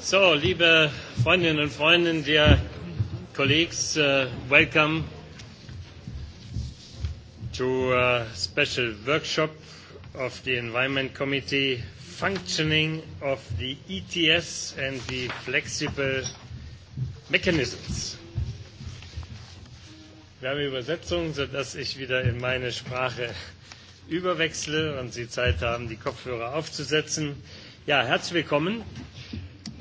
So, liebe Freundinnen und Freunde, dear colleagues, uh, welcome to a special workshop of the Environment Committee functioning of the ETS and the flexible mechanisms. Wir haben Übersetzungen, sodass ich wieder in meine Sprache überwechsle, wann Sie Zeit haben, die Kopfhörer aufzusetzen. Ja, herzlich willkommen.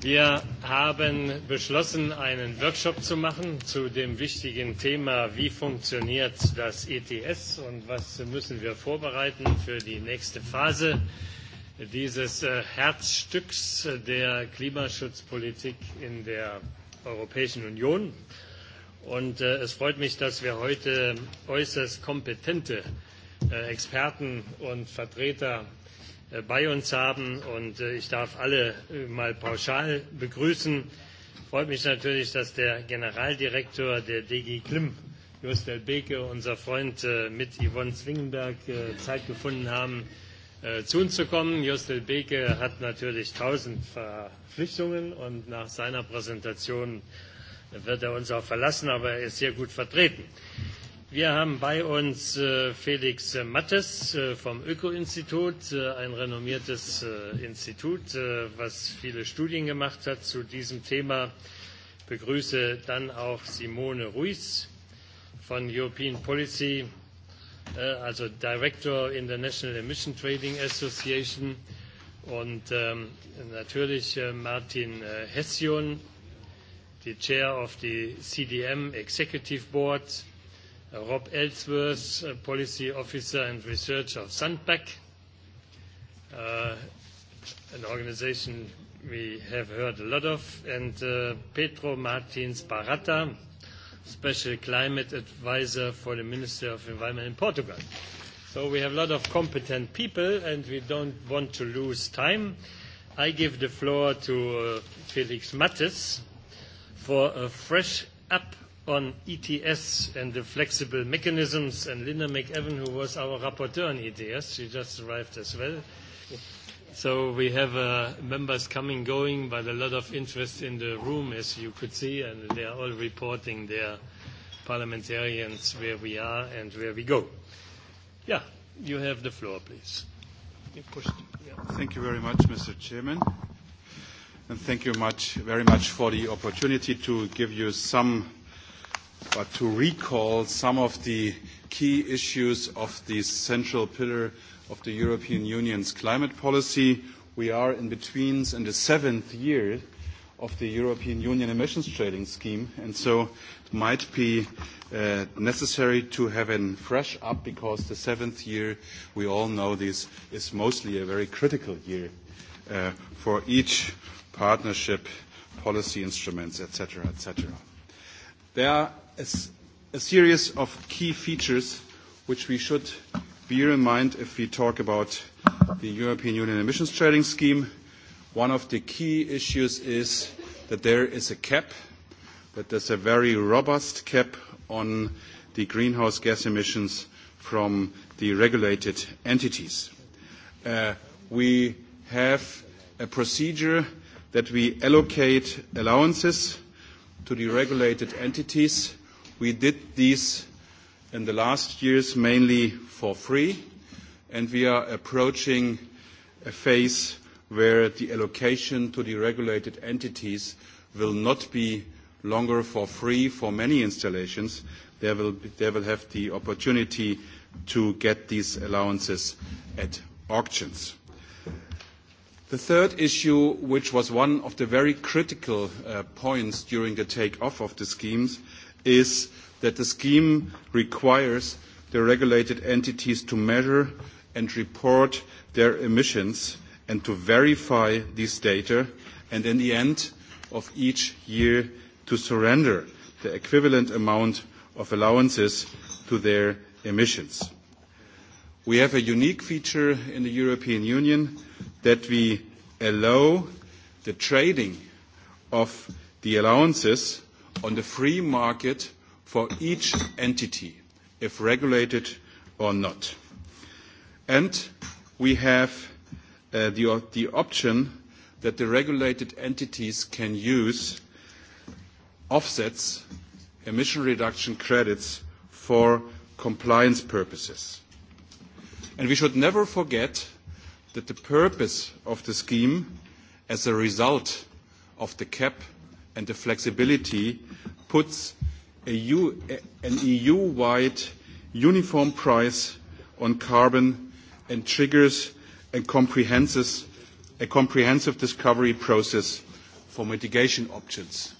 Wir haben beschlossen, einen Workshop zu machen zu dem wichtigen Thema, wie funktioniert das ETS und was müssen wir vorbereiten für die nächste Phase dieses äh, Herzstücks der Klimaschutzpolitik in der Europäischen Union. Und äh, es freut mich, dass wir heute äußerst kompetente Äh, Experten und Vertreter äh, bei uns haben. Und äh, ich darf alle mal pauschal begrüßen. Freut mich natürlich, dass der Generaldirektor der DG Klim, Just Del Beke, unser Freund mit Yvonne Zwingenberg Zeit gefunden haben, zu uns zu kommen. Just Del Beke hat natürlich tausend Verpflichtungen und nach seiner Präsentation wird er uns auch verlassen, aber er ist sehr gut vertreten. Äh, Wir haben bei uns äh, Felix Mattes äh, vom Öko-Institut, äh, ein renommiertes Institut, was viele Studien gemacht hat zu diesem Thema. Ich begrüße dann auch Simone Ruiz von European Policy, also Director in the National Emission Trading Association und ähm, natürlich Martin Hession, the Chair of the CDM Executive Board. Rob Ellsworth, uh, Policy Officer and Researcher of Sandbeck, uh, an organization we have heard a lot of, and uh, Petro Martins Barata, Special Climate Advisor for the Minister of Environment in Portugal. So we have a lot of competent people, and we don't want to lose time. I give the floor to uh, Felix Mattes for a fresh up on ETS and the flexible mechanisms, and Linda McEvan, who was our rapporteur on ETS, she just arrived as well. So we have uh, members coming, going, but a lot of interest in the room, as you could see, and they are all reporting their parliamentarians where we are and where we go. Yeah, you have the floor, please. You push. Yeah. Thank you very much, Mr. Chairman, and thank you much, very much for the opportunity to give you some but to recall some of the key issues of the central pillar of the European Union's climate policy. We are in between in the seventh year of the European Union emissions trading scheme, and so it might be uh, necessary to have a fresh up because the seventh year, we all know this, is mostly a very critical year uh, for each partnership policy instruments, etc., etc. There are a series of key features which we should bear in mind if we talk about the European Union Emissions Trading System. One of the key issues is that there is a cap, that there's a very robust cap on the greenhouse gas emissions from the regulated entities. Uh, we have a procedure that we allocate allowances to the regulated entities We did these in the last years mainly for free, and we are approaching a phase where the allocation to the regulated entities will not be longer for free for many installations. They will have the opportunity to get these allowances at auctions. The third issue, which was one of the very critical uh, points during the takeoff of the schemes, is that the scheme requires the regulated entities to measure and report their emissions and to verify this data, and in the end of each year, to surrender the equivalent amount of allowances to their emissions. We have a unique feature in the European Union that we allow the trading of the allowances on the free market for each entity, if regulated or not. And we have uh, the, the option that the regulated entities can use offsets, emission reduction credits, for compliance purposes. And we should never forget that the purpose of the scheme as a result of the cap and the flexibility puts a EU, an EU wide uniform price on carbon and triggers a comprehensive, a comprehensive discovery process for mitigation options.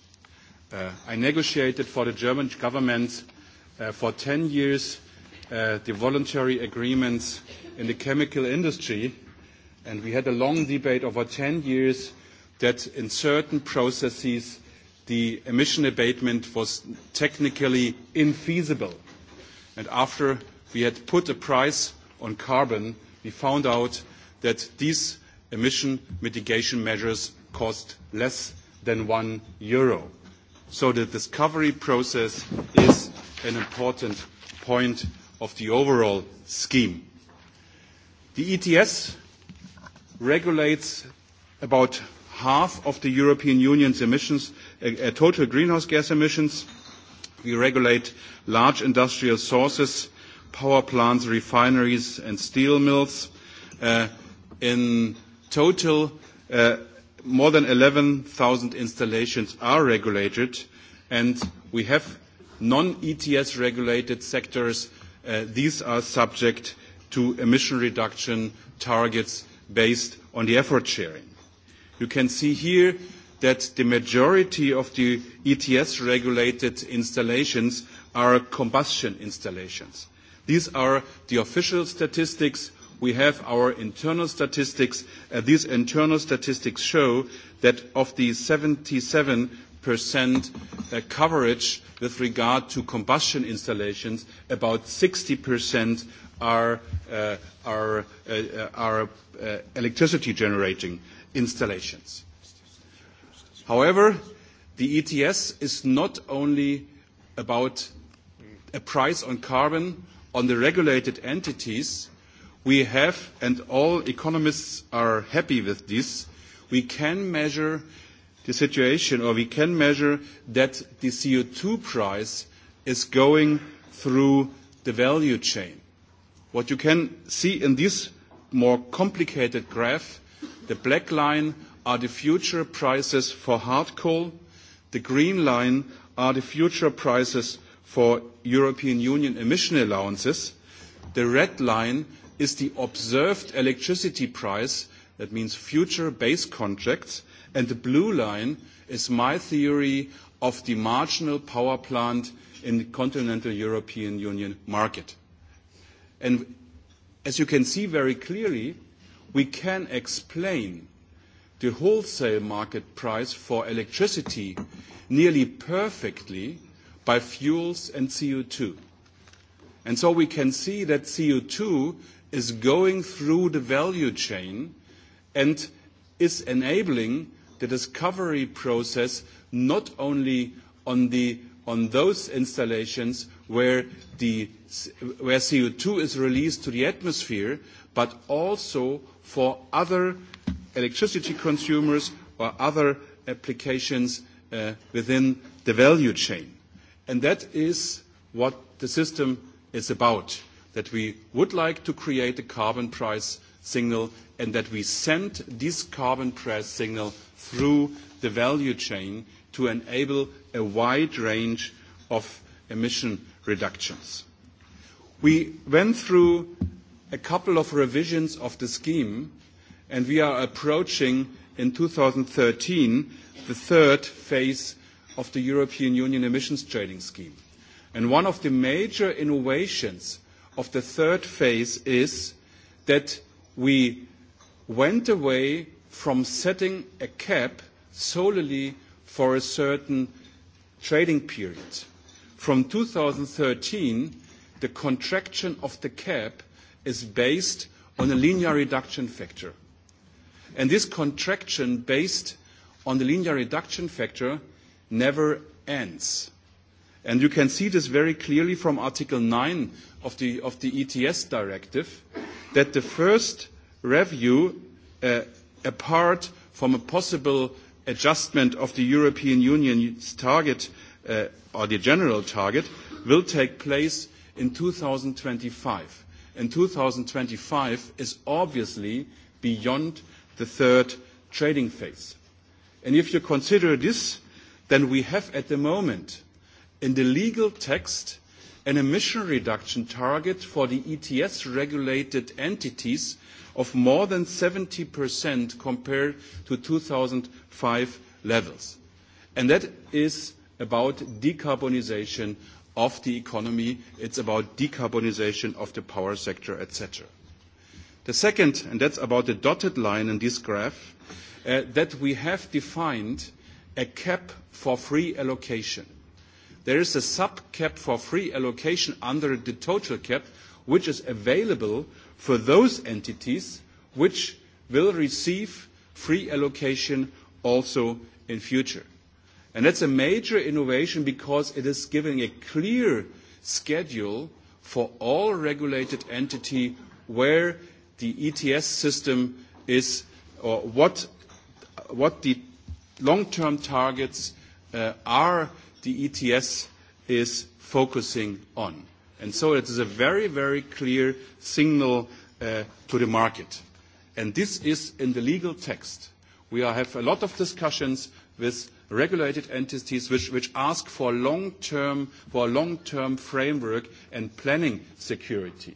Uh, I negotiated for the German government uh, for 10 years uh, the voluntary agreements in the chemical industry, and we had a long debate over 10 years that in certain processes the emission abatement was technically infeasible. And after we had put a price on carbon, we found out that these emission mitigation measures cost less than one euro. So the discovery process is an important point of the overall scheme. The ETS regulates about half of the European Union's emissions, uh, uh, total greenhouse gas emissions. We regulate large industrial sources, power plants, refineries, and steel mills. Uh, in total, uh, more than 11,000 installations are regulated, and we have non-ETS regulated sectors. Uh, these are subject to emission reduction targets based on the effort sharing. You can see here that the majority of the ETS-regulated installations are combustion installations. These are the official statistics. We have our internal statistics, and these internal statistics show that of the 77% uh, coverage with regard to combustion installations, about 60% are uh, uh, electricity generating installations. However, the ETS is not only about a price on carbon on the regulated entities. We have, and all economists are happy with this, we can measure the situation, or we can measure that the CO2 price is going through the value chain. What you can see in this more complicated graph The black line are the future prices for hard coal. The green line are the future prices for European Union emission allowances. The red line is the observed electricity price. That means future base contracts. The blue line is my theory of the marginal power plant in the continental European Union market. As you can see very clearly, we can explain the wholesale market price for electricity nearly perfectly by fuels and CO2. We can see that CO2 is going through the value chain and is enabling the discovery process, not only on those installations, where, the, where CO2 is released to the atmosphere, but also for other electricity consumers or other applications uh, within the value chain. And that is what the system is about, that we would like to create a carbon price signal and that we send this carbon price signal through the value chain to enable a wide range of emission reductions. We went through a couple of revisions of the scheme, and we are approaching, in 2013, the third phase of the European Union Emissions Trading Scheme. One of the major innovations of the third phase is that we went away from setting a cap solely for a certain trading period. From 2013, the contraction of the cap is based on a linear reduction factor. This contraction based on the linear reduction factor never ends. You can see this very clearly from Article 9 of the ETS e directive, that the first review, uh, apart from a possible adjustment of the European Union's target Uh, or the general target will take place in 2025. 2025 is obviously beyond the third trading phase. If you consider this, then we have at the moment in the legal text an emission reduction target for the ETS regulated entities of more than 70% compared to 2005 levels. That is about decarbonization of the economy. It's about decarbonization of the power sector, et cetera. The second, and that's about the dotted line in this graph, uh, that we have defined a cap for free allocation. There is a sub-cap for free allocation under the total cap, which is available for those entities which will receive free allocation also in future. And that's a major innovation because it is giving a clear schedule for all regulated entity where the ETS system is or what, what the long-term targets uh, are the ETS is focusing on. And so it is a very, very clear signal uh, to the market. And this is in the legal text. We are, have a lot of discussions with regulated entities which ask for long-term framework and planning security.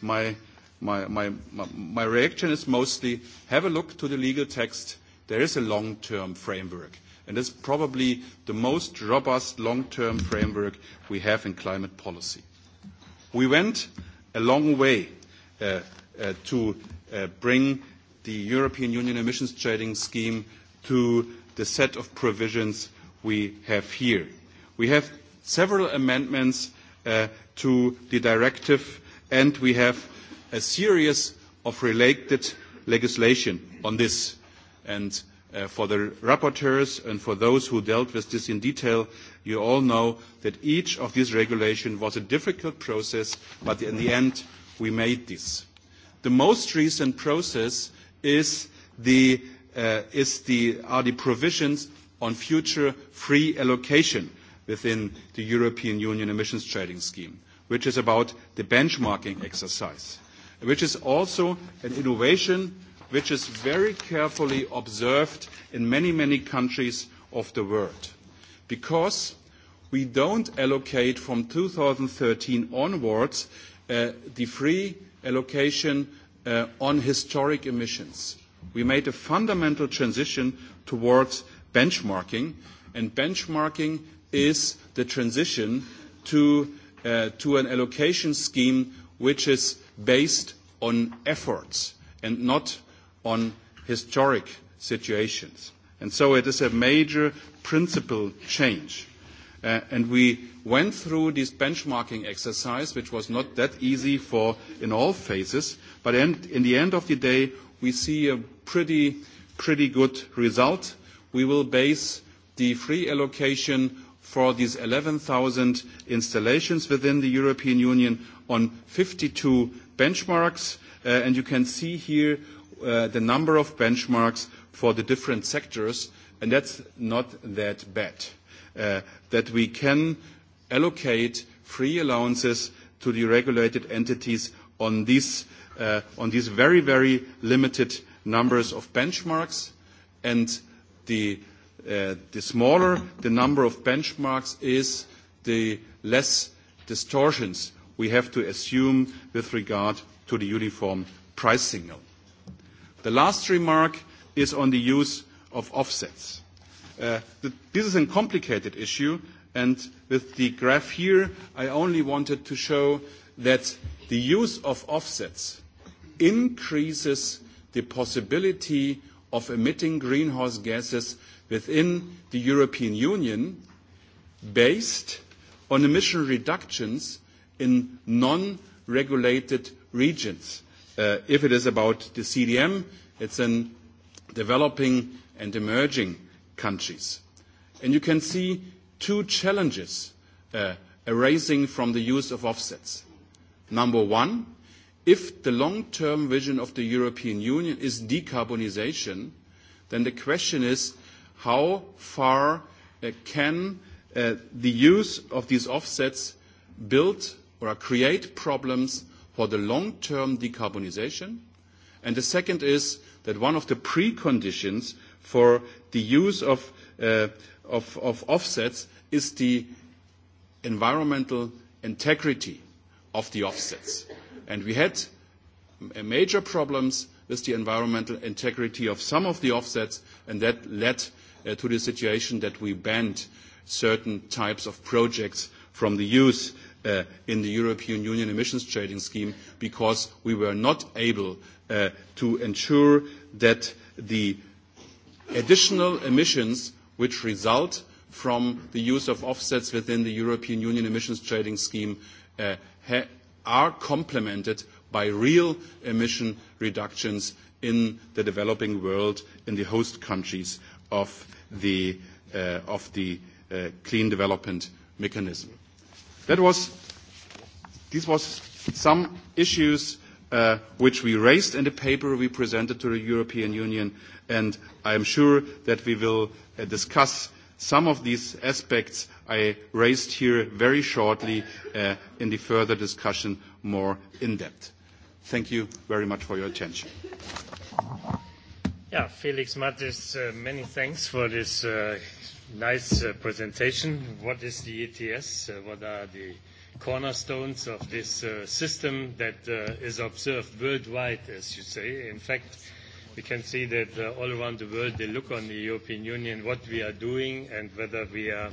My reaction is mostly, have a look to the legal text. There is a long-term framework, and it's probably the most robust long-term framework we have in climate policy. We went a long way uh, uh, to uh, bring the European Union Emissions Trading System to the set of provisions we have here. We have several amendments uh, to the directive and we have a series of related legislation on this. And uh, for the rapporteurs and for those who dealt with this in detail, you all know that each of these regulations was a difficult process, but in the end, we made this. The most recent process is the Uh, is the provisions on future free allocation within the European Union Emissions Trading Scheme, which is about the benchmarking exercise. Which is also an innovation which is very carefully observed in many, many countries of the world. Because we don't allocate from 2013 onwards, uh, the free allocation uh, on historic emissions we made a fundamental transition towards benchmarking, and benchmarking is the transition uh, to an allocation scheme which is based on efforts and not on historic situations. So it is a major principle change. Uh, and we went through this benchmarking exercise, which was not that easy in all phases, but in the end of the day, we see a pretty good result. We will base the free allocation for these 11,000 installations within the European Union on 52 benchmarks. Uh, you can see here uh, the number of benchmarks for the different sectors, and that's not that bad. Uh, that we can allocate free allowances to the regulated entities on these very limited numbers of benchmarks and the uh, the smaller the number of benchmarks is the less distortions we have to assume with regard to the uniform price signal the last remark is on the use of offsets uh, the, this is a complicated issue and with the graph here i only wanted to show that the use of offsets increases the possibility of emitting greenhouse gases within the European Union based on emission reductions in non-regulated regions. Uh, if it is about the CDM, it's in developing and emerging countries. You can see two challenges uh, arising from the use of offsets. Number one, If the long-term vision of the European Union is decarbonization, then the question is: how far uh, can uh, the use of these offsets build or create problems for the long-term decarbonization? The second is that one of the preconditions for the use of uh, offsets is the environmental integrity of the offsets and we had major problems with the environmental integrity of some of the offsets, and that led uh, to the situation that we banned certain types of projects from the use uh, in the European Union Emissions Trading Scheme because we were not able uh, to ensure that the additional emissions which result from the use of offsets within the European Union Emissions Trading Scheme are complemented by real emission reductions in the developing world, in the host countries of the uh, uh, Clean Development Mechanism. That was. These was some issues uh, which we raised in the paper we presented to the European Union, and I am sure that we will discuss some of these aspects I raised here very shortly uh, in the further discussion more in depth. Thank you very much for your attention. Yeah, Felix Mathis, uh, many thanks for this uh, nice presentation. What is the ETS? What are the cornerstones of this system that is observed worldwide, as you say? In fact, we can see that all around the world, they look on the European Union, what we are doing and whether we are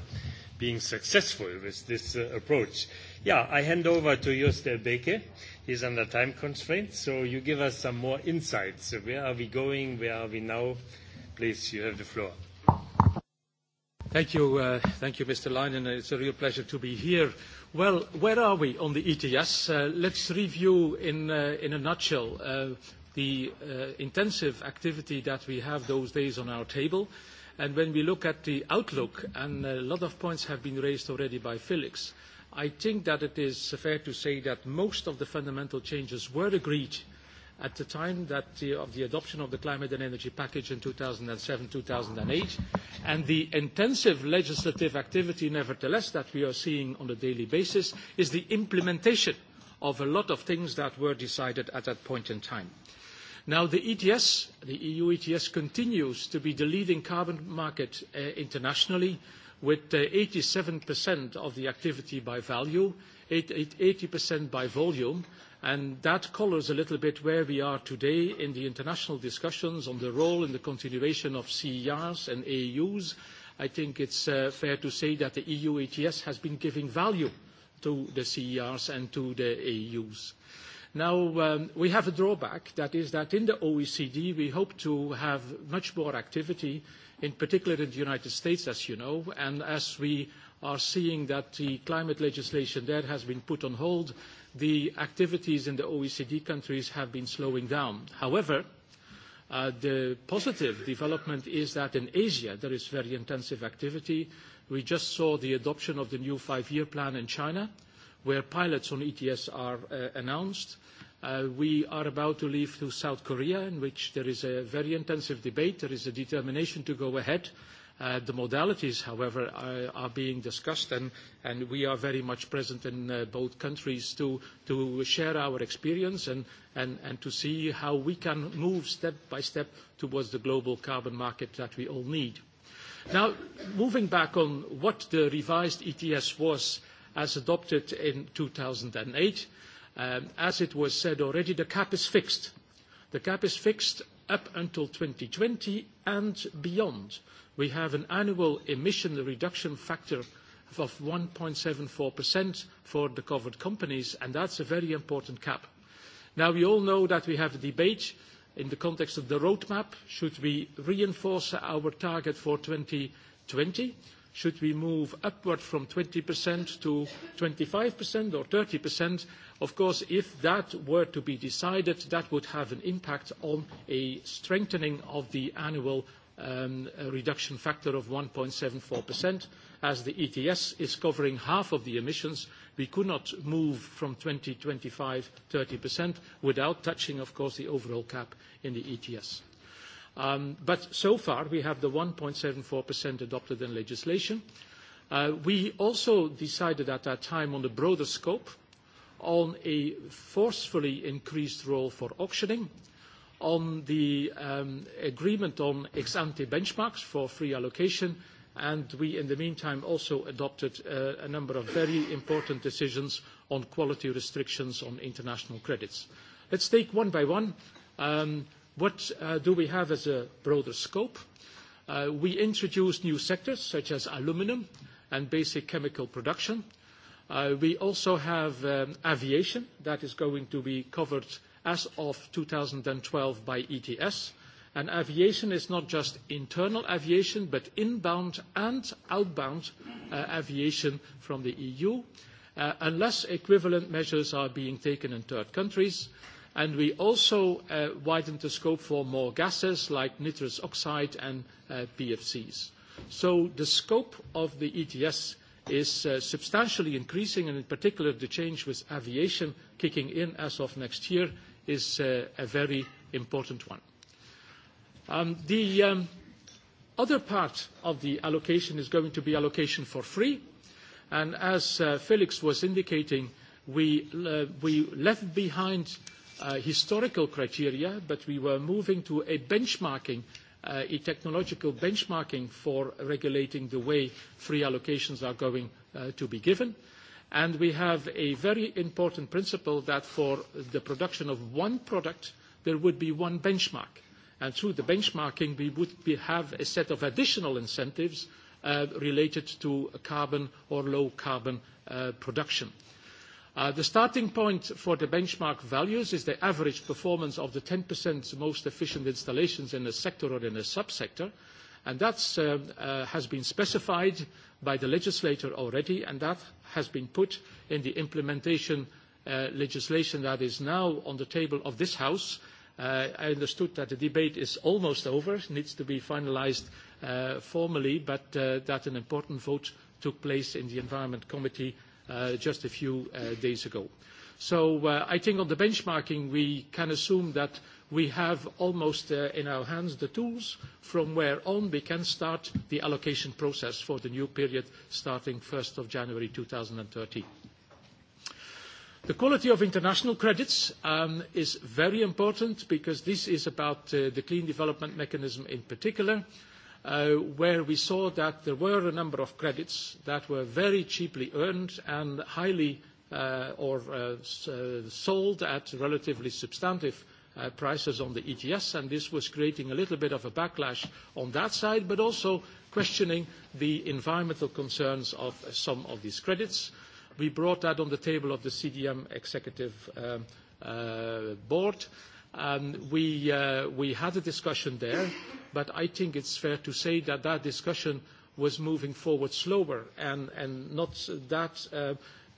being successful with this uh, approach. Yeah, I hand over to Jostel Beke. He's under time constraints, so you give us some more insights. So where are we going? Where are we now? Please, you have the floor. Thank you. Uh, thank you, Mr. Leinen. It's a real pleasure to be here. Well, where are we on the ETS? Uh, let's review in, uh, in a nutshell uh, the uh, intensive activity that we have those days on our table. Uh, When we look at the outlook, and a lot of points have been raised already by Felix, I think that it is fair to say that most of the fundamental changes were agreed at the time of the adoption of the Climate and Energy Package in 2007, 2008. The intensive legislative activity, nevertheless, that we are seeing on a daily basis is the implementation of a lot of things that were decided at that point in time. Now, the ETS, the EU ETS, continues to be the leading carbon market uh, internationally, with 87% uh, of the activity by value, 80% by volume, and that colors a little bit where we are today in the international discussions on the role and the continuation of CERs and AEUs. I think it's uh, fair to say that the EU ETS has been giving value to the CERs and to the AEUs. Now, um, we have a drawback, that is that in the OECD, we hope to have much more activity, in particular in the United States, as you know. As we are seeing that the climate legislation there has been put on hold, the activities in the OECD countries have been slowing down. However, uh, the positive development is that in Asia, there is very intensive activity. We just saw the adoption of the new five-year plan in China, where pilots on ETS are uh, announced. Uh, we are about to leave to South Korea, in which there is a very intensive debate. There is a determination to go ahead. Uh, the modalities, however, are being discussed, and we are very much present in both countries to share our experience and to see how we can move step by step towards the global carbon market that we all need. Now, moving back on what the revised ETS was as adopted in 2008. Um, as it was said already, the cap is fixed. The cap is fixed up until 2020 and beyond. We have an annual emission reduction factor of 1.74% for the covered companies, and that's a very important cap. Now, we all know that we have a debate in the context of the roadmap. Should we reinforce our target for 2020? should we move upward from 20% to 25% or 30%? Of course, if that were to be decided, that would have an impact on a strengthening of the annual um, uh, reduction factor of 1.74%. As the ETS is covering half of the emissions, we could not move from 20%, 25%, 30% without touching, of course, the overall cap in the ETS. Um, so far, we have the 1.74% adopted in legislation. Uh, we also decided at that time on the broader scope on a forcefully increased role for auctioning, on the um, agreement on ex-ante benchmarks for free allocation, and we, in the meantime, also adopted uh, a number of very important decisions on quality restrictions on international credits. Let's take one by one. Um, What uh, do we have as a broader scope? Uh, we introduced new sectors such as aluminum and basic chemical production. Uh, we also have um, aviation that is going to be covered as of 2012 by ETS. Aviation is not just internal aviation, but inbound and outbound aviation from the EU, unless equivalent measures are being taken in third countries. We also uh, widened the scope for more gases like nitrous oxide and uh, PFCs. The scope of the ETS is uh, substantially increasing, and in particular, the change with aviation kicking in as of next year is a very important one. Um, the um, other part of the allocation is going to be allocation for free. As Felix was indicating, we left behind Uh, historical criteria, but we were moving to a benchmarking, uh, a technological benchmarking for regulating the way free allocations are going uh, to be given. We have a very important principle that for the production of one product, there would be one benchmark. Through the benchmarking, we would have a set of additional incentives related to carbon or low carbon production. Uh, the starting point for the benchmark values is the average performance of the 10% most efficient installations in a sector or in a subsector, and that uh, uh, has been specified by the legislator already, and that has been put in the implementation legislation that is now on the table of this House. I understood that the debate is almost over. It needs to be finalized formally, but that an important vote took place in the Environment Committee Uh, just a few uh, days ago. So, uh, I think on the benchmarking, we can assume that we have almost in our hands the tools from where on we can start the allocation process for the new period, starting first of January 2013. The quality of international credits um, is very important because this is about the Clean Development Mechanism in particular. Uh, where we saw that there were a number of credits that were very cheaply earned and highly uh, or uh, sold at relatively substantive prices on the ETS, and this was creating a little bit of a backlash on that side, but also questioning the environmental concerns of some of these credits. We brought that on the table of the CDM Executive um, Board. We had a discussion there, but I think it's fair to say that that discussion was moving forward slower and, and not that,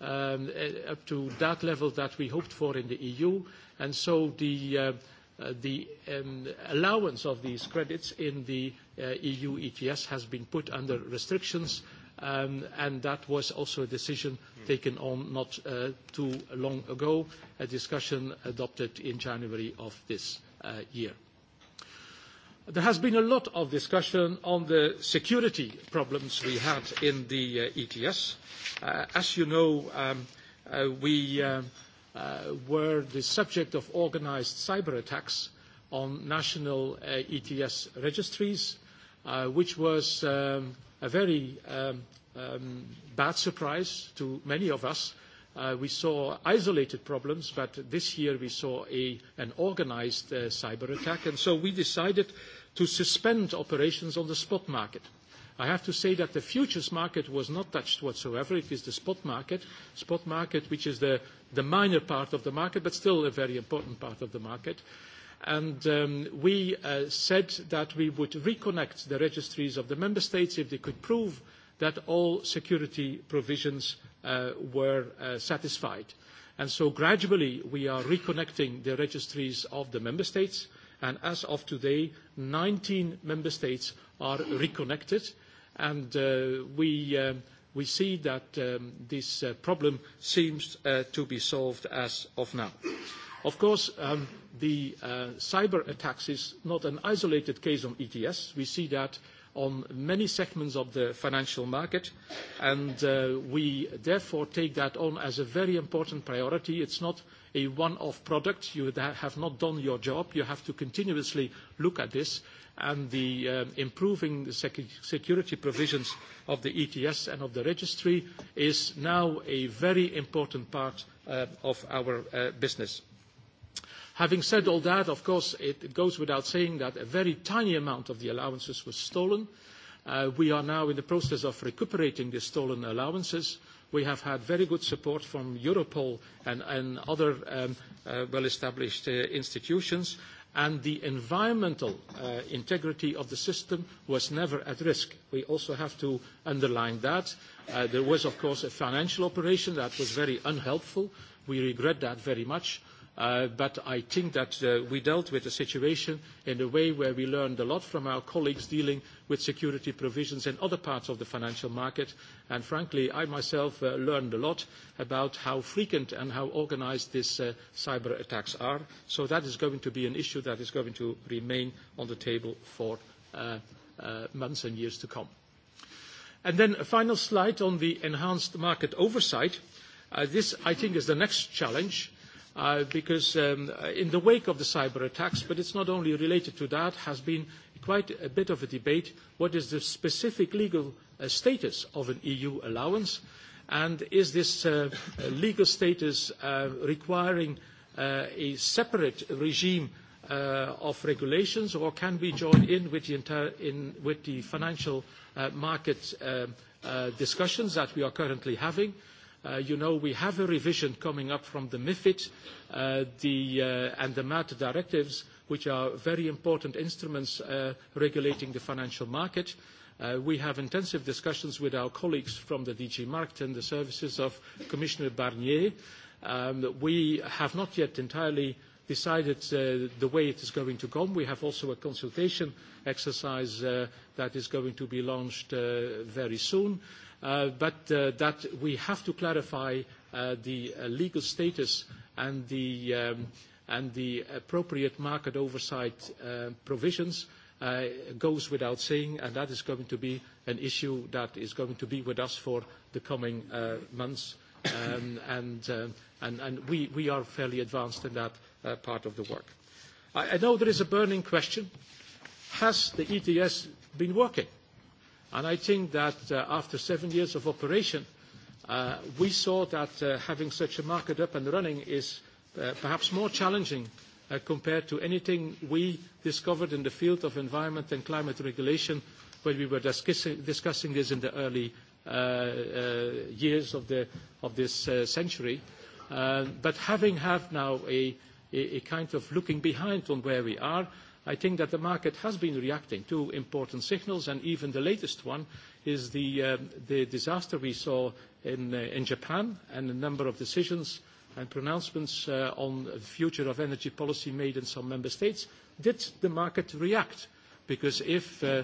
uh, um, uh, up to that level that we hoped for in the EU. And so the, uh, uh, the um, allowance of these credits in the uh, EU ETS has been put under restrictions, um, and that was also a decision hmm. taken on not uh, too long ago, a discussion adopted in January of this uh, year. There has been a lot of discussion on the security problems we had in the uh, ETS. Uh, as you know, um, uh, we uh, uh, were the subject of organized cyber attacks on national uh, ETS registries, uh, which was um, a very um, um, bad surprise to many of us uh, Uh, we saw isolated problems, but this year we saw an organized uh, cyberattack. We decided to suspend operations on the spot market. I have to say that the futures market was not touched whatsoever. It is the spot market, which is the minor part of the market, but still a very important part of the market. Um, we uh, said that we would reconnect the registries of the member states if they could prove that all security provisions Uh, were uh, satisfied. Gradually, we are reconnecting the registries of the member states, and as of today, 19 member states are reconnected. Uh, um, we see that um, this problem seems to be solved as of now. Of course, um, the cyber attacks is not an isolated case on ETS. We see that on many segments of the financial market, and uh, we therefore take that on as a very important priority. It's not a one-off product. You have not done your job. You have to continuously look at this, and the uh, improving security provisions of the ETS and of the registry is now a very important part uh, of our business. Having said all that, of course, it goes without saying that a very tiny amount of the allowances was stolen. Uh, we are now in the process of recuperating the stolen allowances. We have had very good support from Europol and other um, uh, well-established uh, institutions, and the environmental integrity of the system was never at risk. We also have to underline that. There was, of course, a financial operation that was very unhelpful. We regret that very much. Uh, I think that uh, we dealt with the situation in a way where we learned a lot from our colleagues dealing with security provisions in other parts of the financial market. Frankly, I myself uh, learned a lot about how frequent and how organized these cyber attacks are. That is going to be an issue that is going to remain on the table for months and years to come. Then a final slide on the enhanced market oversight. This, I think, is the next challenge. Uh, because um, in the wake of the cyber attacks, but it's not only related to that, has been quite a bit of a debate. What is the specific legal uh, status of an EU allowance? And is this uh, uh, legal status uh, requiring uh, a separate regime uh, of regulations or can be joined in with the, entire, in, with the financial uh, market uh, uh, discussions that we are currently having? Uh, Uh, you know, we have a revision coming up from the MiFID uh, uh, and the MAD directives, which are very important instruments regulating the financial market. We have intensive discussions with our colleagues from the DG Markt and the services of Commissioner Barnier. Um, we have not yet entirely decided the way it is going to come. We have also a consultation exercise that is going to be launched very soon. Uh, uh, that we have to clarify uh, the legal status um, and the appropriate market oversight provisions goes without saying, and that is going to be an issue that is going to be with us for the coming months. Um, we are fairly advanced in that part of the work. I know there is a burning question. Has the ETS been working? I think that uh, after seven years of operation, uh, we saw that uh, having such a market up and running is perhaps more challenging compared to anything we discovered in the field of environment and climate regulation when we were discussing this in the early years of this century. Having have now a kind of looking behind on where we are, I think that the market has been reacting to important signals, and even the latest one is the um, disaster we saw uh, in Japan and a number of decisions and pronouncements uh, on the future of energy policy made in some member states. Did the market react? Because if uh,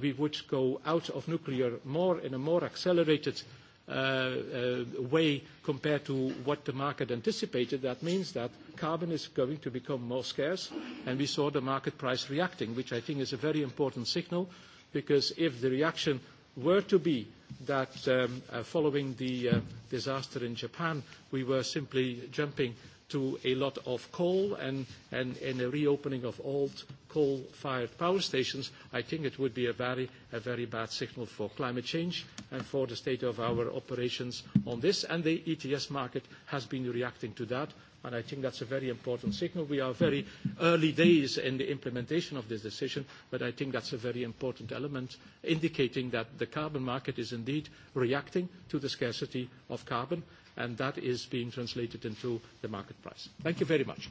we would go out of nuclear more in a more accelerated Uh, uh, way compared to what the market anticipated, that means that carbon is going to become more scarce, and we saw the market price reacting, which I think is a very important signal, because if the reaction were to be that um, uh, following the uh, disaster in Japan, we were simply jumping to a lot of coal and a reopening of old coal-fired power stations, I think it would be a very bad signal for climate change and for the state of our operations on this. The ETS market has been reacting to that, and I think that's a very important signal. We are very early days in the implementation of this decision, but I think that's a very important element indicating that the carbon market is indeed reacting to the scarcity of carbon, and that is being translated into the market price. Thank you very much.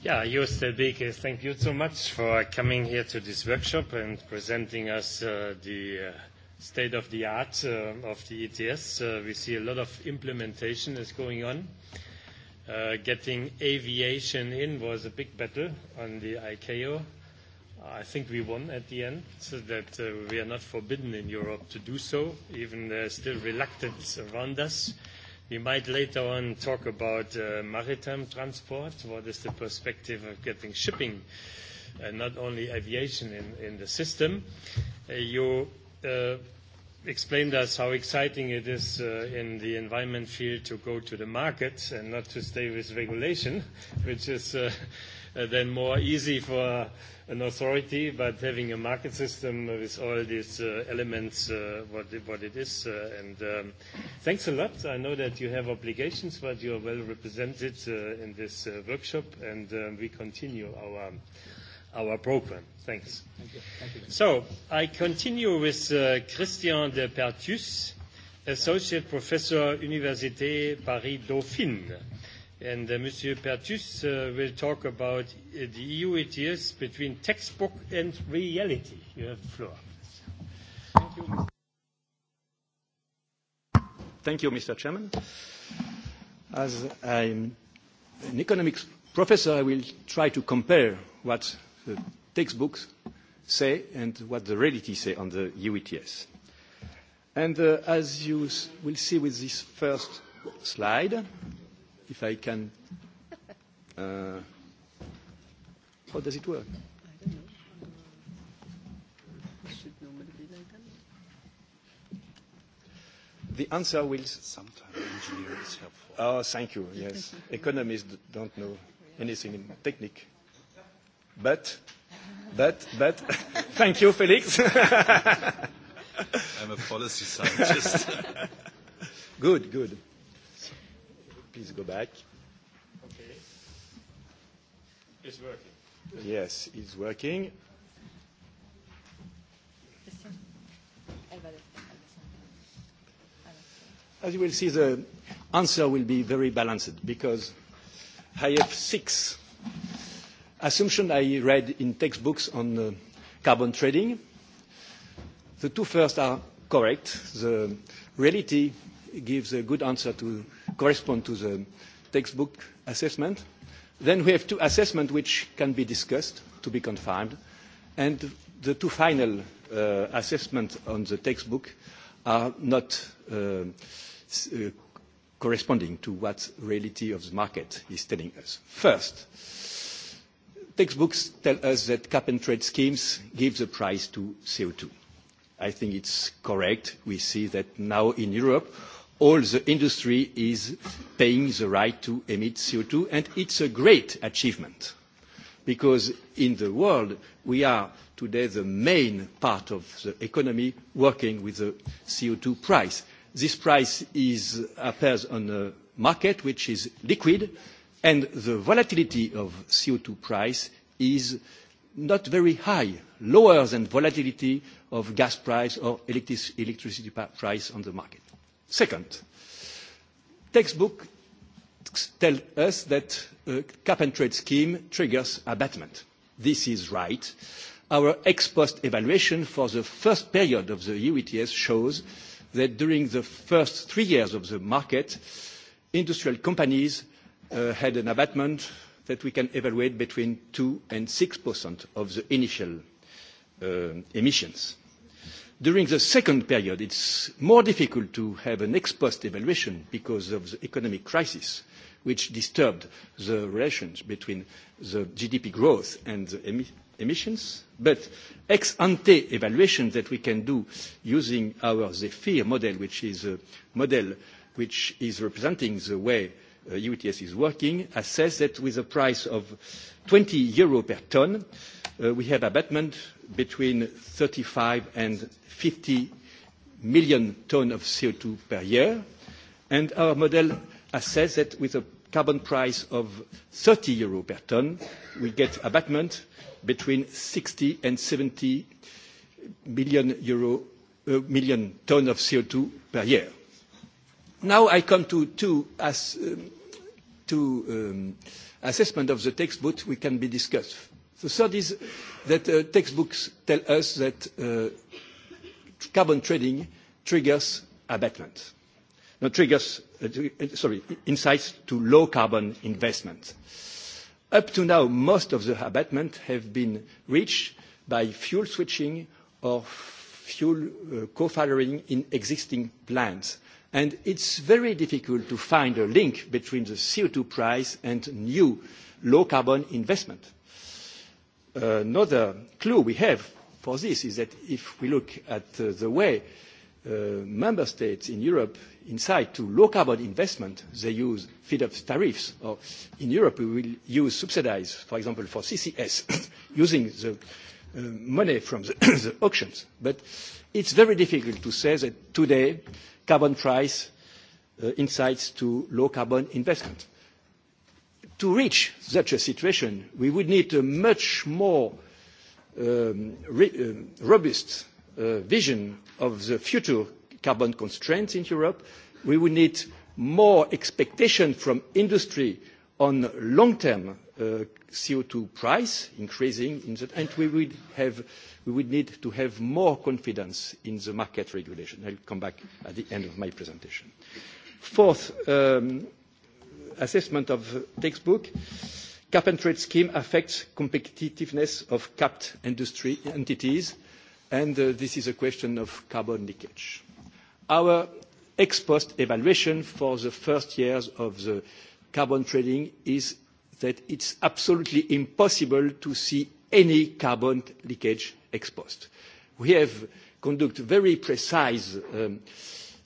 Yeah, Joost uh, Beeke, thank you so much for coming here to this workshop and presenting us uh, the uh, state-of-the-art of the ETS. E we see a lot of implementation is going on. Getting aviation in was a big battle on the ICAO, I think we won at the end, so that uh, we are not forbidden in Europe to do so, even there's uh, still reluctance around us. We might later on talk about uh, maritime transport. What is the perspective of getting shipping and uh, not only aviation in, in the system? Uh, you uh, explained us how exciting it is uh, in the environment field to go to the market and not to stay with regulation, which is. Uh, Uh, then more easy for an authority. Having a market system with all these uh, elements, uh, what it is, and um, thanks a lot. I know that you have obligations, but you are well represented in this workshop, and um, we continue our program. Thanks. Thank you. Thank you. I continue with Christian de Perthuis, Associate Professor, Université Paris Dauphine and uh, Monsieur Pertus uh, will talk about uh, the EU ETS between textbook and reality. You have the floor. Thank you. Thank you, Mr. Chairman. As I'm an economics professor, I will try to compare what the textbooks say and what the reality say on the e UETS. And uh, as you will see with this first slide, if I can. Uh, how does it work? The answer will sometimes engineer is helpful. Oh, thank you. Yes, economists don't know anything in technique. But, but, but, thank you, Felix. I'm a policy scientist. good, good please go back. Okay. It's working. Yes, it's working. As you will see, the answer will be very balanced because I have six assumptions I read in textbooks on uh, carbon trading. The two first are correct. The reality gives a good answer to correspond to the textbook assessment. Then we have two assessments which can be discussed to be confirmed. And the two final uh, assessments on the textbook are not uh, s- uh, corresponding to what reality of the market is telling us. First, textbooks tell us that cap and trade schemes give the price to CO2. I think it's correct. We see that now in Europe, all the industry is paying the right to emit CO2, and it's a great achievement because in the world we are today the main part of the economy working with the CO2 price. This price is, appears on a market which is liquid and the volatility of CO2 price is not very high, lower than volatility of gas price or electric, electricity price on the market second textbooks tell us that a uh, cap and trade scheme triggers abatement. this is right. our ex post evaluation for the first period of the eu ets shows that during the first three years of the market industrial companies uh, had an abatement that we can evaluate between 2 and 6% of the initial uh, emissions. During the second period, it's more difficult to have an ex-post evaluation because of the economic crisis, which disturbed the relations between the GDP growth and the emissions. Ex-ante evaluation that we can do using our ZEPHYR model, which is a model which is representing the way EU uh, ETS is working, assess that with a price of 20 euro per ton, Uh, we have abatement between 35 and 50 million tons of CO2 per year, and our model assess that with a carbon price of 30 euro per ton, we get abatement between 60 and 70 million uh, tons of CO2 per year. Now, I come to two um, um, assessment of the text, but we can be discussed. The third is that uh, textbooks tell us that uh, carbon trading triggers abatement, no, triggers, uh, uh, sorry, insights to low carbon investment. Up to now, most of the abatement have been reached by fuel switching or fuel uh, co-firing in existing plants. And it's very difficult to find a link between the CO2 price and new low carbon investment another clue we have for this is that if we look at uh, the way uh, member states in Europe incite to low carbon investment, they use feed-up tariffs. Or in Europe, we will use subsidies, for example, for CCS, using the uh, money from the, the auctions. But it's very difficult to say that today carbon price uh, incites to low carbon investment to reach such a situation, we would need a much more um, re, um, robust uh, vision of the future carbon constraints in Europe. We would need more expectation from industry on long-term uh, CO2 price increasing, in the, and we would, have, we would need to have more confidence in the market regulation. I'll come back at the end of my presentation. Fourth, um, assessment of textbook cap and trade scheme affects competitiveness of capped industry entities and uh, this is a question of carbon leakage. Our ex post evaluation for the first years of the carbon trading is that it's absolutely impossible to see any carbon leakage ex post. We have conducted very precise um,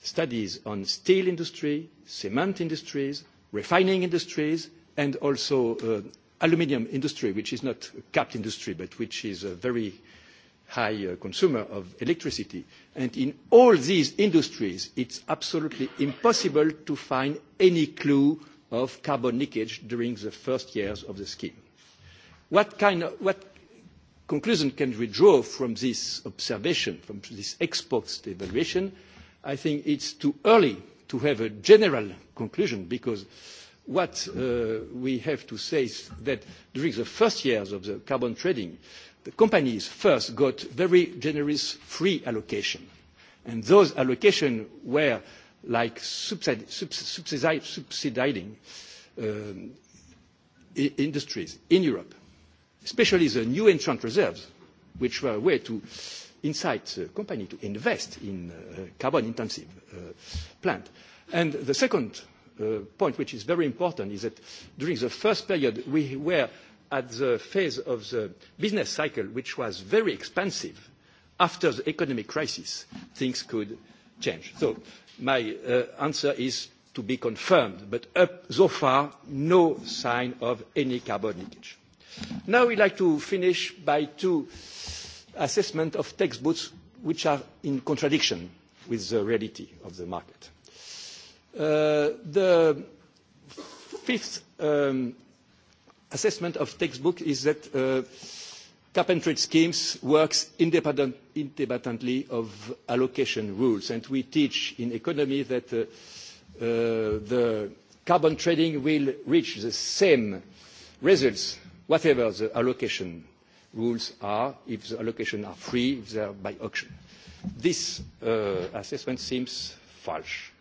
studies on steel industry, cement industries, refining industries and also uh, aluminium industry, which is not a capped industry, but which is a very high uh, consumer of electricity. And in all these industries, it's absolutely impossible to find any clue of carbon leakage during the first years of the scheme. What, kind of, what conclusion can we draw from this observation, from this export evaluation? I think it's too early to have a general conclusion because what uh, we have to say is that during the first years of the carbon trading the companies first got very generous free allocation and those allocations were like subsidising um, industries in europe especially the new entrant reserves which were a way inside the company to invest in uh, carbon-intensive uh, plant. The second uh, point, which is very important, is that during the first period, we were at the phase of the business cycle, which was very expensive. After the economic crisis, things could change. My answer is to be confirmed, but up so far, no sign of any carbon leakage. Now we'd like to finish by two assessment of textbooks which are in contradiction with the reality of the market. Uh, the fifth um, assessment of textbook is that uh, cap and trade schemes works independent, independently of allocation rules and we teach in economy that uh, uh, the carbon trading will reach the same results whatever the allocation rules are, if the allocations are free, if they are by auction. This uh, assessment seems false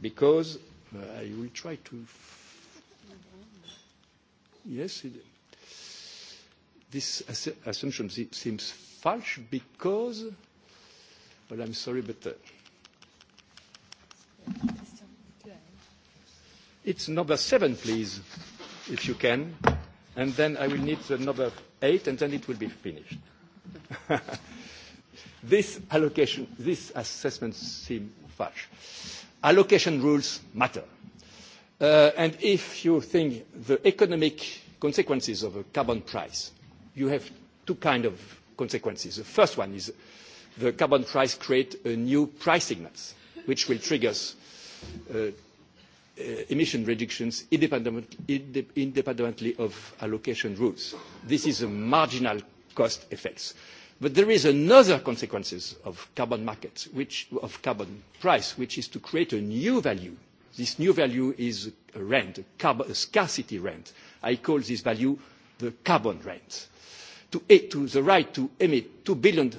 because uh, I will try to. Yes, this assumption seems false because. Well, I'm sorry, but. Uh, it's number seven, please, if you can. And then I will need the number eight, and then it will be finished. this allocation, this assessment seems fudge. Allocation rules matter. Uh, and if you think the economic consequences of a carbon price, you have two kinds of consequences. The first one is the carbon price creates a new price signals, which will trigger uh, uh, emission reductions independent, independently of allocation rules. This is a marginal cost effect. But there is another consequence of carbon market, which, of carbon price, which is to create a new value. This new value is a rent, a, carbon, a scarcity rent. I call this value the carbon rent. To, eh, to the right to emit 2 billion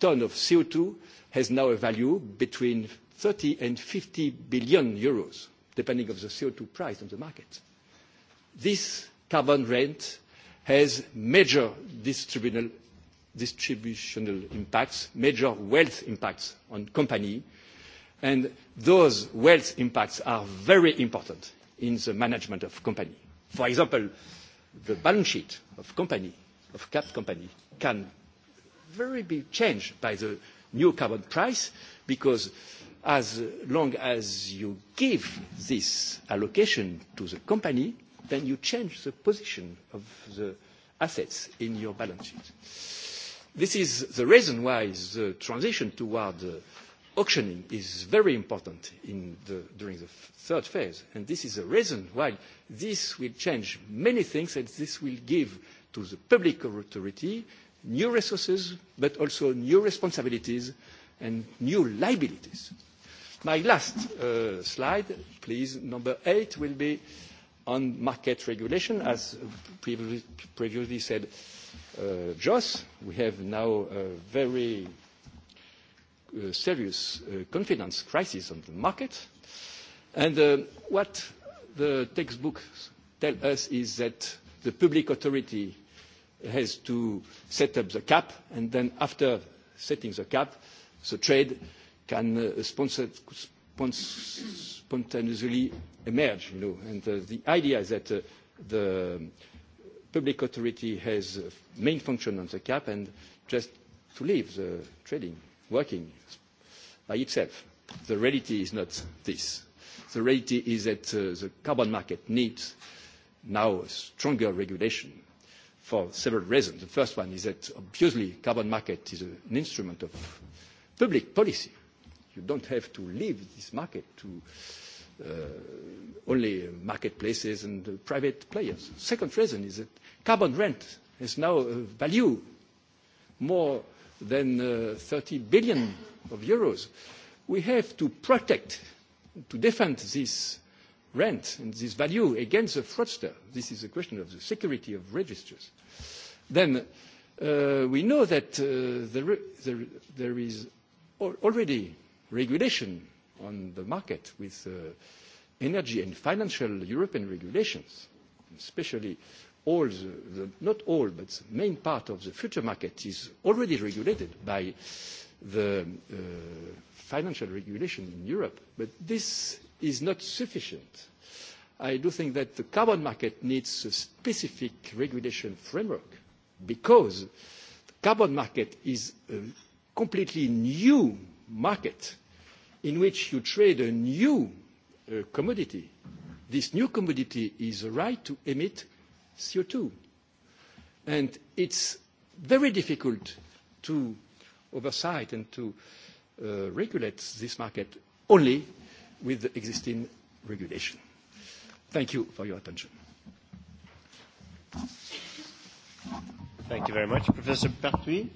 tonnes of CO2 has now a value between 30 and 50 billion euros depending on the CO2 price on the market. This carbon rent has major distributional, distributional impacts, major wealth impacts on companies, and those wealth impacts are very important in the management of company. For example, the balance sheet of company, of cap company, can very be changed by the new carbon price because as long as you give this allocation to the company then you change the position of the assets in your balance sheet. This is the reason why the transition toward uh, auctioning is very important in the, during the third phase and this is the reason why this will change many things and this will give to the public authority new resources but also new responsibilities and new liabilities my last uh, slide, please, number eight, will be on market regulation. As previously said, uh, Jos, we have now a very uh, serious confidence crisis on the market. What the textbooks tell us is that the public authority has to set up the cap, and then after setting the cap, the trade can uh, sponsored, spontaneously emerge. You know? And uh, the idea is that uh, the public authority has a main function on the cap and just to leave the trading, working by itself. The reality is not this. The reality is that uh, the carbon market needs now a stronger regulation for several reasons. The first one is that obviously carbon market is a, an instrument of public policy you don't have to leave this market to uh, only marketplaces and uh, private players. Second reason is that carbon rent has now a value more than uh, 30 billion of euros. We have to protect, to defend this rent and this value against the fraudster. This is a question of the security of registers. Then uh, we know that uh, there, there, there is already regulation on the market with uh, energy and financial European regulations, especially all the, the, not all, but the main part of the future market is already regulated by the uh, financial regulation in Europe. But this is not sufficient. I do think that the carbon market needs a specific regulation framework because the carbon market is a completely new market in which you trade a new uh, commodity, this new commodity is a right to emit CO2. And it's very difficult to oversight and to uh, regulate this market only with the existing regulation. Thank you for your attention. Thank you very much, Professor Pertuis.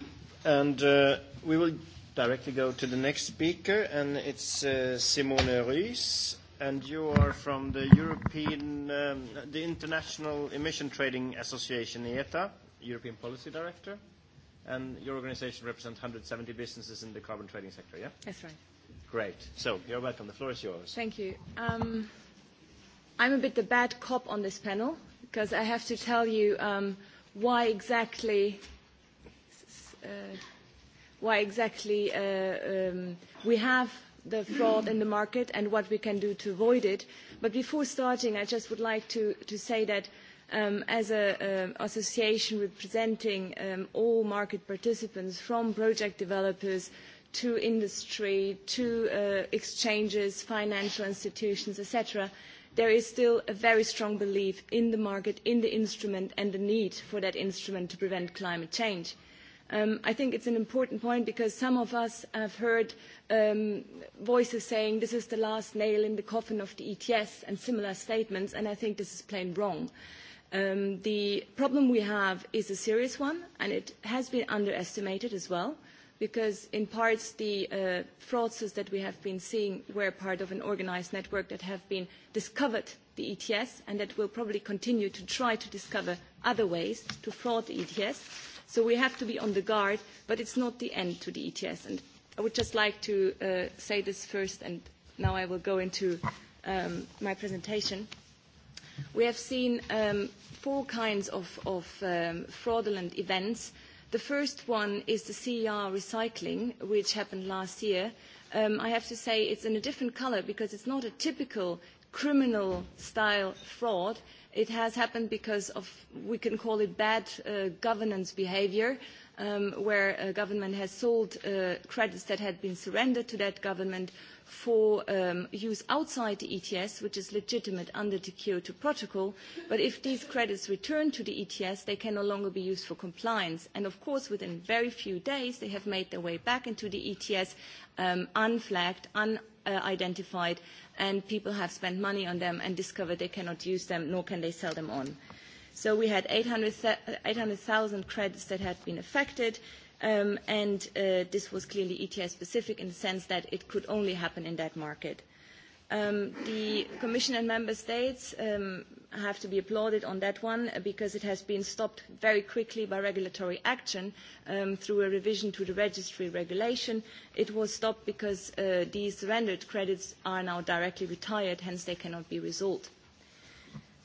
And uh, we will directly go to the next speaker, and it's uh, Simone Ruiz, and you are from the European, um, the International Emission Trading Association, IETA, European Policy Director, and your organization represents 170 businesses in the carbon trading sector, yeah? That's right. Great. So, you're welcome. The floor is yours. Thank you. Um, I'm a bit the bad cop on this panel, because I have to tell you um, why exactly... Uh, why exactly uh, um, we have the fraud in the market and what we can do to avoid it. But before starting, I just would like to, to say that um, as an uh, association representing um, all market participants from project developers to industry, to uh, exchanges, financial institutions, etc., there is still a very strong belief in the market, in the instrument, and the need for that instrument to prevent climate change. Uh, Um, I think it's an important point because some of us have heard um, voices saying this is the last nail in the coffin of the ETS and similar statements, and I think this is plain wrong. Um, the problem we have is a serious one, and it has been underestimated as well, because in parts the uh, fraudsters that we have been seeing were part of an organized network that have been discovered the ETS and that will probably continue to try to discover other ways to fraud the ETS. So we have to be on the guard, but it's not the end to the ETS. And I would just like to uh, say this first, and now I will go into um, my presentation. We have seen um, four kinds of, of um, fraudulent events. The first one is the CER recycling, which happened last year. Um, I have to say it's in a different color because it's not a typical criminal-style fraud it has happened because of we can call it bad uh, governance behavior um, where a government has sold uh, credits that had been surrendered to that government for um, use outside the ETS, which is legitimate under the Kyoto Protocol. But if these credits return to the ETS, they can no longer be used for compliance. And of course, within very few days, they have made their way back into the ETS um, unflagged, un uh, identified and people have spent money on them and discovered they cannot use them nor can they sell them on. So we had 800,000 800, uh, credits that had been affected um, and uh, this was clearly ETS specific in the sense that it could only happen in that market. Um, the Commission and Member States um, have to be applauded on that one because it has been stopped very quickly by regulatory action um, through a revision to the registry regulation. It was stopped because uh, these surrendered credits are now directly retired, hence they cannot be resolved.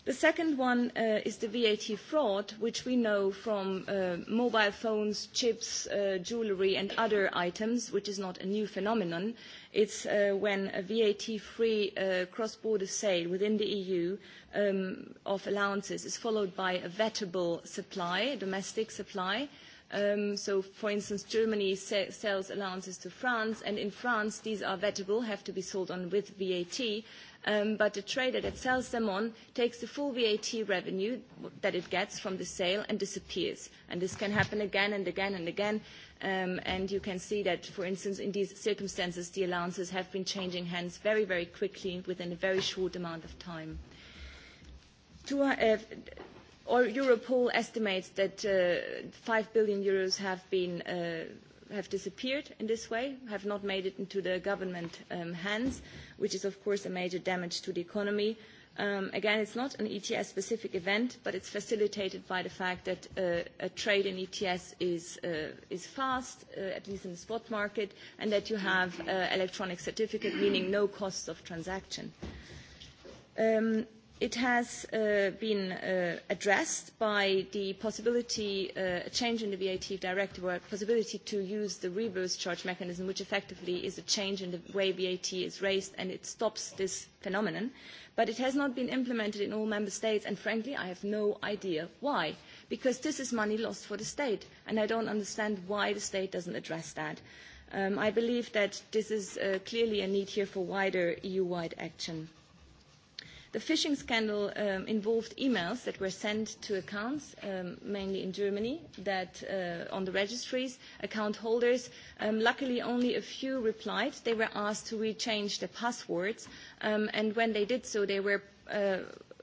The second one uh, is the VAT fraud, which we know from uh, mobile phones, chips, uh, jewelry, and other items, which is not a new phenomenon. It's when a VAT-free cross-border sale within the EU um, of allowances is followed by a vettable supply, domestic supply. Um, so for instance, Germany sells allowances to France, and in France, these are vettable, have to be sold on with VAT, um, but the trader that sells them on takes the full VAT revenue that it gets from the sale and disappears. And this can happen again and again and again. Um, and you can see that, for instance, in these circumstances, the allowances have been changing hands very, very quickly within a very short amount of time. To, uh, or Europol estimates that uh, 5 billion euros have been uh, have disappeared in this way, have not made it into the government um, hands, which is, of course, a major damage to the economy. Um, again, it's not an ETS-specific event, but it's facilitated by the fact that uh, a trade in ETS is, uh, is fast, uh, at least in the spot market, and that you have uh, electronic certificate, meaning no costs of transaction. Um, it has uh, been uh, addressed by the possibility, uh, a change in the VAT directive, or a possibility to use the reverse charge mechanism, which effectively is a change in the way VAT is raised, and it stops this phenomenon. But it has not been implemented in all member states, and frankly, I have no idea why, because this is money lost for the state, and I don't understand why the state doesn't address that. Um, I believe that this is uh, clearly a need here for wider EU-wide action. The phishing scandal um, involved emails that were sent to accounts, um, mainly in Germany, that uh, on the registries, account holders. Um, luckily, only a few replied. They were asked to rechange the passwords, um, and when they did so, they were uh,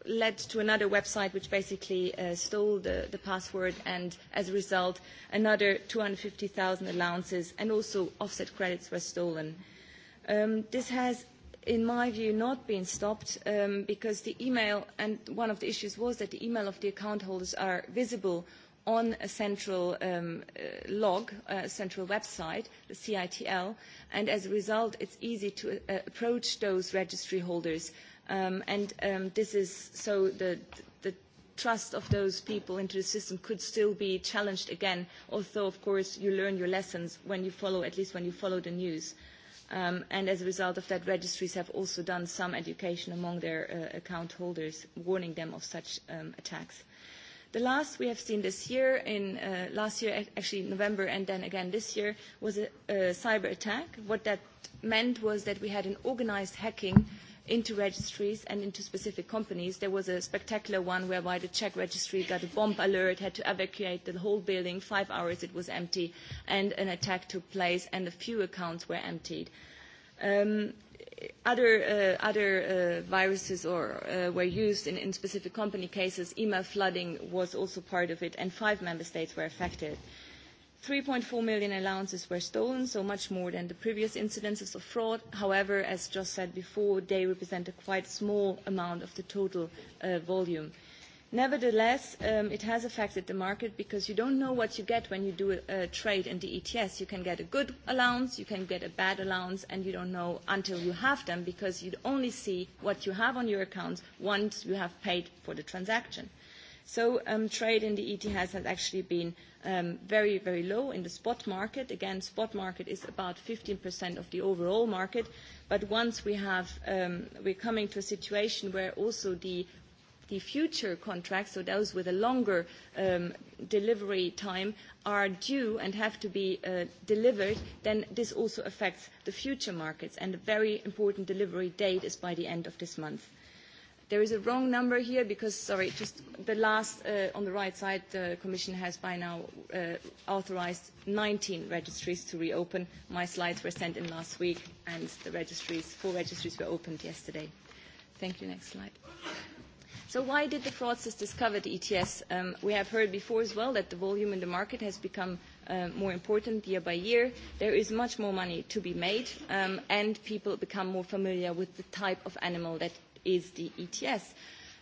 led to another website which basically uh, stole the, the password, and as a result, another 250,000 allowances and also offset credits were stolen. Um, this has in my view, not been stopped um, because the email, and one of the issues was that the email of the account holders are visible on a central um, uh, log, a uh, central website, the CITL, and as a result, it's easy to uh, approach those registry holders. Um, and um, this is so the, the trust of those people into the system could still be challenged again, although, of course, you learn your lessons when you follow, at least when you follow the news. Um, and as a result of that, registries have also done some education among their uh, account holders, warning them of such um, attacks. The last we have seen this year, in uh, last year, actually November and then again this year, was a, a cyber attack. What that meant was that we had an organized hacking into registries and into specific companies. There was a spectacular one whereby the Czech registry got a bomb alert, had to evacuate the whole building. Five hours it was empty, and an attack took place, and a few accounts were emptied. Um, other uh, other uh, viruses or, uh, were used in, in specific company cases. Email flooding was also part of it, and five member states were affected. Mm-hmm. 3.4 million allowances were stolen, so much more than the previous incidences of fraud. However, as just said before, they represent a quite small amount of the total uh, volume. Nevertheless, um, it has affected the market because you don't know what you get when you do a, a trade in the ETS. You can get a good allowance, you can get a bad allowance, and you don't know until you have them because you only see what you have on your account once you have paid for the transaction. So um, trade in the ETS has actually been um, very, very low in the spot market. Again, spot market is about 15% of the overall market. But once we have, um, we're coming to a situation where also the future contracts, so those with a longer delivery time, are due and have to be uh, delivered, then this also affects the future markets. And a very important delivery date is by the end of this month. There is a wrong number here because, sorry, just the last uh, on the right side, the Commission has by now uh, authorized 19 registries to reopen. My slides were sent in last week and the registries, four registries were opened yesterday. Thank you. Next slide. So why did the fraudsters discover the ETS? Um, we have heard before as well that the volume in the market has become uh, more important year by year. There is much more money to be made um, and people become more familiar with the type of animal that is the ETS.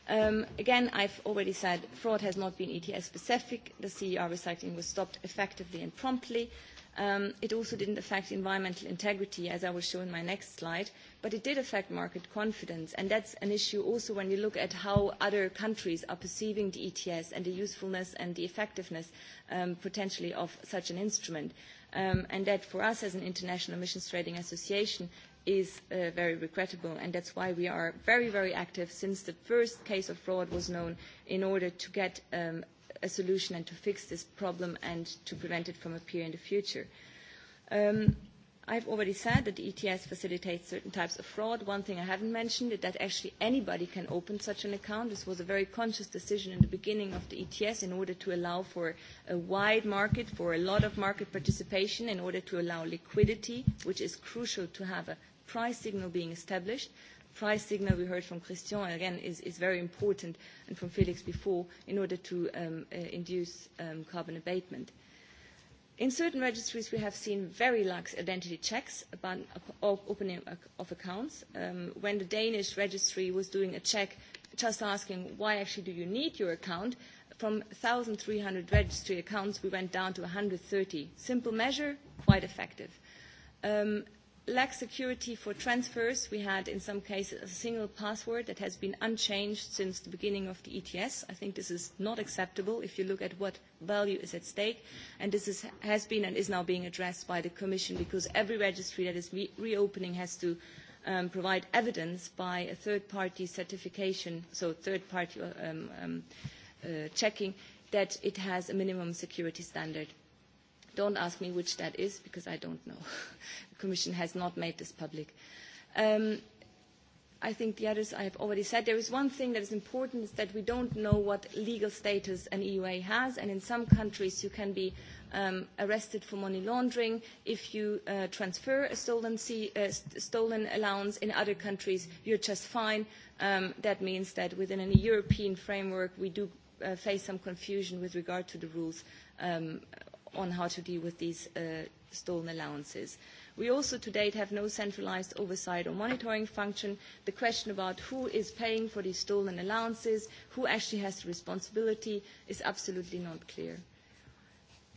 Um, again, I've already said fraud has not been ETS specific. The CER recycling was stopped effectively and promptly. Um, it also didn't affect environmental integrity, as I will show in my next slide, but it did affect market confidence. And that's an issue also when you look at how other countries are perceiving the ETS and the usefulness and the effectiveness um, potentially of such an instrument. Um, and that for us as an international emissions trading association is uh, very regrettable, and that's why we are very, very active since the first case of fraud was known in order to get um, a solution and to fix this problem and to prevent it from appearing in the future. Um, I've already said that the ETS facilitates certain types of fraud. One thing I haven't mentioned is that actually anybody can open such an account. This was a very conscious decision in the beginning of the ETS in order to allow for a wide market, for a lot of market participation, in order to allow liquidity, which is crucial to have a price signal being established. Price signal we heard from Christian again is, is very important and from Felix before in order to um, uh, induce um, carbon abatement. In certain registries, we have seen very lax identity checks about opening of accounts. Um, when the Danish registry was doing a check just asking, why actually do you need your account? From 1,300 registry accounts, we went down to 130. Simple measure, quite effective. Um, lack security for transfers. We had, in some cases, a single password that has been unchanged since the beginning of the ETS. I think this is not acceptable if you look at what value is at stake. And this is, has been and is now being addressed by the Commission because every registry that is re- reopening has to um, provide evidence by a third-party certification, so third-party uh, um, um, uh, checking, that it has a minimum security standard. Don't ask me which that is because I don't know. Commission has not made this public. Um, I think the others I have already said. There is one thing that is important: is that we don't know what legal status an EUA has, and in some countries you can be um, arrested for money laundering if you uh, transfer a stolen, sea, uh, st- stolen allowance. In other countries, you're just fine. Um, that means that within a European framework, we do uh, face some confusion with regard to the rules um, on how to deal with these uh, stolen allowances. Uh, We also to date have no centralized oversight or monitoring function. The question about who is paying for these stolen allowances, who actually has the responsibility, is absolutely not clear.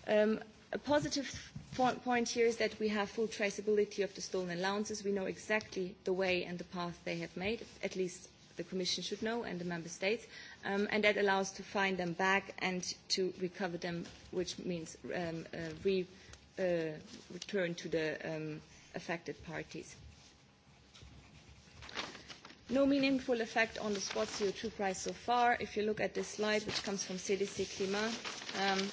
Um, a positive point here is that we have full traceability of the stolen allowances. We know exactly the way and the path they have made, at least the Commission should know and the Member States, um, and that allows to find them back and to recover them, which means um, uh, re- uh, return to the um, affected parties. No meaningful effect on the spot CO2 price so far. If you look at this slide, which comes from CDC Climat, um,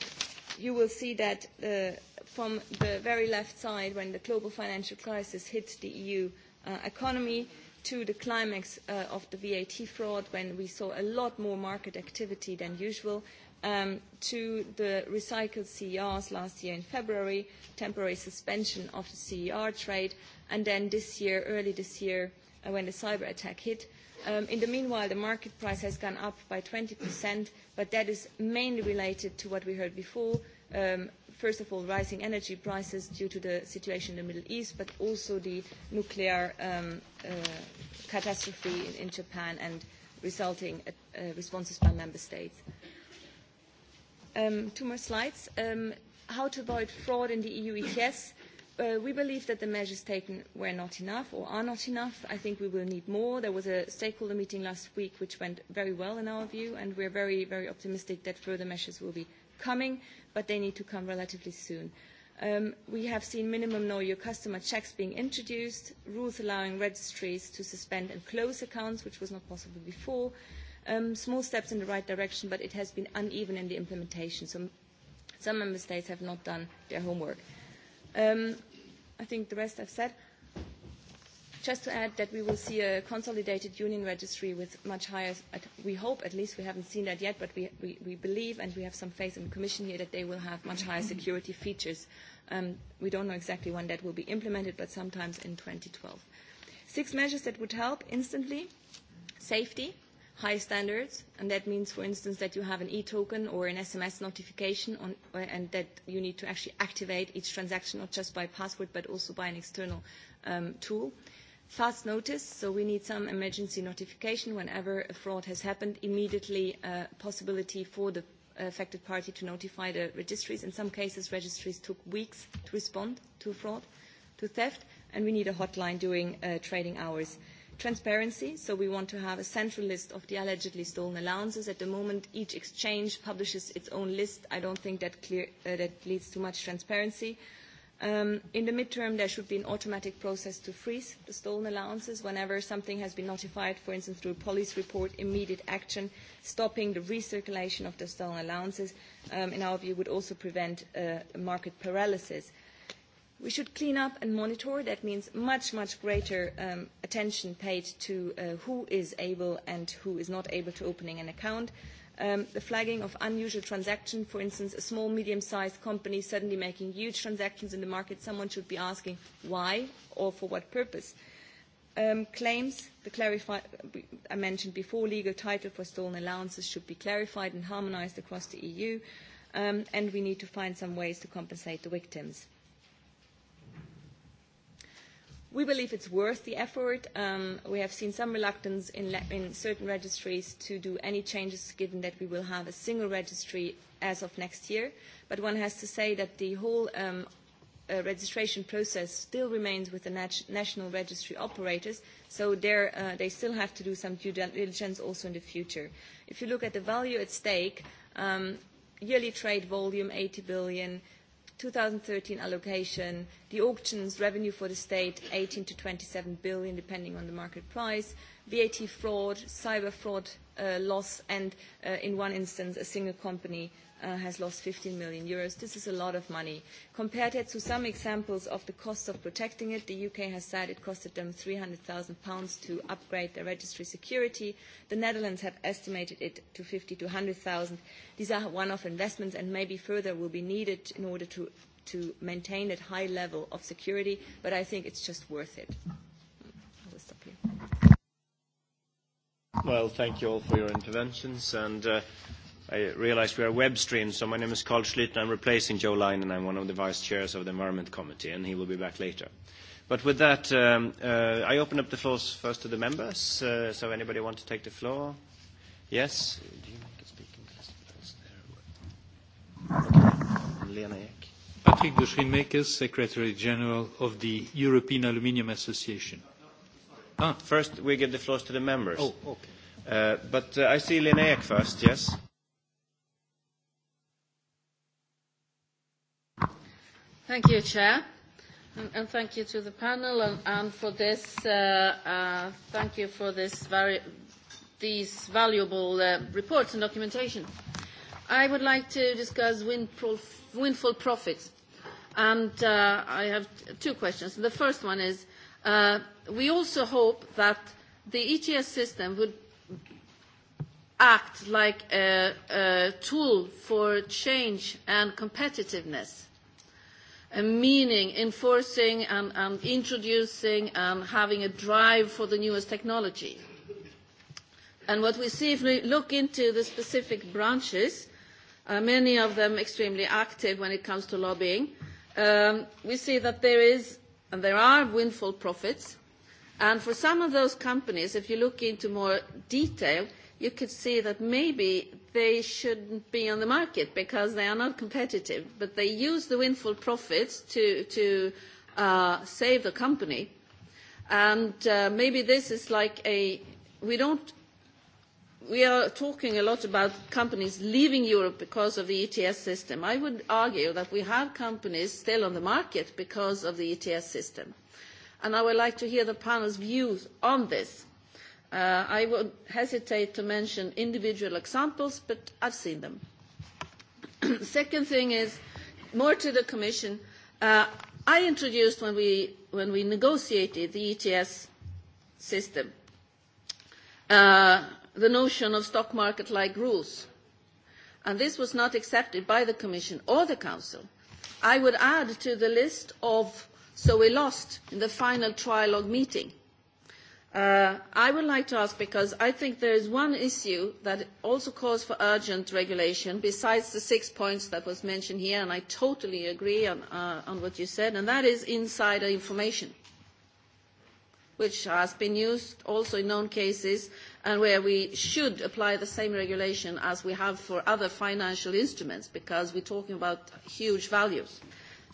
you will see that uh, from the very left side, when the global financial crisis hit the EU uh, economy, to the climax uh, of the VAT fraud, when we saw a lot more market activity than usual, um, to the recycled CERs last year in February, temporary suspension of the CER trade, and then this year, early this year, uh, when the cyber attack hit. Um, in the meanwhile, the market price has gone up by 20%, but that is mainly related to what we heard before. Um, first of all, rising energy prices due to the situation in the Middle East, but also the nuclear um, uh, catastrophe in, in Japan and resulting uh, responses by member states. Um, two more slides. Um, how to avoid fraud in the EU ETS. Uh, we believe that the measures taken were not enough or are not enough. I think we will need more. There was a stakeholder meeting last week which went very well in our view, and we're very, very optimistic that further measures will be coming, but they need to come relatively soon. Um, we have seen minimum know your customer checks being introduced, rules allowing registries to suspend and close accounts, which was not possible before um, small steps in the right direction, but it has been uneven in the implementation. So some member states have not done their homework. Um, I think the rest I've said. Just to add that we will see a consolidated union registry with much higher, we hope at least, we haven't seen that yet, but we, we, we believe and we have some faith in the Commission here that they will have much higher security features. Um, we don't know exactly when that will be implemented, but sometimes in 2012. Six measures that would help instantly. Safety, high standards, and that means, for instance, that you have an e-token or an SMS notification, on, uh, and that you need to actually activate each transaction, not just by password, but also by an external um, tool. Fast notice, so we need some emergency notification whenever a fraud has happened, immediately a uh, possibility for the affected party to notify the registries. In some cases, registries took weeks to respond to fraud, to theft, and we need a hotline during uh, trading hours. Mm-hmm transparency. So we want to have a central list of the allegedly stolen allowances. At the moment, each exchange publishes its own list. I don't think that, clear, uh, that leads to much transparency. Um, in the midterm, there should be an automatic process to freeze the stolen allowances whenever something has been notified, for instance, through a police report, immediate action, stopping the recirculation of the stolen allowances, um, in our view, would also prevent uh, market paralysis. We should clean up and monitor. That means much, much greater um, attention paid to uh, who is able and who is not able to opening an account. Um, the flagging of unusual transaction, for instance, a small, medium-sized company suddenly making huge transactions in the market, someone should be asking why or for what purpose. Um, claims, the clarified, I mentioned before, legal title for stolen allowances should be clarified and harmonized across the EU, um, and we need to find some ways to compensate the victims. We believe it's worth the effort. Um, we have seen some reluctance in, le- in certain registries to do any changes, given that we will have a single registry as of next year. But one has to say that the whole um, uh, registration process still remains with the nat- national registry operators, so uh, they still have to do some due diligence also in the future. If you look at the value at stake, um, yearly trade volume 80 billion. 2013 allocation, the auctions revenue for the state 18 to 27 billion, depending on the market price, VAT fraud, cyber fraud uh, loss, and uh, in one instance, a single company Uh, has lost 15 million euros. This is a lot of money. Compared it to some examples of the cost of protecting it, the UK has said it costed them 300,000 pounds to upgrade their registry security. The Netherlands have estimated it to 50 to 100,000. These are one-off investments and maybe further will be needed in order to, to maintain that high level of security, but I think it's just worth it. Well, thank you all for your interventions and uh, I realize we are web streamed, so my name is Carl Schlüter. I'm replacing Joe Line, and I'm one of the vice chairs of the Environment Committee, and he will be back later. But with that, um, uh, I open up the floor first to the members. Uh, so anybody want to take the floor? Yes? Do you want to speak in this place there? Lena Ek. Patrick de Schrijnwijkers, Secretary General of the European Aluminium Association. Ah, first, we give the floor to the members. Oh, okay. Uh, but, I see Lena Ek first, yes? Thank you, Chair. And thank you to the panel and, and for this, uh, uh, thank you for this very, these valuable uh, reports and documentation. I would like to discuss wind prof windfall profits. And uh, I have two questions. The first one is, uh, we also hope that the ETS system would act like a, a tool for change and competitiveness meaning enforcing and, and introducing and having a drive for the newest technology. And what we see if we look into the specific branches, uh, many of them extremely active when it comes to lobbying, um, we see that there is and there are windfall profits. And for some of those companies, if you look into more detail, you could see that maybe they shouldn't be on the market because they are not competitive, but they use the windfall profits to, to uh, save the company. And uh, maybe this is like a, we don't, we are talking a lot about companies leaving Europe because of the ETS system. I would argue that we have companies still on the market because of the ETS system. And I would like to hear the panel's views on this. Uh, I would hesitate to mention individual examples, but I've seen them. Second thing is more to the Commission. Uh, I introduced when we, when we negotiated the ETS system uh, the notion of stock market like rules. And this was not accepted by the Commission or the Council. I would add to the list of, so we lost in the final trilogue meeting. Uh, I would like to ask because I think there is one issue that also calls for urgent regulation besides the six points that was mentioned here, and I totally agree on, uh, on what you said, and that is insider information, which has been used also in known cases and where we should apply the same regulation as we have for other financial instruments because we're talking about huge values.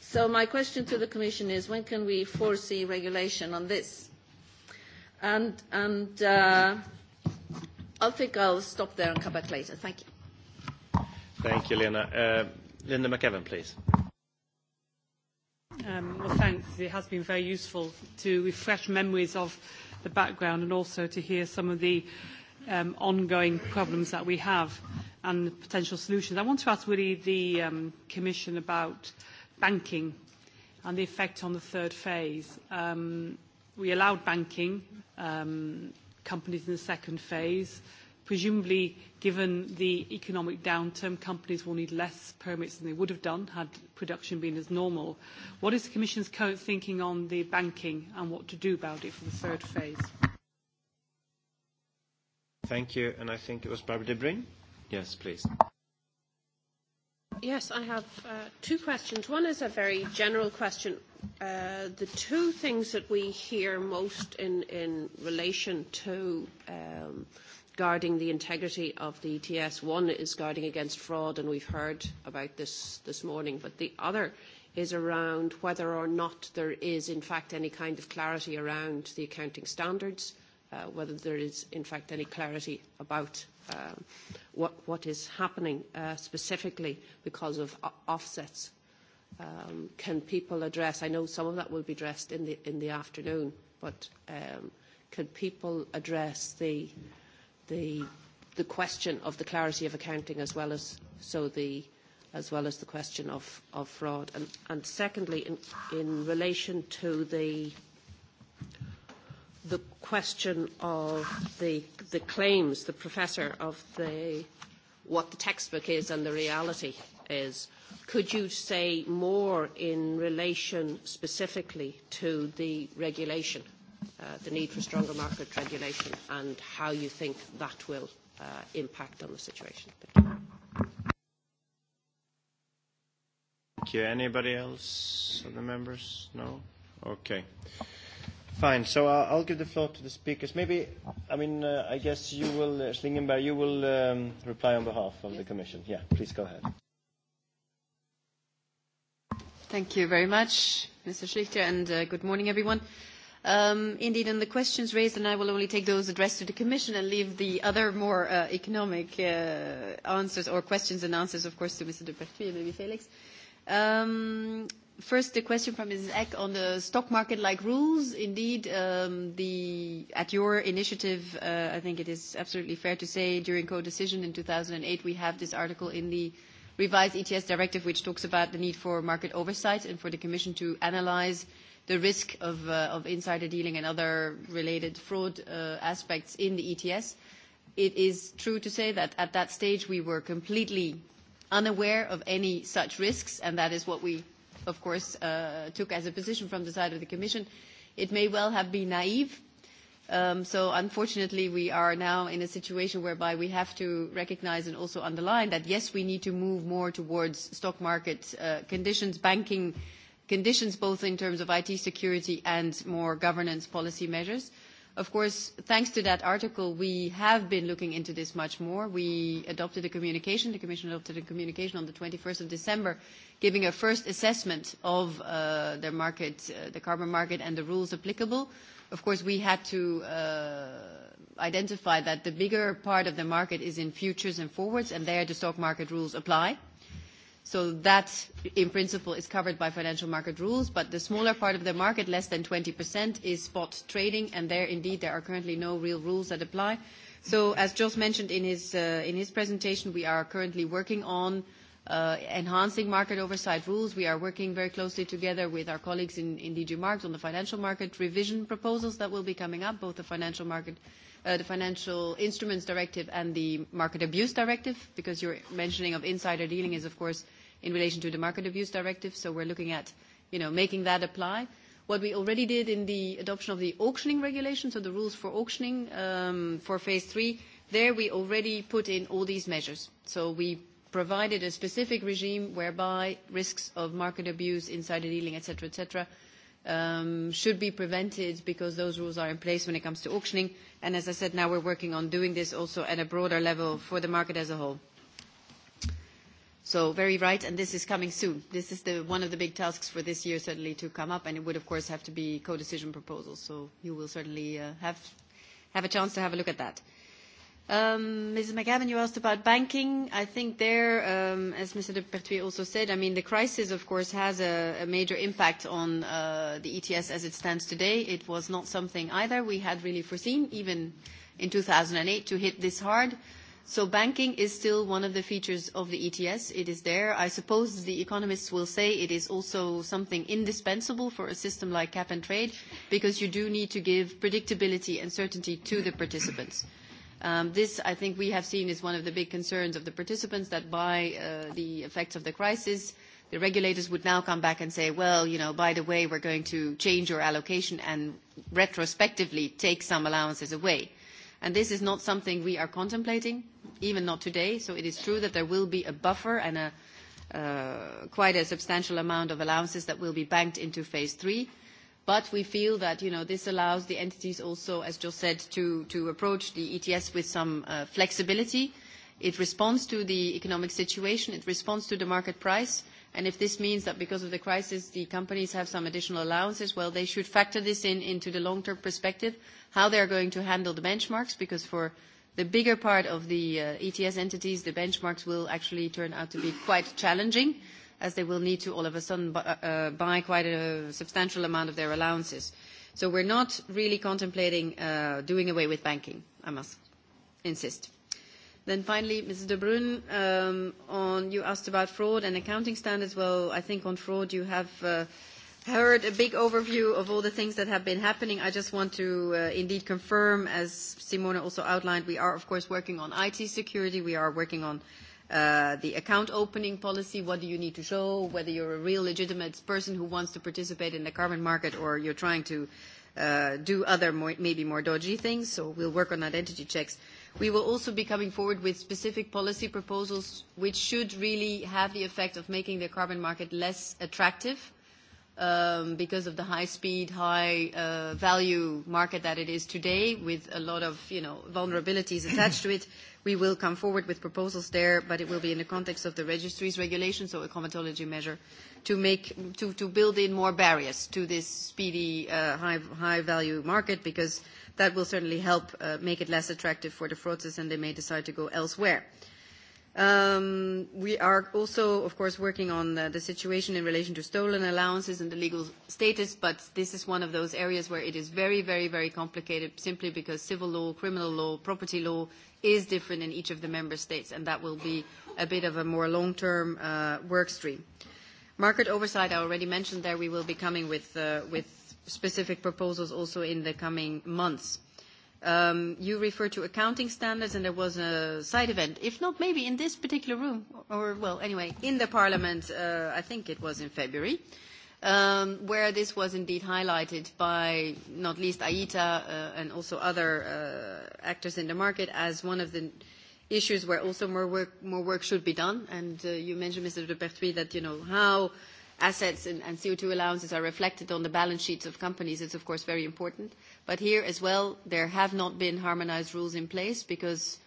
So my question to the Commission is when can we foresee regulation on this? Uh, I think I'll stop there and come back later. Thank you. Thank you, Lena. Uh, Linda McEvan, please. Um, well, thanks. It has been very useful to refresh memories of the background and also to hear some of the um, ongoing problems that we have and the potential solutions. I want to ask really the um, commission about banking and the effect on the third phase we allowed banking um, companies in the second phase. Presumably, given the economic downturn, companies will need less permits than they would have done had production been as normal. What is the Commission's current thinking on the banking and what to do about it for the third phase? Thank you. I think it was Barbara De Bruijn. Yes, please. Thank you, Yes, I have uh, two questions. One is a very general question. Uh, the two things that we hear most in, in relation to um, guarding the integrity of the ETS, one is guarding against fraud, and we've heard about this this morning, but the other is around whether or not there is, in fact, any kind of clarity around the accounting standards. Uh, whether there is in fact any clarity about uh, what is happening uh, specifically because of offsets. Um, can people address... I know some of that will be addressed in the afternoon, but um, can people address the question of the clarity of accounting as well as the question of fraud? Secondly, in relation to the the question of the the claims, the professor of the what the textbook is and the reality is. Could you say more in relation specifically to the regulation, uh, the need for stronger market regulation, and how you think that will uh, impact on the situation? Thank you. Anybody else of the members? No? Okay. Fine. So I'll give the floor to the speakers. Maybe, I mean, uh, I guess you will, uh, Schlingenberg, you will um, reply on behalf of the commission. Yeah, please go ahead. Thank you very much, Mr. Schlichter, and uh, good morning, everyone. Um, indeed, on the questions raised, and I will only take those addressed to the commission and leave the other more economic answers or questions and answers, of course, to Mr. de Pertuis and maybe Felix. Um, First, a question from Ms. Eck on the stock market-like rules. Indeed, um, the, at your initiative, uh, I think it is absolutely fair to say, during co-decision in 2008, we have this article in the revised ETS directive, which talks about the need for market oversight and for the Commission to analyse the risk of, uh, of insider dealing and other related fraud uh, aspects in the ETS. It is true to say that at that stage, we were completely unaware of any such risks, and that is what we of course, uh, took as a position from the side of the Commission. It may well have been naive. Um, so, unfortunately, we are now in a situation whereby we have to recognize and also underline that, yes, we need to move more towards stock market uh, conditions, banking conditions, both in terms of IT security and more governance policy measures. Uh, Of course, thanks to that article, we have been looking into this much more. We adopted a communication, the Commission adopted a communication on the 21st of December, giving a first assessment of uh, the market, uh, the carbon market and the rules applicable. Of course, we had to uh, identify that the bigger part of the market is in futures and forwards, and there the stock market rules apply. Uh, That, in principle, is covered by financial market rules, but the smaller part of the market, less than 20%, is spot trading, and there indeed there are currently no real rules that apply. As Jos mentioned uh, in his presentation, we are currently working on uh, enhancing market oversight rules. We are working very closely together with our colleagues in DG Markets on the financial market revision proposals that will be coming up, both uh, the Financial Instruments Directive and the Market Abuse Directive, because your mentioning of insider dealing is, of course, in relation to the Market Abuse Directive, so we're looking at, you know, making that apply. What we already did in the adoption of the auctioning regulation, so the rules for auctioning, um, for phase III, there we already put in all these measures. So we provided a specific regime whereby risks of market abuse, insider dealing, et cetera, et cetera, um, should be prevented because those rules are in place when it comes to auctioning. And as I said, now we're working on doing this also at a broader level for the market as a whole. Very right, and this is coming soon. This is the one of the big tasks for this year certainly to come up, and it would of course have to be co-decision proposals. You will certainly uh, have a chance to have a look at that. Um, Mrs. McGavin, you asked about banking. I think there, um, as Mr. de Pertuis also said, I mean, the crisis of course has a major impact on uh, the ETS as it stands today. It was not something either we had really foreseen, even in 2008, to hit this hard. So banking is still one of the features of the ETS. It is there. I suppose the economists will say it is also something indispensable for a system like cap and trade because you do need to give predictability and certainty to the participants. Um, this, I think we have seen, is one of the big concerns of the participants that by uh, the effects of the crisis, the regulators would now come back and say, well, you know, by the way, we're going to change your allocation and retrospectively take some allowances away. This is not something we are contemplating, even not today. It is true that there will be a buffer and uh, quite a substantial amount of allowances that will be banked into phase III. We feel that, you know, this allows the entities also, as Jos said, to approach the ETS with some uh, flexibility. It responds to the economic situation. It responds to the market price. If this means that because of the crisis, the companies have some additional allowances, well, they should factor this in into the long-term perspective, how they're going to handle the benchmarks, because for the bigger part of the uh, ETS entities, the benchmarks will actually turn out to be quite challenging, as they will need to all of a sudden uh, uh, buy quite a substantial amount of their allowances. We're not really contemplating doing away with banking, I must insist. Finally, Ms. De Bruijn, um, on you asked about fraud and accounting standards. Well, I think on fraud, you have uh, heard a big overview of all the things that have been happening. I just want to uh, indeed confirm, as Simone also outlined, we are, of course, working on IT security. We are working on uh, the account opening policy. What do you need to show, whether you're a real legitimate person who wants to participate in the carbon market or you're trying to do other maybe more dodgy things. We'll work on identity checks. We will also be coming forward with specific policy proposals, which should really have the effect of making the carbon market less attractive, um, because of the high speed, high uh, value market that it is today, with a lot of, you know, vulnerabilities attached to it. We will come forward with proposals there, but it will be in the context of the registries regulation, so a comitology measure, to make... To build in more barriers to this speedy, uh, high value market, because that will certainly help uh, make it less attractive for the fraudsters and they may decide to go elsewhere. Um, we are also, of course, working on the, the situation in relation to stolen allowances and the legal status, but this is one of those areas where it is very, very, very complicated simply because civil law, criminal law, property law is different in each of the member states, and that will be a bit of a more long-term uh, work stream. Market oversight, I already mentioned there, we will be coming with, uh, with uh, specific proposals also in the coming months. Um, you refer to accounting standards, and there was a side event, if not maybe in this particular room or, well, anyway, in the parliament, uh, I think it was in February, um, where this was indeed highlighted by not least AITA, uh, and also other uh, actors in the market as one of the issues where also more work should be done. You mentioned, Mr. de Pertuis, that, you know, how assets and CO2 allowances are reflected on the balance sheets of companies, it's of course very important. Here as well, there have not been harmonized rules in place because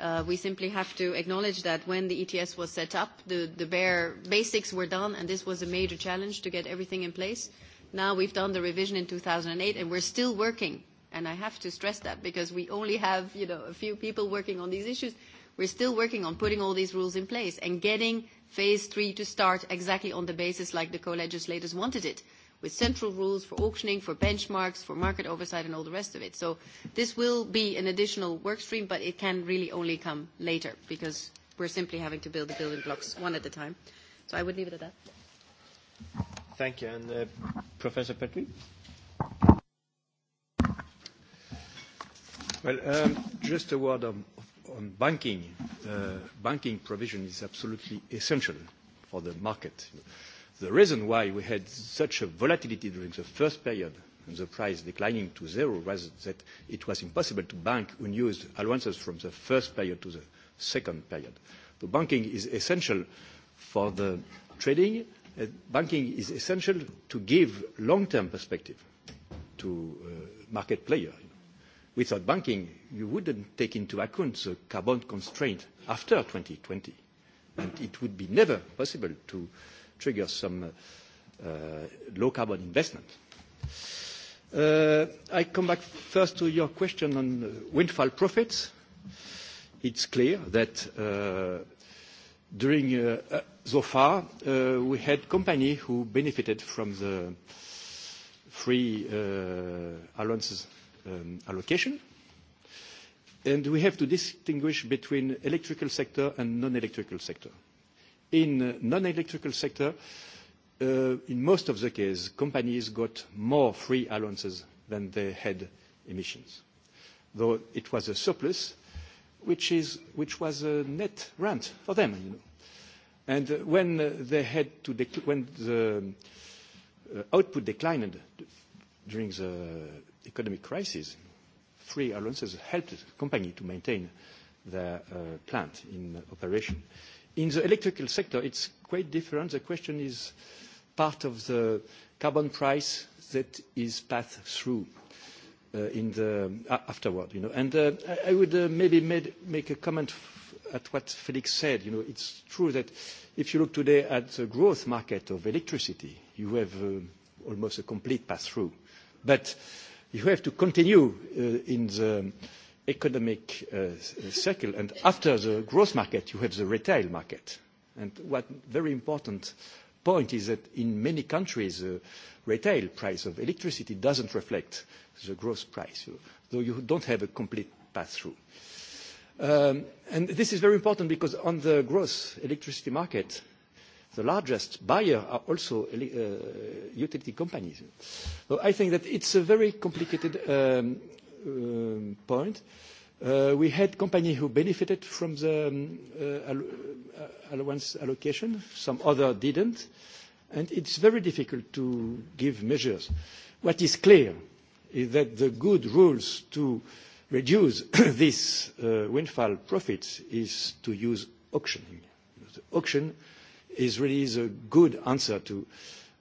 uh, we simply have to acknowledge that when the ETS was set up, the bare basics were done, and this was a major challenge to get everything in place. Now we've done the revision in 2008, and we're still working. I have to stress that because we only have, you know, a few people working on these issues. We're still working on putting all these rules in place and getting phase three to start exactly on the basis like the co-legislators wanted it, with central rules for auctioning, for benchmarks, for market oversight and all the rest of it. So this will be an additional work stream, but it can really only come later because we're simply having to build the building blocks one at a time. So I would leave it at that. Thank you. And uh, Professor Petri? Well, um, just a word on, on banking, uh, banking provision is absolutely essential for the market. The reason why we had such a volatility during the first period and the price declining to zero was that it was impossible to bank unused allowances from the first period to the second period. The banking is essential for the trading. Uh, banking is essential to give long-term perspective to uh, market players without banking, you wouldn't take into account the carbon constraint after 2020, and it would be never possible to trigger some uh, low carbon investment. Uh, I come back first to your question on windfall profits. It's clear that uh, during so far we had company who benefited from the free allowances Um, allocation. We have to distinguish between electrical sector and non-electrical sector. In uh, non-electrical sector, uh, in most of the case, companies got more free allowances than they had emissions, though it was a surplus, which was a net grant for them. Uh, when the output declined during the economic crisis, free allowances helped the company to maintain their uh, plant in operation. In the electrical sector, it's quite different. The question is part of the carbon price that is passed through uh, in the, uh, afterward. You know. And uh, I would uh, maybe made, make a comment at what Felix said. You know, it's true that if you look today at the growth market of electricity, you have uh, almost a complete pass-through. But uh, you have to continue uh, in the economic uh, uh, circle. And after the growth market, you have the retail market. And what very important point is that in many countries, the uh, retail price of electricity doesn't reflect the growth price, though so you don't have a complete pass-through. Um, and this is very important because on the gross electricity market, the largest buyer are also uh, utility companies. I think that it's a very complicated um, um, point. Uh, we had company who benefited from the um, uh, allowance allocation, some other didn't, and it's very difficult to give measures. What is clear is that the good rules to reduce this windfall profits is to use auctioning. The auction is really the good answer to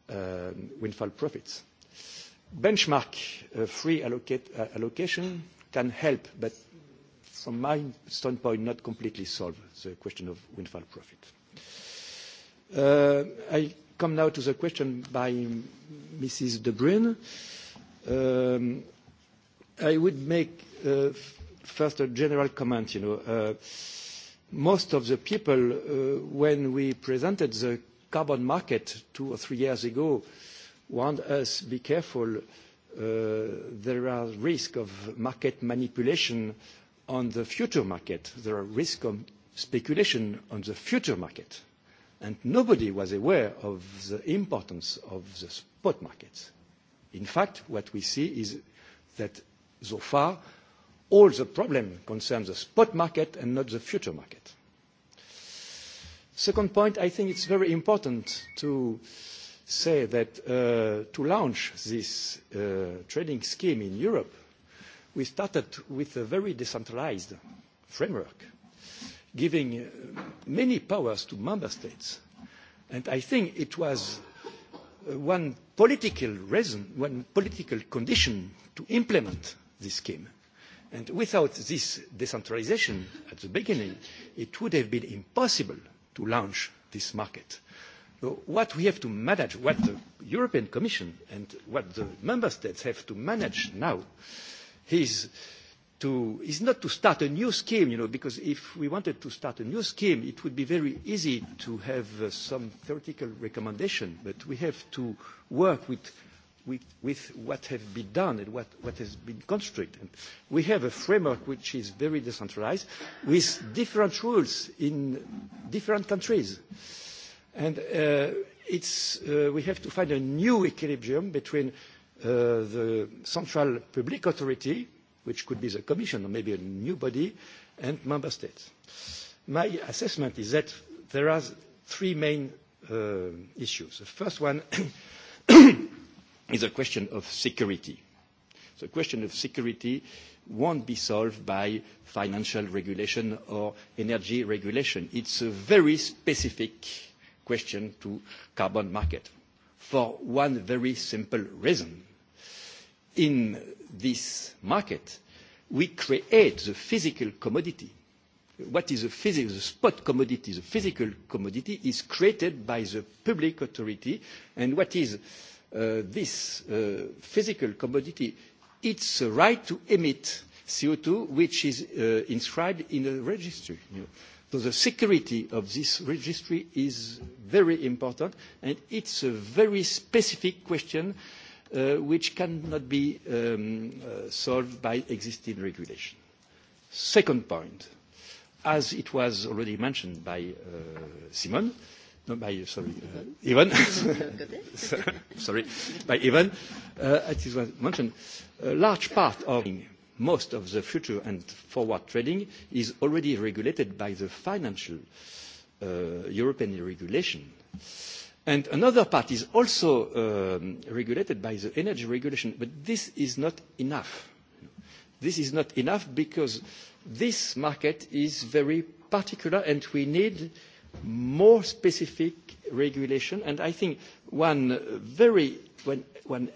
um, windfall profits. Benchmark uh, free uh, allocation can help, but from my standpoint, not completely solve the question of windfall profit. Uh, I come now to the question by Mrs. De Bruyn. Um, I would make first a general comment. Most of the people, uh, when we presented the carbon market two or three years ago, warned us, "Be careful, uh, there are risk of market manipulation on the future market. There are risk of speculation on the future market." Nobody was aware of the importance of the spot markets. In fact, what we see is that so far, All the problem concerns the spot market and not the future market. Second point, I think it's very important to say that uh, to launch this uh, trading scheme in Europe, we started with a very decentralized framework, giving uh, many powers to member states. I think it was one political reason, one political condition to implement this scheme. And without this decentralization at the beginning, it would have been impossible to launch this market. So what we have to manage, what the European Commission and what the Member States have to manage now is, to, is not to start a new scheme, you know, because if we wanted to start a new scheme, it would be very easy to have uh, some theoretical recommendation, but we have to work with with, with what has been done and what, what has been constructed. We have a framework which is very decentralized with different rules in different countries. And uh, it's, uh, we have to find a new equilibrium between uh, the central public authority, which could be the Commission or maybe a new body, and member states. My assessment is that there are three main uh, issues. The first one is a question of security. The question of security won't be solved by financial regulation or energy regulation. It's a very specific question to carbon market for one very simple reason. In this market, we create the physical commodity. What is a physical the spot commodity, the physical commodity is created by the public authority, and what is uh, this uh, physical commodity its right to emit CO2, which is uh, inscribed in a registry. You know. So the security of this registry is very important, and it's a very specific question uh, which cannot be um, uh, solved by existing regulation. Second point, as it was already mentioned by uh, Simon, uh, Non, by, sorry, uh, Ivan. sorry, by Ivan. Uh, as it was mentioned, a large part of most of the future and forward trading is already regulated by the financial uh, European regulation. And another part is also um, regulated by the energy regulation, but this is not enough. This is not enough because this market is very particular and we need more specific regulation. And I think one very, one, one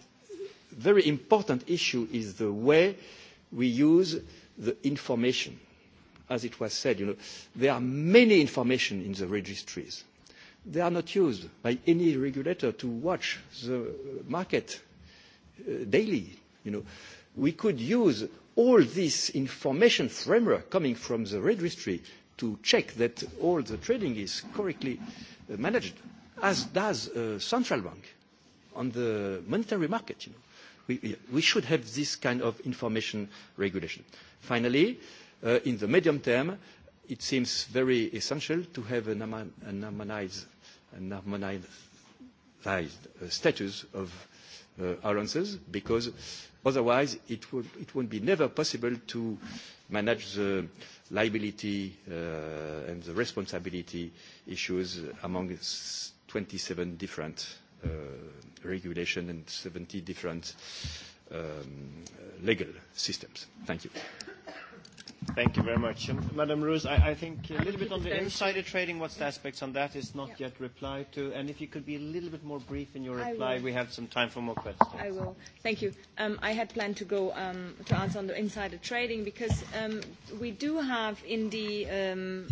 very important issue is the way we use the information. As it was said, you know, there are many information in the registries. They are not used by any regulator to watch the market uh, daily. You know, we could use all this information framework coming from the registry to check that all the trading is correctly uh, managed, as does a uh, central bank on the monetary market. You know. we, we should have this kind of information regulation. Finally, uh, in the medium term, it seems very essential to have an, an harmonized, an harmonized uh, status of our uh, answers because otherwise it would never be possible to manage the liability uh, and the responsibility issues among twenty seven different uh, regulations and seventy different um, legal systems. thank you. Thank you very much. Um, Madam Roos, I think a little bit on the insider trading, what's the aspects on that is not yet replied to. And if you could be a little bit more brief in your reply, we have some time for more questions. I will. Thank you. Um, I had planned to go um, to answer on the insider trading because we do have in the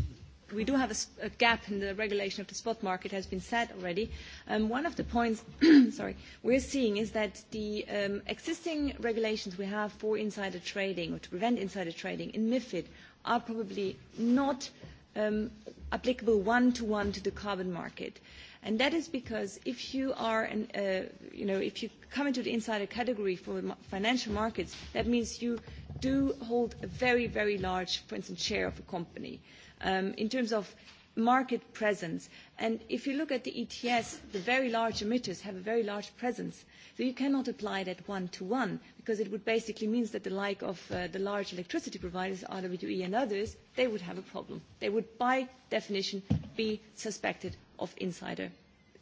we do have a, a gap in the regulation of the spot market, has been said already. Um, one of the points sorry, we're seeing is that the um, existing regulations we have for insider trading or to prevent insider trading in MIFID are probably not um, applicable one-to-one to the carbon market. And that is because if you are, an, uh, you know, if you come into the insider category for financial markets, that means you do hold a very, very large, for instance, share of a company um, in terms of market presence. And if you look at the ETS, the very large emitters have a very large presence. So you cannot apply that one-to-one because it would basically mean that the like of uh, the large electricity providers, RWE and others, they would have a problem. They would, by definition, be suspected of insider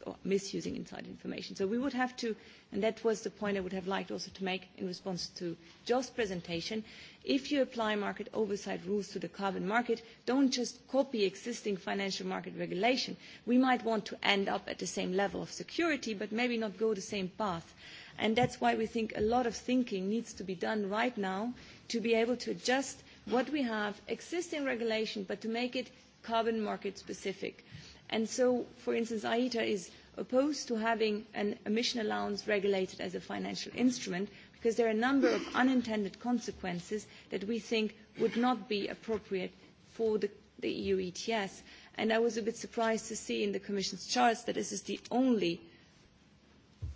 or misusing inside information. So we would have to, and that was the point I would have liked also to make in response to Joe's presentation, if you apply market oversight rules to the carbon market, don't just copy existing financial market regulation. We might want to end up at the same level of security, but maybe not go the same path. And that's why we think a lot of thinking needs to be done right now to be able to adjust what we have, existing regulation, but to make it carbon market specific. And so, for instance, AITA is – opposed to having an emission allowance regulated as a financial instrument because there are a number of unintended consequences that we think would not be appropriate for the, the EU ETS. And I was a bit surprised to see in the Commission's charts that this is the only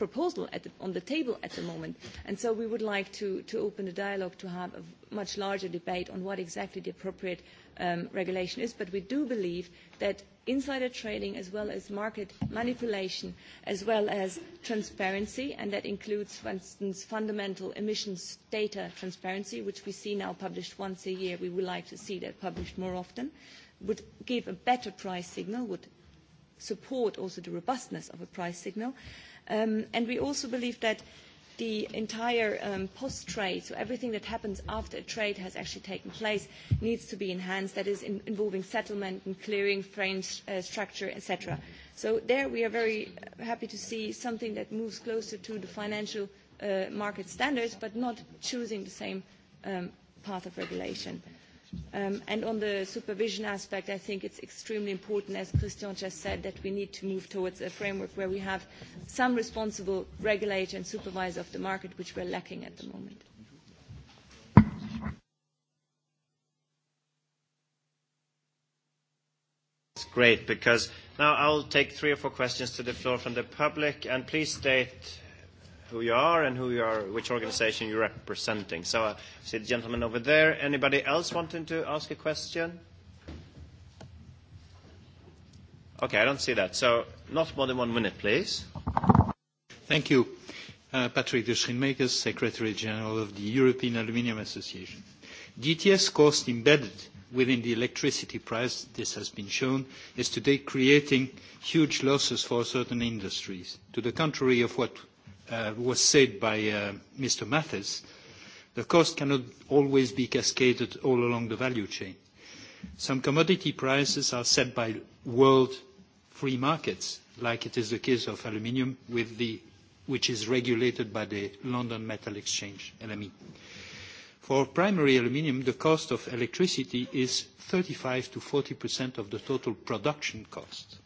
proposal at the, on the table at the moment. And so we would like to, to open the dialogue to have a much larger debate on what exactly the appropriate um, regulation is. But we do believe that insider trading, as well as market manipulation, as well as transparency, and that includes, for instance, fundamental emissions data transparency, which we see now published once a year. We would like to see that published more often, would give a better price signal, would support also the robustness of a price signal. Um, and we also believe that the entire um, post trade, so everything that happens after a trade has actually taken place, needs to be enhanced. That is in, involving settlement and clearing frame st- uh, structure, etc. So there we are very happy to see something that moves closer to the financial uh, market standards, but not choosing the same um, path of regulation. Um, and on the supervision aspect, I think it's extremely important, as Christian just said, that we need to move towards a framework where we have some responsible regulator and supervisor of the market, which we're lacking at the moment. Great, because now I'll take three or four questions to the floor from the public, and please state who you are and who you are, which organization you're representing. So I uh, see the gentleman over there. Anybody else wanting to ask a question? Okay, I don't see that. So not more than one minute, please. Thank you. Uh, Patrick de Schinmakers, Secretary General of the European Aluminium Association. DTS cost embedded within the electricity price, this has been shown, is today creating huge losses for certain industries. To the contrary of what Uh, was said by uh, Mr. Mathis, the cost cannot always be cascaded all along the value chain. Some commodity prices are set by world free markets, like it is the case of aluminium, with the, which is regulated by the London Metal Exchange, LME. For primary aluminium, the cost of electricity is 35 to 40% of the total production cost.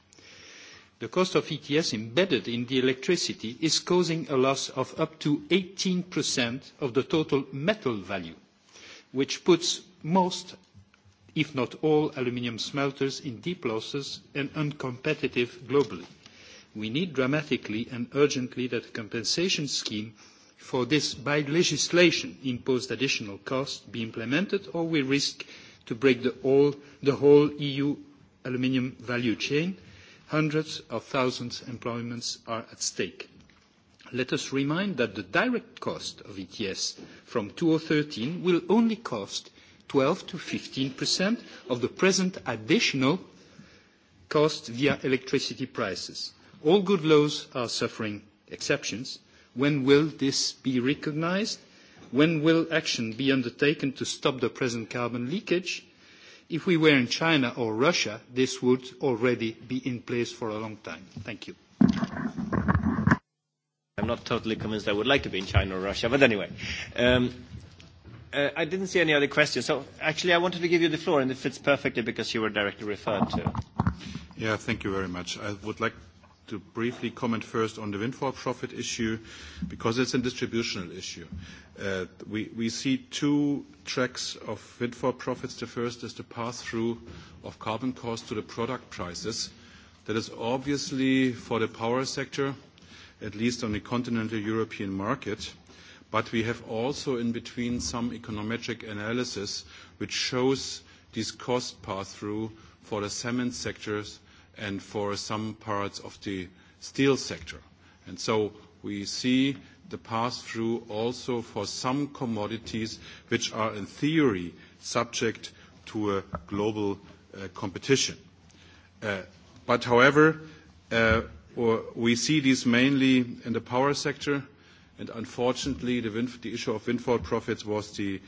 The cost of ETS embedded in the electricity is causing a loss of up to 18% of the total metal value, which puts most, if not all, aluminium smelters in deep losses and uncompetitive globally. We need dramatically and urgently that the compensation scheme for this by legislation imposed additional cost be implemented or we risk to break the whole, the whole EU aluminium value chain hundreds of thousands employments are at stake. Let us remind that the direct cost of ETS from 2013 will only cost 12 to 15 percent of the present additional cost via electricity prices. All good laws are suffering exceptions. When will this be recognized? When will action be undertaken to stop the present carbon leakage? If we were in China or Russia, this would already be in place for a long time. Thank you. I'm not totally convinced I would like to be in China or Russia, but anyway. Um, uh, I didn't see any other questions. So actually, I wanted to give you the floor, and it fits perfectly because you were directly referred to. Yeah, thank you very much. I would like to briefly comment first on the windfall profit issue, because it's a distributional issue. Uh, we see two tracks of windfall profits. The first is the pass-through of carbon costs to the product prices. That is obviously for the power sector, at least on the continental European market. We have also in between some econometric analysis, which shows this cost pass-through for the cement sectors and for some parts of the steel sector. And so we see the pass-through also for some commodities, which are, in theory, subject to a global uh, competition. Uh, but however, uh, we see this mainly in the power sector, Unfortunately, the issue of windfall profits was the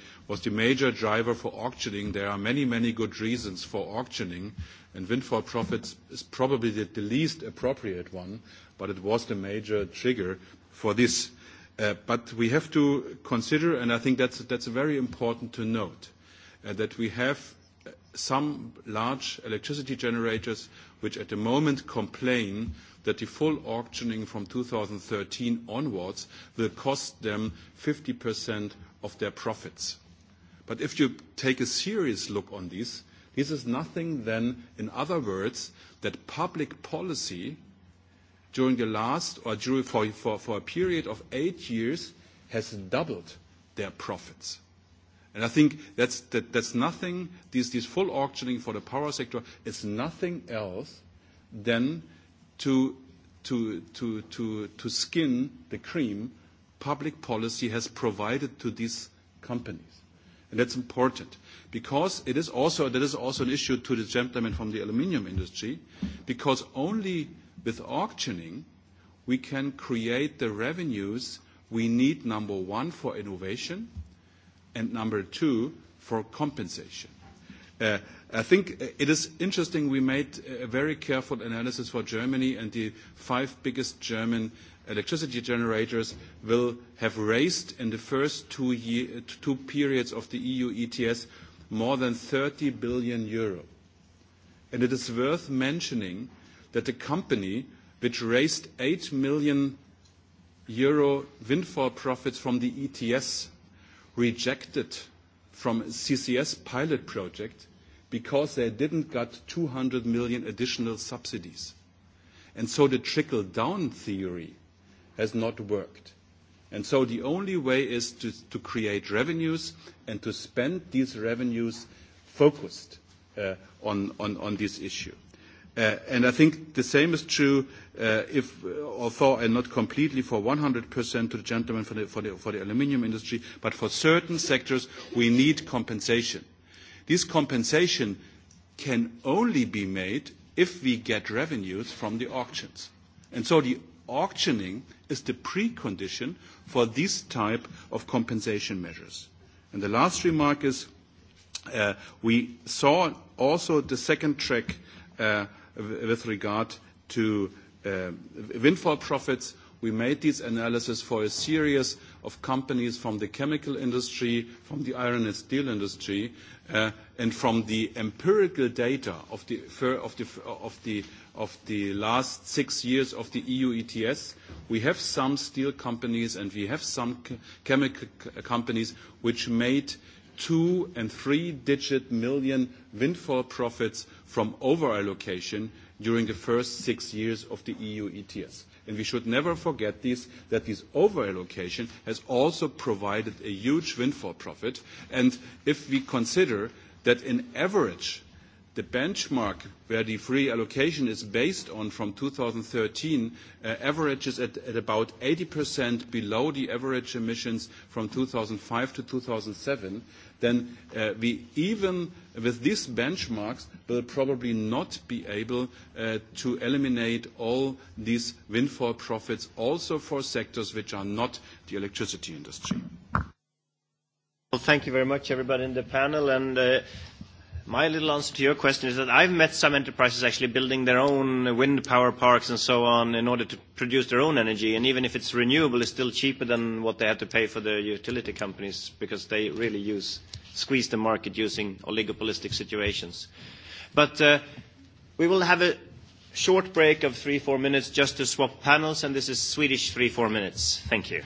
major driver for auctioning. There are many, many good reasons for auctioning, and windfall profits is probably the least appropriate one, but it was the major trigger for this. Uh, we have to consider, and I think that's very important to note, uh, that we have uh, some large electricity generators which at the moment complain that the full auctioning from 2013 onwards will cost them 50% of their profits. If you take a serious look on this is nothing then, in other words, that public policy during the last or during for a period of eight years has doubled their profits. I think that's nothing. This full auctioning for the power sector is nothing else than to, to, to, to, to skin the cream public policy has provided to these companies. And that's important because it is also, that is also an issue to the gentleman from the aluminium industry because only with auctioning we can create the revenues we need, number one, for innovation and number two, for compensation. Uh, I think uh, it is interesting, we made a very careful analysis for Germany, and the five biggest German electricity generators will have raised in the first two periods of the EU ETS, more than 30 billion euro. It is worth mentioning that the company which raised 8 million euro windfall profits from the ETS, rejected from CCS pilot project, because they didn't get 200 million additional subsidies. And so the trickle down theory has not worked. And so the only way is to, to create revenues and to spend these revenues focused uh, on, on, on this issue. Uh, and I think the same is true uh, if, although and not completely for 100% to the gentleman for the, for, the, for the aluminium industry, but for certain sectors we need compensation. This compensation can only be made if we get revenues from the auctions. The auctioning is the precondition for this type of compensation measures. The last remark is, uh, we saw also the second track uh, with regard to uh, windfall profits. We made this analysis for a series of companies from the chemical industry, from the iron and steel industry, uh, and from the empirical data of the last six years of the EU ETS, we have some steel companies and we have some chemical companies which made two and three-digit million windfall profits from over-allocation during the first six years of the EU ETS. We should never forget this, that this over-allocation has also provided a huge windfall profit. If we consider that in average, the benchmark where the free allocation is based on from 2013, uh, averages at about 80% below the average emissions from 2005 to 2007, then uh, we even with these benchmarks will probably not be able uh, to eliminate all these windfall profits also for sectors which are not the electricity industry. Well, thank you very much, everybody in the panel. Uh, my little answer to your question is that I've met some enterprises actually building their own wind power parks and so on in order to produce their own energy. And even if it's renewable, it's still cheaper than what they have to pay for the utility companies because they really use squeeze the market using oligopolistic situations. But uh, we will have a short break of three, four minutes just to swap panels. And this is Swedish three, four minutes. Thank you.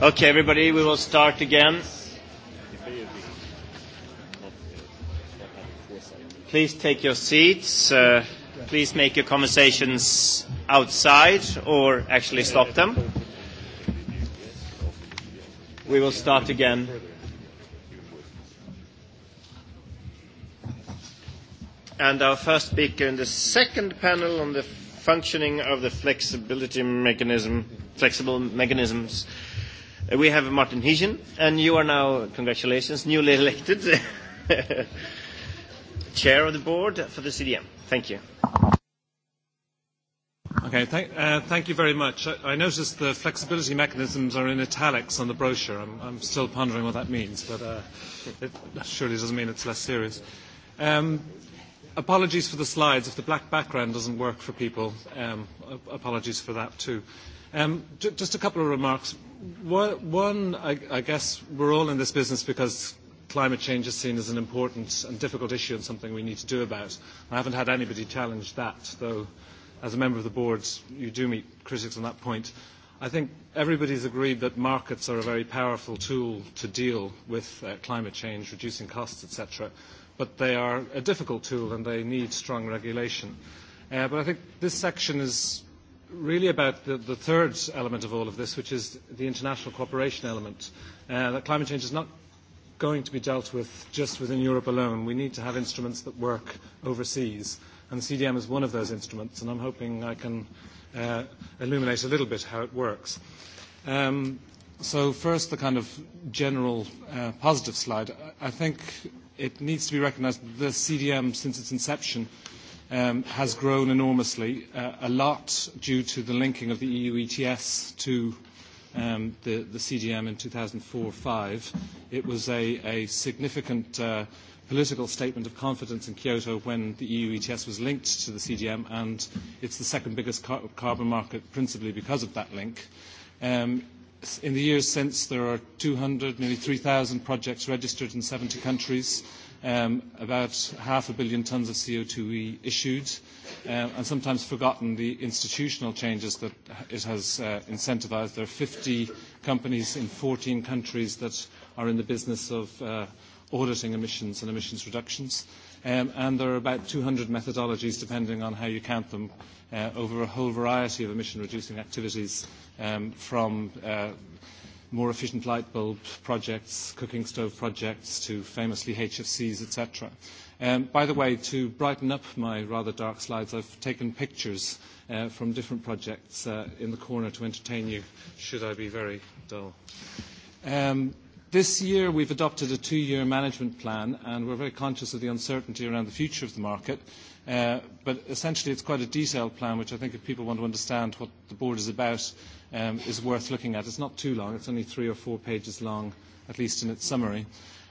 Okay, everybody, we will start again. Please take your seats. Uh, please make your conversations outside or actually stop them. We will start again. Our first speaker in the second panel on the functioning of the flexibility mechanism, flexible mechanisms, We have Martin Hijen, and you are now, congratulations, newly elected chair of the board for the CDM. Thank you. Okay, thank, uh, thank you very much. I, I noticed the flexibility mechanisms are in italics on the brochure. I'm, I'm still pondering what that means, but uh, it surely doesn't mean it's less serious. Um, apologies for the slides. If the black background doesn't work for people, um, apologies for that too. Um, just a couple of remarks. One, I guess we're all in this business because climate change is seen as an important and difficult issue and something we need to do about. I haven't had anybody challenge that, though as a member of the board, you do meet critics on that point. I think everybody's agreed that markets are a very powerful tool to deal with uh, climate change, reducing costs, et cetera. They are a difficult tool, and they need strong regulation. Uh, I think this section is really about the, the third element of all of this, which is the international cooperation element. Uh, that climate change is not going to be dealt with just within Europe alone. We need to have instruments that work overseas, and the CDM is one of those instruments, and I'm hoping I can uh, illuminate a little bit how it works. Um, so first, the kind of general uh, positive slide. I think it needs to be recognized that the CDM, since its inception, um, has grown enormously, uh, a lot due to the linking of the EU ETS to um, the, the CDM in 2004-05. It was a, a significant uh, political statement of confidence in Kyoto when the EU ETS was linked to the CDM, and it's the second biggest car- carbon market principally because of that link. Um, in the years since, there are 200, nearly 3,000 projects registered in 70 countries um, about half a billion tons of CO2 we issued, uh, and sometimes forgotten the institutional changes that it has uh, incentivized. There are 50 companies in 14 countries that are in the business of uh, auditing emissions and emissions reductions. Um, and there are about 200 methodologies, depending on how you count them, uh, over a whole variety of emission-reducing activities um, from uh, more efficient light bulb projects, cooking stove projects, to famously HFCs, etc. Um, by the way, to brighten up my rather dark slides, I've taken pictures uh, from different projects uh, in the corner to entertain you, should I be very dull. Um, this year, we've adopted a two-year management plan, and we're very conscious of the uncertainty around the future of the market. Uh, but essentially, it's quite a detailed plan, which I think if people want to understand what the board is about, um, is worth looking at. It's not too long, it's only three or four pages long, at least in its summary.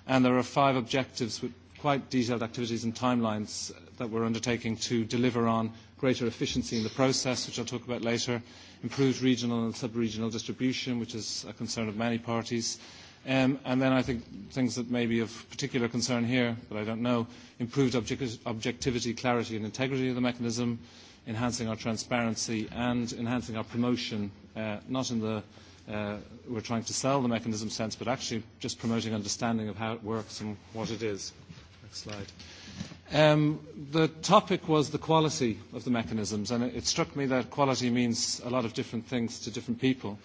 And there are five objectives with quite detailed activities and timelines that we're undertaking to deliver on greater efficiency in the process, which I'll talk about later, improved regional and sub-regional distribution, which is a concern of many parties, um, and then I think things that may be of particular concern here, but I don't know, improved object- objectivity, clarity, and integrity of the mechanism, enhancing our transparency and enhancing our promotion, uh, not in the uh, we're trying to sell the mechanism sense, but actually just promoting understanding of how it works and what it is. Next slide. Um, the topic was the quality of the mechanisms, and it struck me that quality means a lot of different things to different people.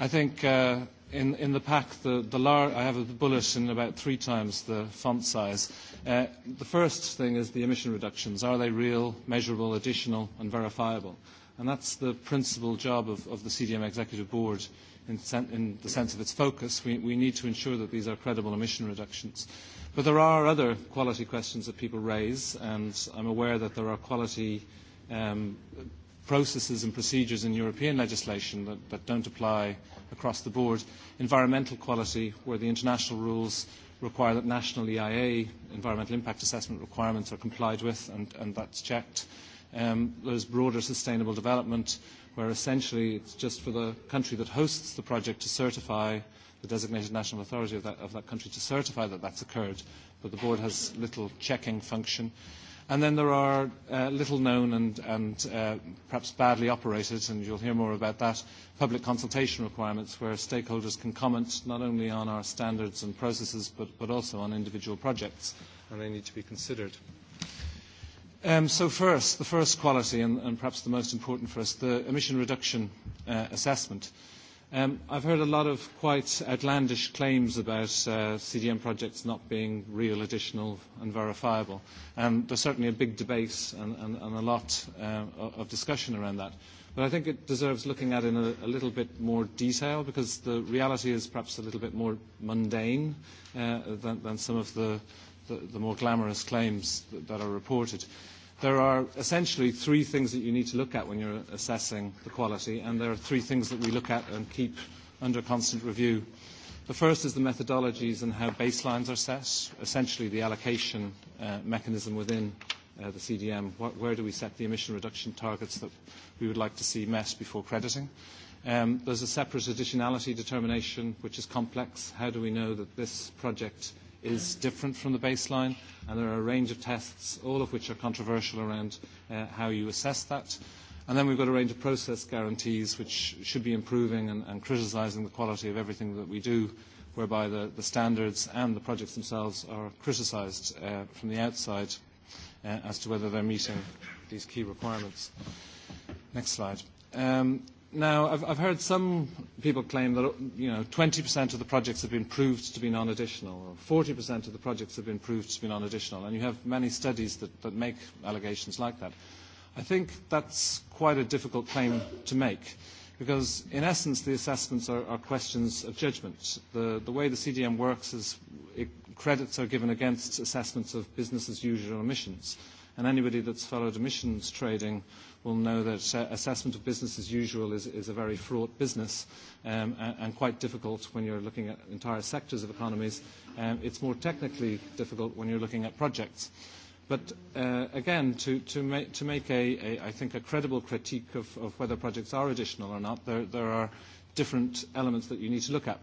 I think uh, in, in the pack, the, the lar- I have a bullet in about three times the font size. Uh, the first thing is the emission reductions. Are they real, measurable, additional, and verifiable? And that's the principal job of, of the CDM Executive Board in, sen- in the sense of its focus. We, we need to ensure that these are credible emission reductions. But there are other quality questions that people raise, and I'm aware that there are quality um, processes and procedures in European legislation that, that don't apply across the board. Environmental quality, where the international rules require that national EIA environmental impact assessment requirements are complied with and, and that's checked. Um, there's broader sustainable development, where essentially it's just for the country that hosts the project to certify the designated national authority of that, of that country to certify that that's occurred, but the board has little checking function. And then there are uh, little known and uh, perhaps badly operated, and you'll hear more about that, public consultation requirements where stakeholders can comment not only on our standards and processes but also on individual projects, and they need to be considered. Um, so first, the first quality and perhaps the most important for us, the emission reduction uh, assessment. Um, I've heard a lot of quite outlandish claims about uh, CDM projects not being real, additional, and verifiable. Um, there's certainly a big debate and a lot uh, of discussion around that. I think it deserves looking at in a little bit more detail because the reality is perhaps a little bit more mundane uh, than some of the more glamorous claims that are reported there are essentially three things that you need to look at when you're assessing the quality, and there are three things that we look at and keep under constant review. The first is the methodologies and how baselines are set, essentially the allocation uh, mechanism within uh, the CDM. What, where do we set the emission reduction targets that we would like to see met before crediting? Um, there's a separate additionality determination, which is complex. How do we know that this project is different from the baseline, and there are a range of tests, all of which are controversial around uh, how you assess that. And then we've got a range of process guarantees which should be improving and, and criticizing the quality of everything that we do, whereby the, the standards and the projects themselves are criticized uh, from the outside uh, as to whether they're meeting these key requirements. Next slide. Um, Now, I've, I've heard some people claim that you know, 20% of the projects have been proved to be non-additional, or 40% of the projects have been proved to be non-additional, and you have many studies that, that make allegations like that. I think that's quite a difficult claim to make, because in essence, the assessments are, are questions of judgment. The, the way the CDM works is it, credits are given against assessments of business as usual emissions, and anybody that's followed emissions trading will know that assessment of business as usual is, is a very fraught business um, and, and quite difficult when you're looking at entire sectors of economies. Um, it's more technically difficult when you're looking at projects. But uh, again, to, to, ma- to make, a, a, I think, a credible critique of, of whether projects are additional or not, there, there are different elements that you need to look at.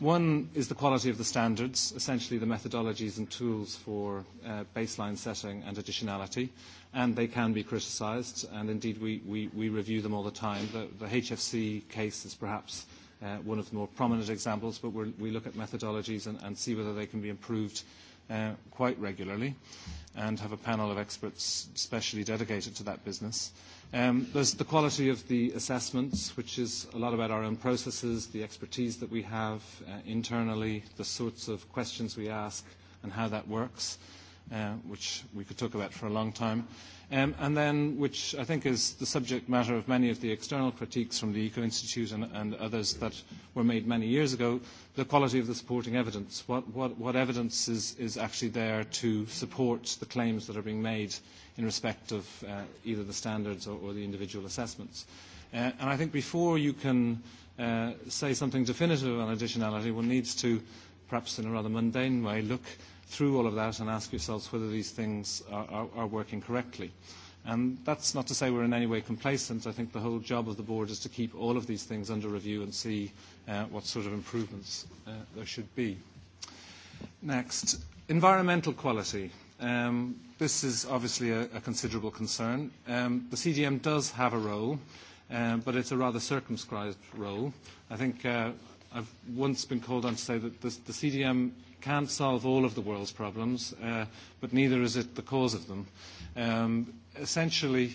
One is the quality of the standards, essentially the methodologies and tools for uh, baseline setting and additionality, and they can be criticized, and indeed, we review them all the time. The HFC case is perhaps uh, one of the more prominent examples, but we look at methodologies and see whether they can be improved quite regularly and have a panel of experts specially dedicated to that business. Um, there's the quality of the assessments, which is a lot about our own processes, the expertise that we have uh, internally, the sorts of questions we ask, and how that works. Uh, which we could talk about for a long time, um, and then which I think is the subject matter of many of the external critiques from the Eco Institute and, and others that were made many years ago, the quality of the supporting evidence. What, what, what evidence is, is actually there to support the claims that are being made in respect of uh, either the standards or, or the individual assessments? Uh, and I think before you can uh, say something definitive on additionality, one needs to, perhaps in a rather mundane way, look through all of that and ask yourselves whether these things are, are, are working correctly. And that's not to say we're in any way complacent. I think the whole job of the board is to keep all of these things under review and see uh, what sort of improvements uh, there should be. Next, environmental quality. Um, this is obviously a, a considerable concern. Um, the CGM does have a role, um, but it's a rather circumscribed role. I think uh, I've once been called on to say that the, the CDM can't solve all of the world's problems, uh, but neither is it the cause of them. Um, essentially,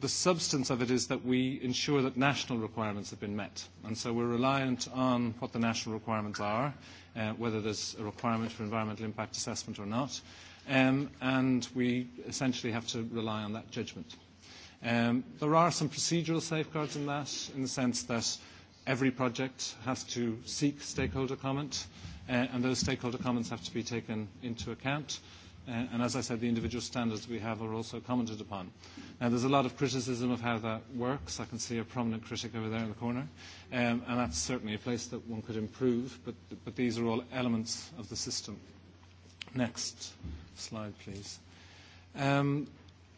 the substance of it is that we ensure that national requirements have been met. And so we're reliant on what the national requirements are, uh, whether there's a requirement for environmental impact assessment or not. Um, and we essentially have to rely on that judgment. Um, there are some procedural safeguards in that, in the sense that every project has to seek stakeholder comment. Uh, and those stakeholder comments have to be taken into account. Uh, as I said, the individual standards we have are also commented upon. Now, there's a lot of criticism of how that works. I can see a prominent critic over there in the corner. Um, that's certainly a place that one could improve, but these are all elements of the system. Next slide, please. Um,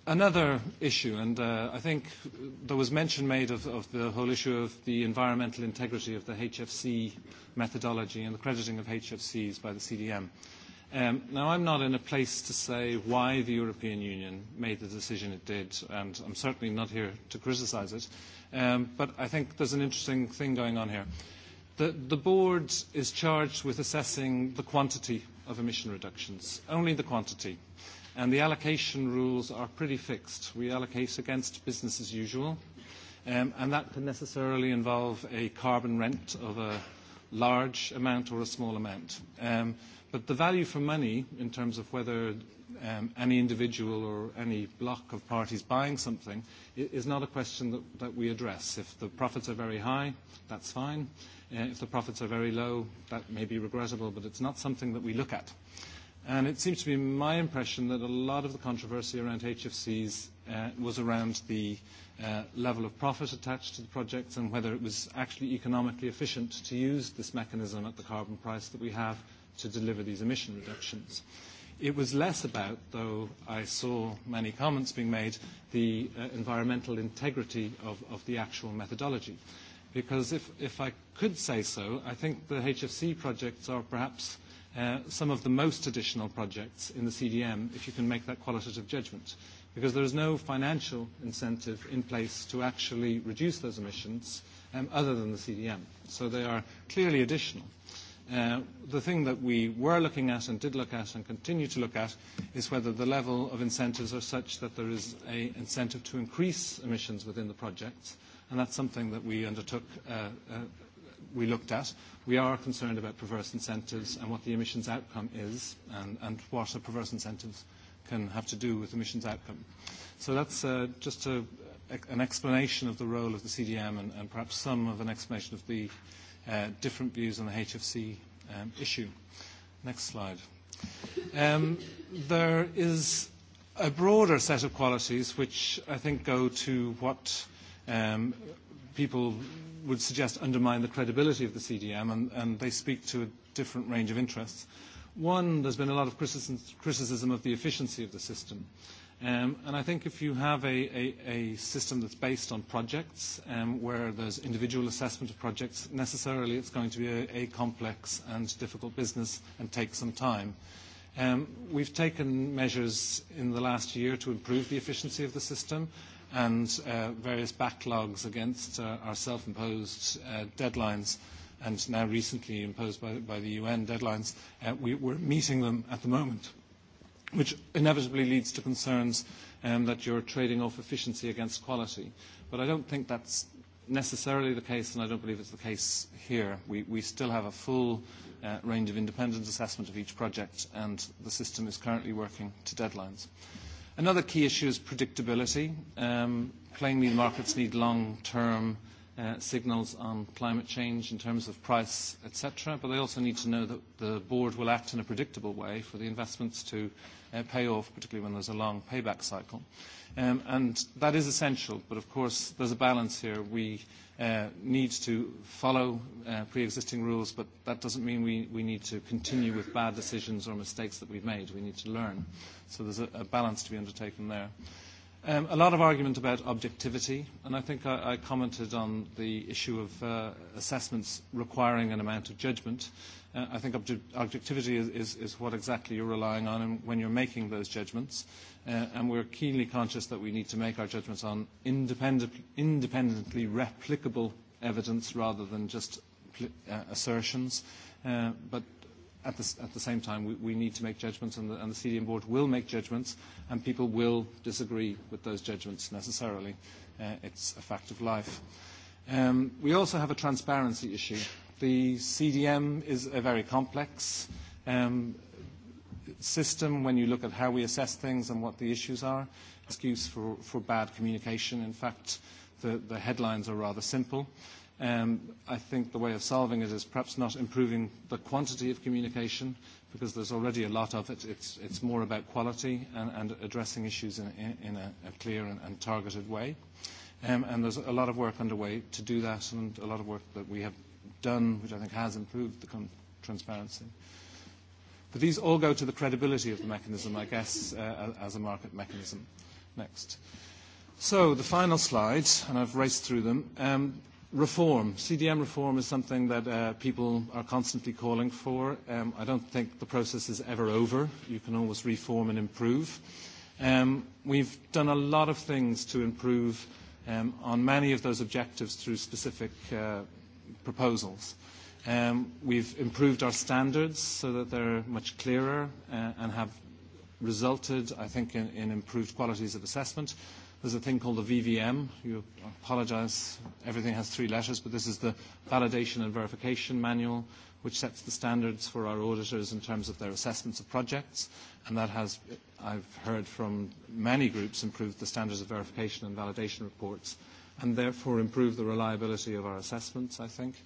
Another issue, and uh, I think there was mention made of, of the whole issue of the environmental integrity of the HFC methodology and the crediting of HFCs by the CDM. Um, now, I'm not in a place to say why the European Union made the decision it did, and I'm certainly not here to criticize it, um, but I think there's an interesting thing going on here. The, the board is charged with assessing the quantity of emission reductions, only the quantity and the allocation rules are pretty fixed. We allocate against business as usual, um, and that can necessarily involve a carbon rent of a large amount or a small amount. Um, the value for money in terms of whether um, any individual or any block of parties buying something is not a question that we address. If the profits are very high, that's fine. Uh, if the profits are very low, that may be regrettable, but it's not something that we look at. It seems to be my impression that a lot of the controversy around HFCs uh, was around the uh, level of profit attached to the projects and whether it was actually economically efficient to use this mechanism at the carbon price that we have to deliver these emission reductions. It was less about, though I saw many comments being made, the uh, environmental integrity of the actual methodology. If I could say so, I think the HFC projects are perhaps Uh, some of the most additional projects in the CDM if you can make that qualitative judgment, because there is no financial incentive in place to actually reduce those emissions um, other than the CDM. So they are clearly additional. Uh, the thing that we were looking at and did look at and continue to look at is whether the level of incentives are such that there is an incentive to increase emissions within the project, and that's something that we undertook uh, we looked at. We are concerned about perverse incentives and what the emissions outcome is and what a perverse incentives can have to do with emissions outcome. That's uh, just an explanation of the role of the CDM and perhaps some of an explanation of the uh, different views on the HFC um, issue. Next slide. Um, there is a broader set of qualities which I think go to what um, people would suggest undermine the credibility of the CDM, and, and they speak to a different range of interests. One, there's been a lot of criticism of the efficiency of the system. Um, and I think if you have a, a, a system that's based on projects, um, where there's individual assessment of projects, necessarily it's going to be a, a complex and difficult business and take some time. Um, we've taken measures in the last year to improve the efficiency of the system and uh, various backlogs against uh, our self-imposed uh, deadlines, and now recently imposed by the UN deadlines, we're meeting them at the moment, which inevitably leads to concerns um, that you're trading off efficiency against quality. But I don't think that's necessarily the case, and I don't believe it's the case here. We still have a full range of independent assessment of each project, and the system is currently working to deadlines. Another key issue is predictability. Um, plainly, markets need long-term Uh, signals on climate change in terms of price, et cetera, but they also need to know that the board will act in a predictable way for the investments to uh, pay off, particularly when there's a long payback cycle. Um, that is essential, but of course, there's a balance here. We uh, need to follow pre-existing rules, but that doesn't mean we need to continue with bad decisions or mistakes that we've made. We need to learn. There's a balance to be undertaken there. Um, a lot of argument about objectivity, and I think I commented on the issue of uh, assessments requiring an amount of judgment. Uh, I think objectivity is what exactly you're relying on and when you're making those judgments. Uh, and we're keenly conscious that we need to make our judgments on independently replicable evidence rather than just assertions. But at the same time, we need to make judgments, and the CDM board will make judgments, and people will disagree with those judgments necessarily. Uh, it's a fact of life. Um, we also have a transparency issue. The CDM is a very complex um, system when you look at how we assess things and what the issues are. Excuse for bad communication. In fact, the headlines are rather simple. Um, I think the way of solving it is perhaps not improving the quantity of communication, because there's already a lot of it. It's, it's more about quality and, and addressing issues in, in, in a, a clear and, and targeted way. Um, and there's a lot of work underway to do that, and a lot of work that we have done, which I think has improved the com- transparency. But these all go to the credibility of the mechanism, I guess, uh, as a market mechanism. Next. So the final slide, and I've raced through them. Um, reform. CDM reform is something that uh, people are constantly calling for. Um, I don't think the process is ever over. You can always reform and improve. Um, we've done a lot of things to improve um, on many of those objectives through specific uh, proposals. Um, we've improved our standards so that they're much clearer uh, and have resulted, I think, in, in improved qualities of assessment. There's a thing called a VVM. You apologize, everything has three letters, but this is the Validation and Verification Manual, which sets the standards for our auditors in terms of their assessments of projects. And that has, I've heard from many groups, improved the standards of verification and validation reports, and therefore improved the reliability of our assessments, I think.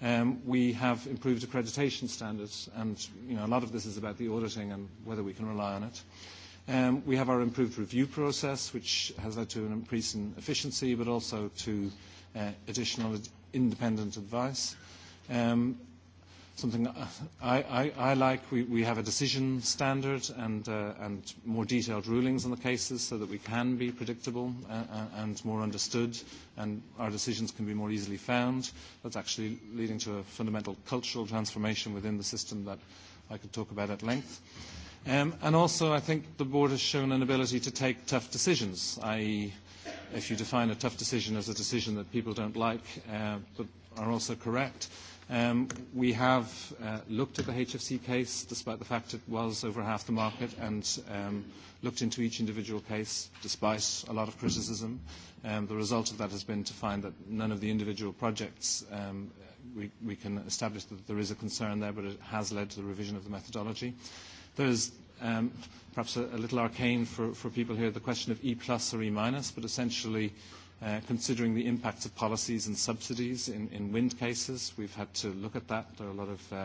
Um, we have improved accreditation standards, and you know, a lot of this is about the auditing and whether we can rely on it. Um, we have our improved review process, which has led to an increase in efficiency, but also to uh, additional independent advice. Um, something uh, I like, we have a decision standard uh, and more detailed rulings on the cases so that we can be predictable and more understood, and our decisions can be more easily found. That's actually leading to a fundamental cultural transformation within the system that I could talk about at length. Um, and also, I think the board has shown an ability to take tough decisions, i.e., if you define a tough decision as a decision that people don't like uh, but are also correct. Um, we have uh, looked at the HFC case, despite the fact it was over half the market, and um, looked into each individual case, despite a lot of criticism. Um, the result of that has been to find that none of the individual projects, um, we, we can establish that there is a concern there, but it has led to the revision of the methodology. There's um, perhaps a little arcane for people here, the question of E+ or E-, but essentially, uh, considering the impact of policies and subsidies in wind cases, we've had to look at that. There are a lot of uh,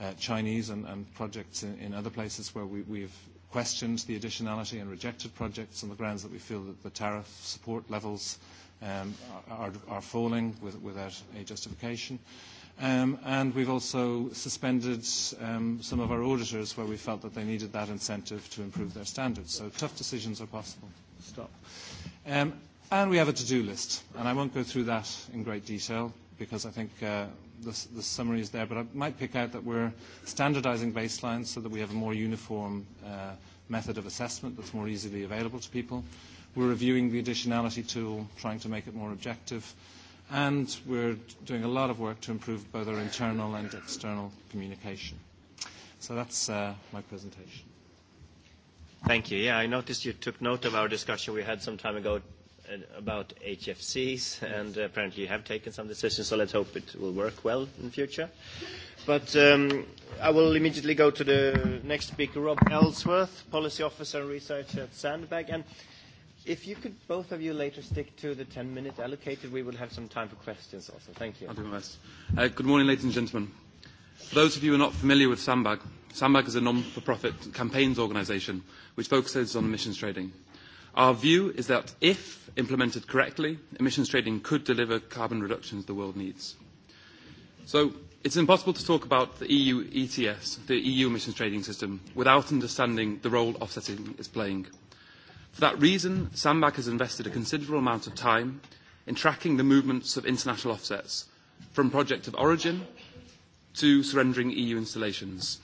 uh, Chinese and projects in other places where we've questioned the additionality and rejected projects on the grounds that we feel that the tariff support levels um, are falling without a justification. Um, and we've also suspended um, some of our auditors where we felt that they needed that incentive to improve their standards. So tough decisions are possible. Stop. Um, and we have a to-do list, and I won't go through that in great detail because I think uh, the summary is there, but I might pick out that we're standardizing baselines so that we have a more uniform uh, method of assessment that's more easily available to people. We're reviewing the additionality tool, trying to make it more objective and we're doing a lot of work to improve both our internal and external communication. So that's uh, my presentation. Thank you. Yeah, I noticed you took note of our discussion we had some time ago uh, about HFCs, and apparently you have taken some decisions, so let's hope it will work well in the future. But um, I will immediately go to the next speaker, Rob Ellsworth, Policy Officer and Research at Sandbag. If you could, both of you, later stick to the 10 minutes allocated, we will have some time for questions also. Thank you. I'll do my best. Uh, good morning, ladies and gentlemen. For those of you who are not familiar with Sandbag, Sandbag is a not-for-profit campaigns organization which focuses on emissions trading. Our view is that if implemented correctly, emissions trading could deliver carbon reductions the world needs. So it's impossible to talk about the EU ETS, the EU Emissions Trading System, without understanding the role offsetting is playing. For that reason, Sandbag has invested a considerable amount of time in tracking the movements of international offsets from project of origin to surrendering EU installations.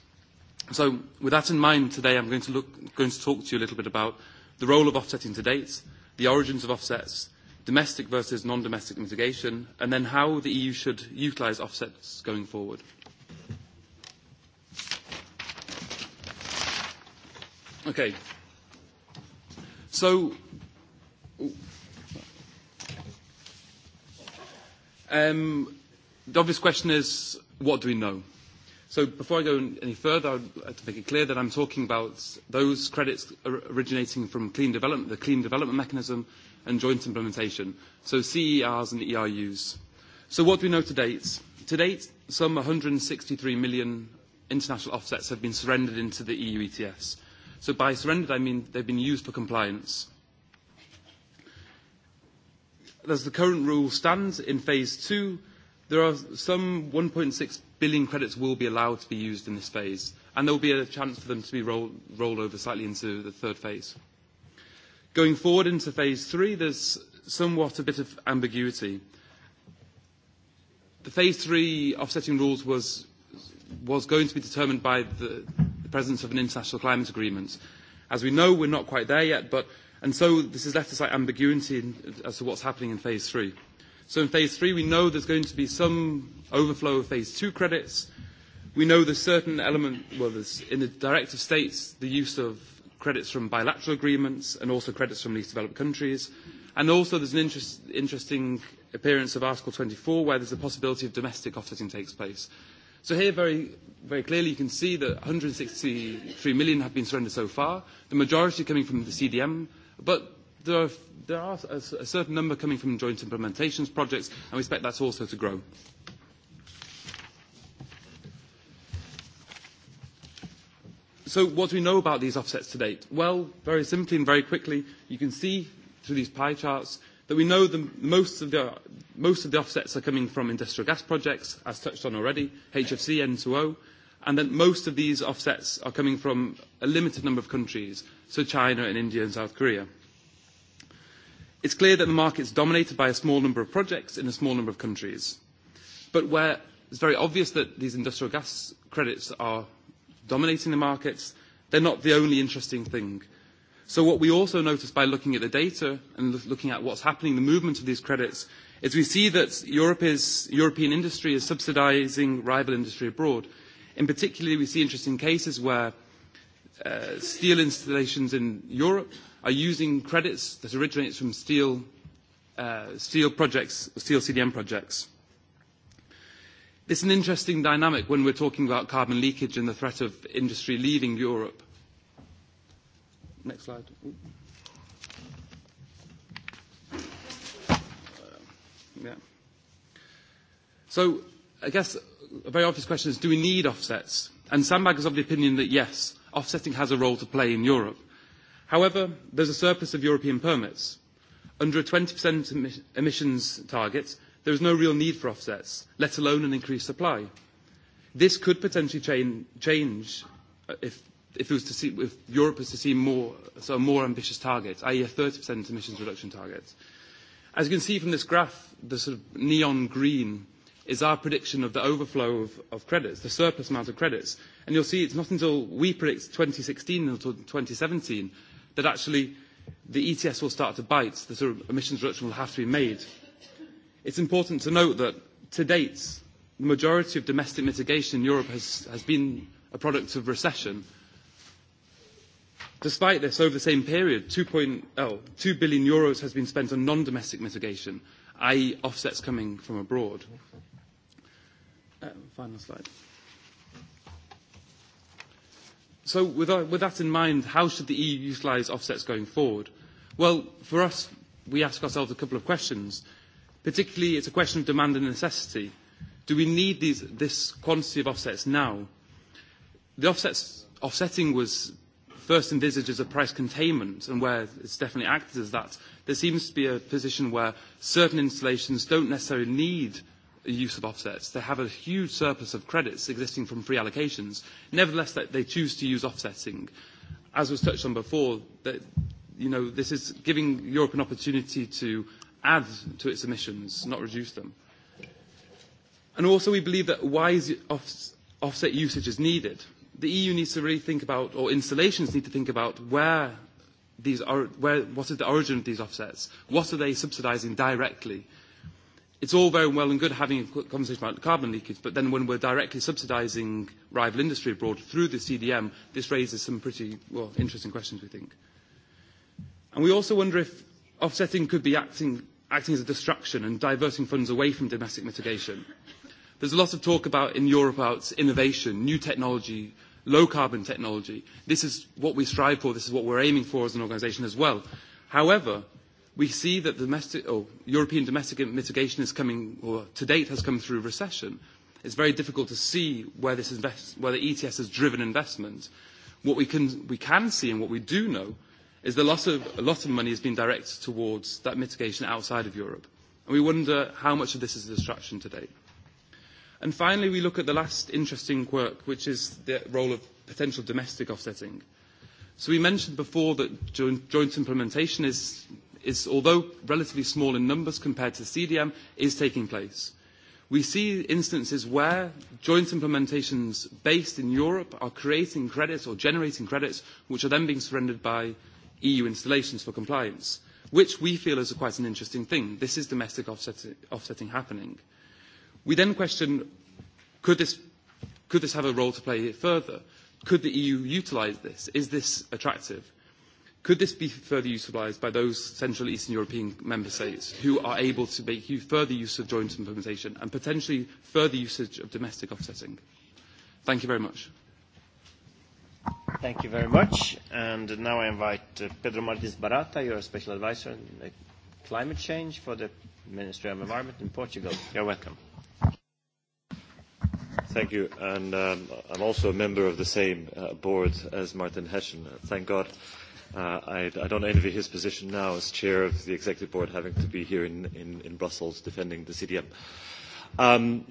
So with that in mind, today I'm going to, look, going to talk to you a little bit about the role of offsetting to date, the origins of offsets, domestic versus non-domestic mitigation, and then how the EU should utilise offsets going forward. Okay. So, um, the obvious question is, what do we know? So, before I go any further, I'd like to make it clear that I'm talking about those credits originating from clean development, the clean development mechanism, and joint implementation. So, CERs and ERUs. So, what do we know to date? To date, some 163 million international offsets have been surrendered into the EU ETS. So by surrendered, I mean they've been used for compliance. As the current rule stands in phase two, there are some 1.6 billion credits will be allowed to be used in this phase, and there will be a chance for them to be roll, rolled over slightly into the third phase. Going forward into phase three, there's somewhat a bit of ambiguity. The phase three offsetting rules was, was going to be determined by the, the presence of an international climate agreement. As we know, we're not quite there yet, but, and so this has left us like ambiguity in, as to what's happening in phase three. So in phase three, we know there's going to be some overflow of phase two credits. We know there's certain element, well, there's, in the directive states, the use of credits from bilateral agreements and also credits from least developed countries. And also there's an interest, interesting appearance of Article 24 where there's a possibility of domestic offsetting takes place. So here, very, very clearly, you can see that 163 million have been surrendered so far, the majority coming from the CDM, but there are, there are a, a certain number coming from joint implementations projects, and we expect that also to grow. So what do we know about these offsets to date? Well, very simply and very quickly, you can see through these pie charts that we know the, most, of the, most of the offsets are coming from industrial gas projects, as touched on already, HFC, N2O, and that most of these offsets are coming from a limited number of countries, so China and India and South Korea. It's clear that the market is dominated by a small number of projects in a small number of countries. But where it's very obvious that these industrial gas credits are dominating the markets, they're not the only interesting thing. So what we also notice by looking at the data and looking at what's happening, the movement of these credits, is we see that Europe is, European industry is subsidizing rival industry abroad. In particular, we see interesting cases where uh, steel installations in Europe are using credits that originate from steel, uh, steel projects, steel CDM projects. It's an interesting dynamic when we're talking about carbon leakage and the threat of industry leaving Europe. Next slide. Uh, yeah. So I guess a very obvious question is, do we need offsets? And Sandbag is of the opinion that yes, offsetting has a role to play in Europe. However, there's a surplus of European permits. Under a 20% emi emissions target, there is no real need for offsets, let alone an increased supply. This could potentially change uh, if if, it was to see, if Europe was to see more, so more ambitious targets, i.e. a 30% emissions reduction target. As you can see from this graph, the sort of neon green is our prediction of the overflow of, of credits, the surplus amount of credits. And you'll see it's not until we predict 2016 until 2017 that actually the ETS will start to bite, the sort of emissions reduction will have to be made. It's important to note that to date, the majority of domestic mitigation in Europe has, has been a product of recession. Despite this, over the same period, 2 billion euros has been spent on non-domestic mitigation, i.e., offsets coming from abroad. Uh, final slide. So uh, with that in mind, how should the EU utilize offsets going forward? Well, for us, we ask ourselves a couple of questions. Particularly, it's a question of demand and necessity. Do we need this quantity of offsets now? The offsetting was first envisaged as a price containment and where it's definitely acted as that, there seems to be a position where certain installations don't necessarily need a use of offsets. They have a huge surplus of credits existing from free allocations. Nevertheless, they choose to use offsetting. As was touched on before, that, you know, this is giving Europe an opportunity to add to its emissions, not reduce them. And also we believe that wise offs offset usage is needed the EU needs to really think about, or installations need to think about, where these are, where, what is the origin of these offsets? What are they subsidising directly? It's all very well and good having a conversation about carbon leakage, but then when we're directly subsidising rival industry abroad through the CDM, this raises some pretty well, interesting questions, we think. And we also wonder if offsetting could be acting, acting as a distraction and diverting funds away from domestic mitigation. There's a lot of talk about in Europe about innovation, new technology, low carbon technology. This is what we strive for. This is what we're aiming for as an organization as well. However, we see that domestic, or oh, European domestic mitigation is coming, or to date has come through recession. It's very difficult to see where, this invest, where the ETS has driven investment. What we can, we can see and what we do know is the loss of, a lot of money has been directed towards that mitigation outside of Europe. And we wonder how much of this is a distraction today. And finally, we look at the last interesting quirk, which is the role of potential domestic offsetting. So we mentioned before that joint, joint implementation is, is, although relatively small in numbers compared to CDM, is taking place. We see instances where joint implementations based in Europe are creating credits or generating credits which are then being surrendered by EU installations for compliance, which we feel is quite an interesting thing. This is domestic offsetting, offsetting happening. We then question could this, could this have a role to play here further? Could the EU utilise this? Is this attractive? Could this be further utilised by those Central and Eastern European member states who are able to make further use of joint implementation and potentially further usage of domestic offsetting? Thank you very much. Thank you very much. And now I invite uh, Pedro Martins Barata, your special advisor on climate change for the Ministry of Environment in Portugal. You're welcome thank you. And um, I'm also a member of the same uh, board as Martin Heschen. Thank God. Uh, I, I don't envy his position now as chair of the executive board, having to be here in, in, in Brussels defending the CDM. Um,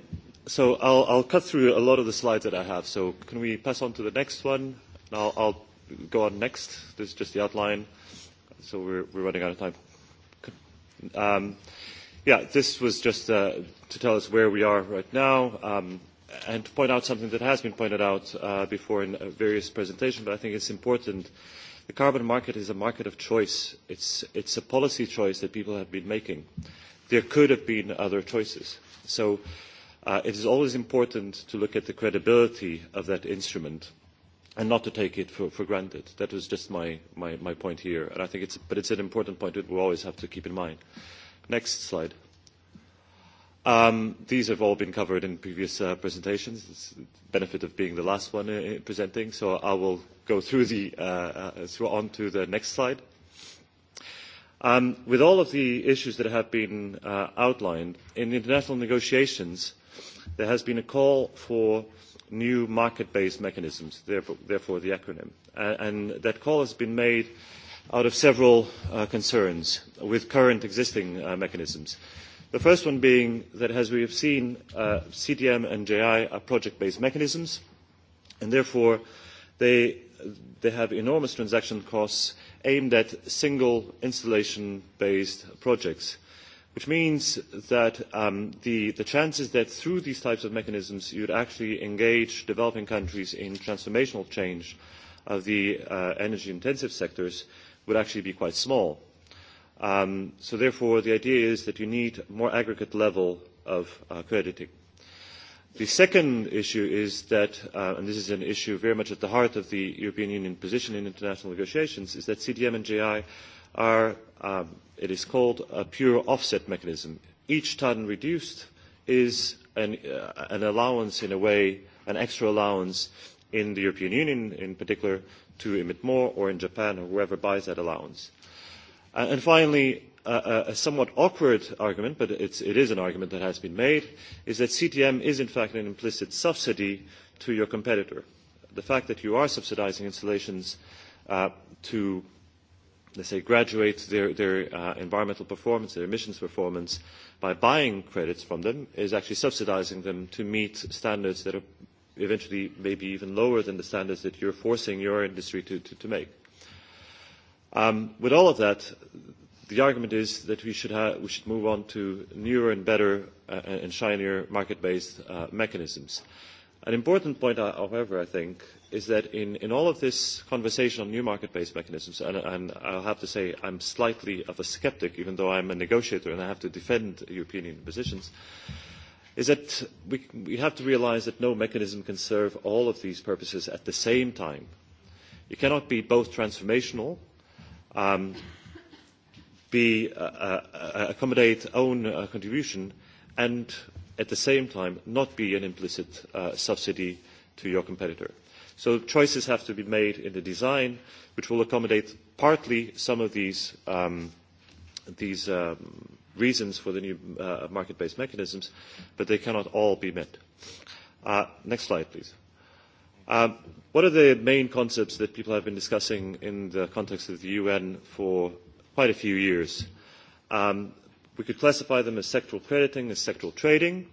so I'll, I'll cut through a lot of the slides that I have. So can we pass on to the next one? I'll, I'll go on next. This is just the outline. So we're, we're running out of time. Um, yeah, this was just uh, to tell us where we are right now. Um, and to point out something that has been pointed out uh, before in uh, various presentations, but I think it's important. The carbon market is a market of choice. It's, it's a policy choice that people have been making. There could have been other choices. So uh, it is always important to look at the credibility of that instrument and not to take it for, for granted. That was just my, my, my point here. And I think it's, but it's an important point that we we'll always have to keep in mind. Next slide. Um, these have all been covered in previous uh, presentations. It's the benefit of being the last one uh, presenting, so I will go through the uh, through on to the next slide. Um, with all of the issues that have been uh, outlined, in international negotiations, there has been a call for new market-based mechanisms, therefore, therefore the acronym. Uh, and that call has been made out of several uh, concerns with current existing uh, mechanisms. The first one being that, as we have seen, uh, CDM and JI are project-based mechanisms, and therefore they, they have enormous transaction costs aimed at single installation-based projects, which means that um, the, the chances that through these types of mechanisms you'd actually engage developing countries in transformational change of the uh, energy-intensive sectors would actually be quite small. Um, so therefore, the idea is that you need more aggregate level of uh, crediting. The second issue is that, uh, and this is an issue very much at the heart of the European Union position in international negotiations, is that CDM and GI are, um, it is called, a pure offset mechanism. Each ton reduced is an, uh, an allowance in a way, an extra allowance in the European Union in particular to emit more, or in Japan, or whoever buys that allowance. Uh, and finally, a, a somewhat awkward argument, but it's, it is an argument that has been made, is that CTM is in fact an implicit subsidy to your competitor. The fact that you are subsidizing installations uh, to, let's say, graduate their, their uh, environmental performance, their emissions performance, by buying credits from them is actually subsidizing them to meet standards that are eventually maybe even lower than the standards that you're forcing your industry to, to, to make. Um, with all of that, the argument is that we should, have, we should move on to newer and better uh, and shinier market-based uh, mechanisms. An important point, uh, however, I think, is that in, in all of this conversation on new market-based mechanisms, and, and I'll have to say I'm slightly of a skeptic, even though I'm a negotiator and I have to defend European Union positions, is that we, we have to realize that no mechanism can serve all of these purposes at the same time. It cannot be both transformational um, be, uh, uh, uh, accommodate own uh, contribution and at the same time not be an implicit uh, subsidy to your competitor. So choices have to be made in the design which will accommodate partly some of these, um, these um, reasons for the new uh, market-based mechanisms, but they cannot all be met. Uh, next slide, please. Um, what are the main concepts that people have been discussing in the context of the UN for quite a few years? Um, we could classify them as sectoral crediting, as sectoral trading.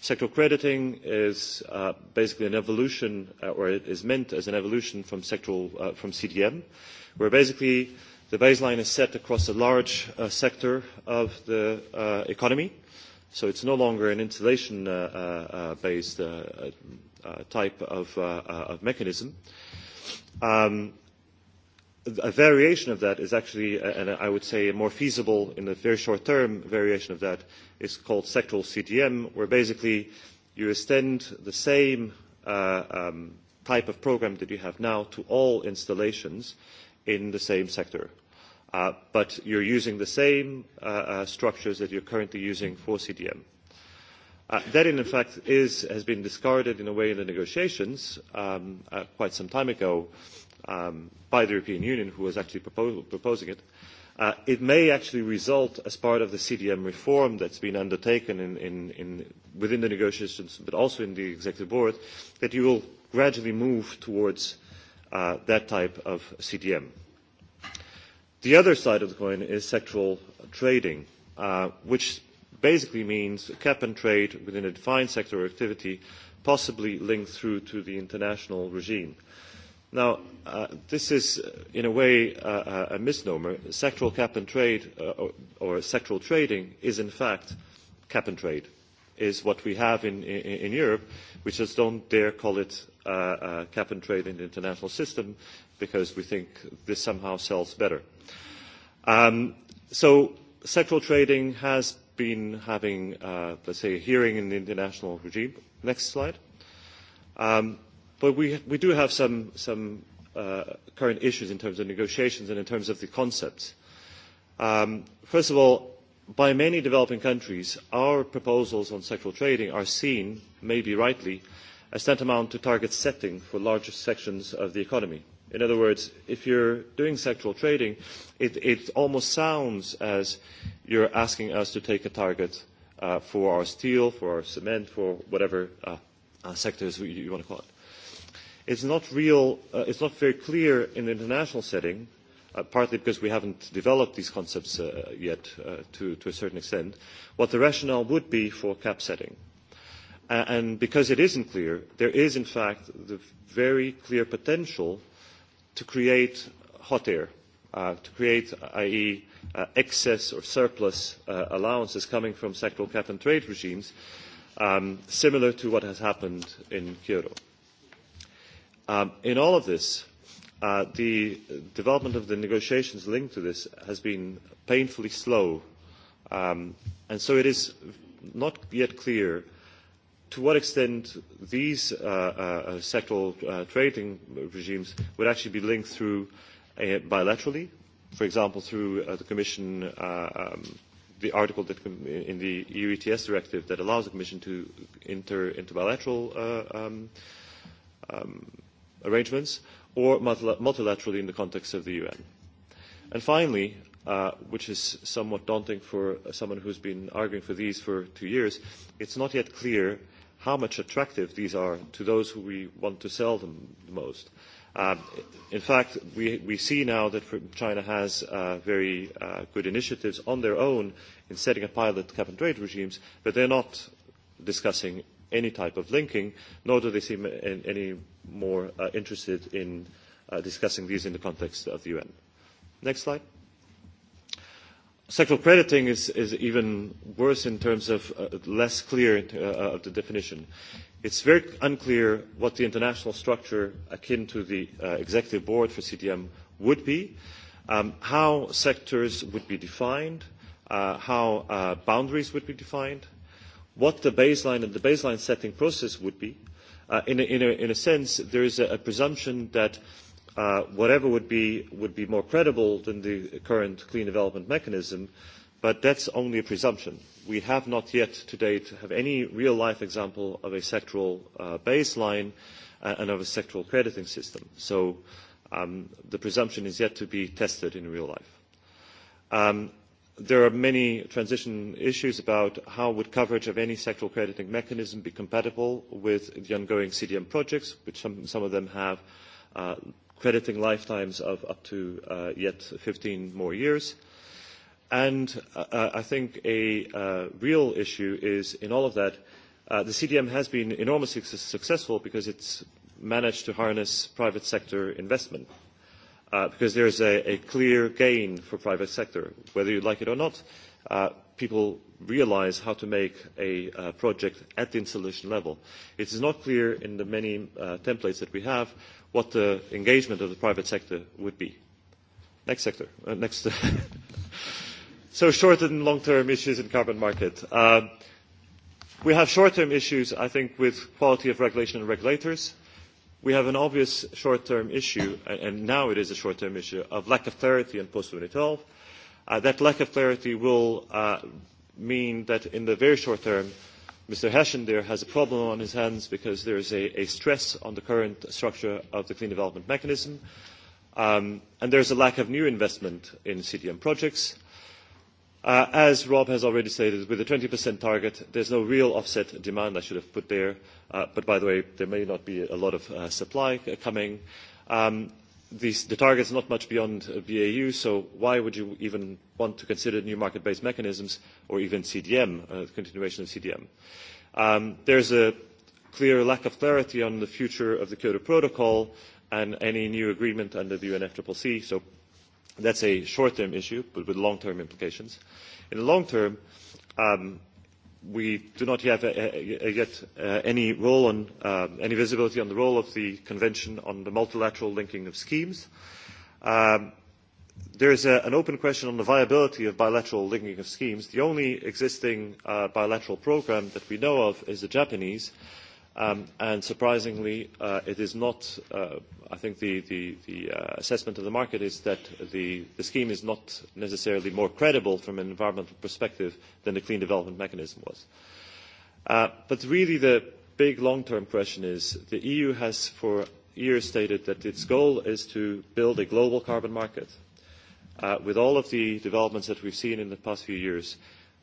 Sectoral crediting is uh, basically an evolution, uh, or it is meant as an evolution from sectoral, uh, from CDM, where basically the baseline is set across a large uh, sector of the uh, economy. So it's no longer an insulation-based uh, uh, uh, uh uh, type of, uh, uh, of mechanism. Um, a variation of that is actually, uh, and I would say a more feasible in the very short term variation of that, is called sectoral CDM, where basically you extend the same uh, um, type of program that you have now to all installations in the same sector. Uh, but you're using the same uh, uh, structures that you're currently using for CDM. Uh, that, in fact, is, has been discarded in a way in the negotiations um, uh, quite some time ago um, by the European Union, who was actually propo- proposing it. Uh, it may actually result as part of the CDM reform that's been undertaken in, in, in, within the negotiations, but also in the Executive Board, that you will gradually move towards uh, that type of CDM. The other side of the coin is sectoral trading, uh, which basically means cap and trade within a defined sector of activity possibly linked through to the international regime. Now, uh, this is uh, in a way uh, uh, a misnomer. Sectoral cap and trade uh, or, or sectoral trading is in fact cap and trade, is what we have in, in, in Europe. We just don't dare call it uh, uh, cap and trade in the international system because we think this somehow sells better. Um, so sectoral trading has been having, uh, let's say, a hearing in the international regime. Next slide. Um, but we, we do have some, some uh, current issues in terms of negotiations and in terms of the concepts. Um, first of all, by many developing countries, our proposals on sexual trading are seen, maybe rightly, as tantamount to target setting for larger sections of the economy. In other words, if you're doing sexual trading, it, it almost sounds as you're asking us to take a target uh, for our steel, for our cement, for whatever uh, uh, sectors you, you want to call it. It's not real, uh, it's not very clear in the international setting, uh, partly because we haven't developed these concepts uh, yet uh, to, to a certain extent, what the rationale would be for cap setting. Uh, and because it isn't clear, there is in fact the very clear potential to create hot air, uh, to create, i.e., uh, excess or surplus uh, allowances coming from sectoral cap and trade regimes, um, similar to what has happened in Kyoto. Um, in all of this, uh, the development of the negotiations linked to this has been painfully slow, um, and so it is not yet clear to what extent these uh, uh, uh sectoral uh, trading regimes would actually be linked through uh, bilaterally, for example, through uh, the Commission, uh, um, the article that com- in the EU ETS directive that allows the Commission to enter into bilateral uh, um, um, arrangements, or multilaterally in the context of the UN. And finally, uh, which is somewhat daunting for someone who's been arguing for these for two years, it's not yet clear how much attractive these are to those who we want to sell them the most. Um, in fact, we, we see now that China has uh, very uh, good initiatives on their own in setting up pilot cap and trade regimes, but they're not discussing any type of linking, nor do they seem in, any more uh, interested in uh, discussing these in the context of the UN. Next slide. Sexual predating is, is even worse in terms of uh, less clear uh, uh, of the definition. It's very unclear what the international structure akin to the uh, executive board for CDM would be, um, how sectors would be defined, uh, how uh, boundaries would be defined, what the baseline and the baseline setting process would be. Uh, in, a, in, a, in a sense, there is a, a presumption that uh, Uh, whatever would be more credible than the current clean development mechanism but that is only a presumption. we have not yet to date have any real life example of a sectoral uh, baseline uh, and of a sectoral crediting system so um, the presumption is yet to be tested in real life. Um, there are many transition issues about how would coverage of any sectoral crediting mechanism be compatible with the ongoing CDM projects, which some, some of them have uh, crediting lifetimes of up to uh, yet 15 more years. Uh, uh, I think a real issue is in all of that, the CDM has been enormously successful because it's managed to harness private sector investment, because there is a clear gain for private sector. Whether you like it or not, people realize how to make a uh, project at the installation level. It is not clear in the many uh, templates that we have what the engagement of the private sector would be. Next sector. Uh, next. so short and long-term issues in carbon market. Uh, we have short-term issues, I think, with quality of regulation and regulators. We have an obvious short-term issue, and now it is a short-term issue, of lack of clarity in post-2012. Uh, Uh, that lack of clarity will uh, mean that in the very short term, Mr. Hessian there has a problem on his hands because there is a, a stress on the current structure of the clean development mechanism, um, and there is a lack of new investment in CDM projects. Uh, as Rob has already stated, with a 20% target, there's no real offset demand I should have put there. Uh, but by the way, there may not be a lot of uh, supply coming. Um, these, the target is not much beyond uh, BAU, so why would you even want to consider new market-based mechanisms or even CDM, uh, continuation of CDM? Um, there's a clear lack of clarity on the future of the Kyoto Protocol and any new agreement under the UNFCCC, so that's a short-term issue, but with long-term implications. In the long term, um, we do not have a, a, a yet uh, any role on uh, any visibility on the role of the convention on the multilateral linking of schemes. Um, there is a, an open question on the viability of bilateral linking of schemes. The only existing uh, bilateral program that we know of is the Japanese, uh, Um, and surprisingly, uh, it is not, uh, I think the, the, the uh, assessment of the market is that the, the scheme is not necessarily more credible from an environmental perspective than the clean development mechanism was. Uh, but really the big long-term question is the EU has for years stated that its goal is to build a global carbon market. Uh, with all of the developments that we've seen in the past few years,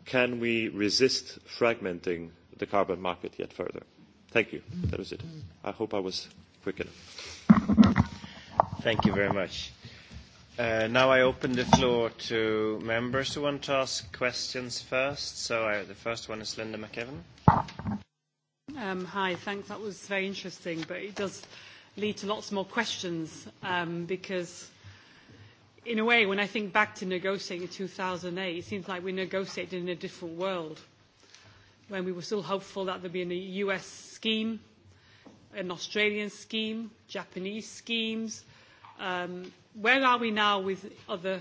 can we resist fragmenting the carbon market yet further? Thank you. That was it. I hope I was quick enough. Thank you very much. Uh, now I open the floor to members who want to ask questions first. The first one is Linda McEwen. Um, hi. Thanks. That was very interesting, but it does lead to lots more questions, um, because in a way, when I think back to negotiating in 2008, it seems like we negotiated in a different world when we were still hopeful that there'd be a U.S scheme, an Australian scheme, Japanese schemes? Um, where are we now with other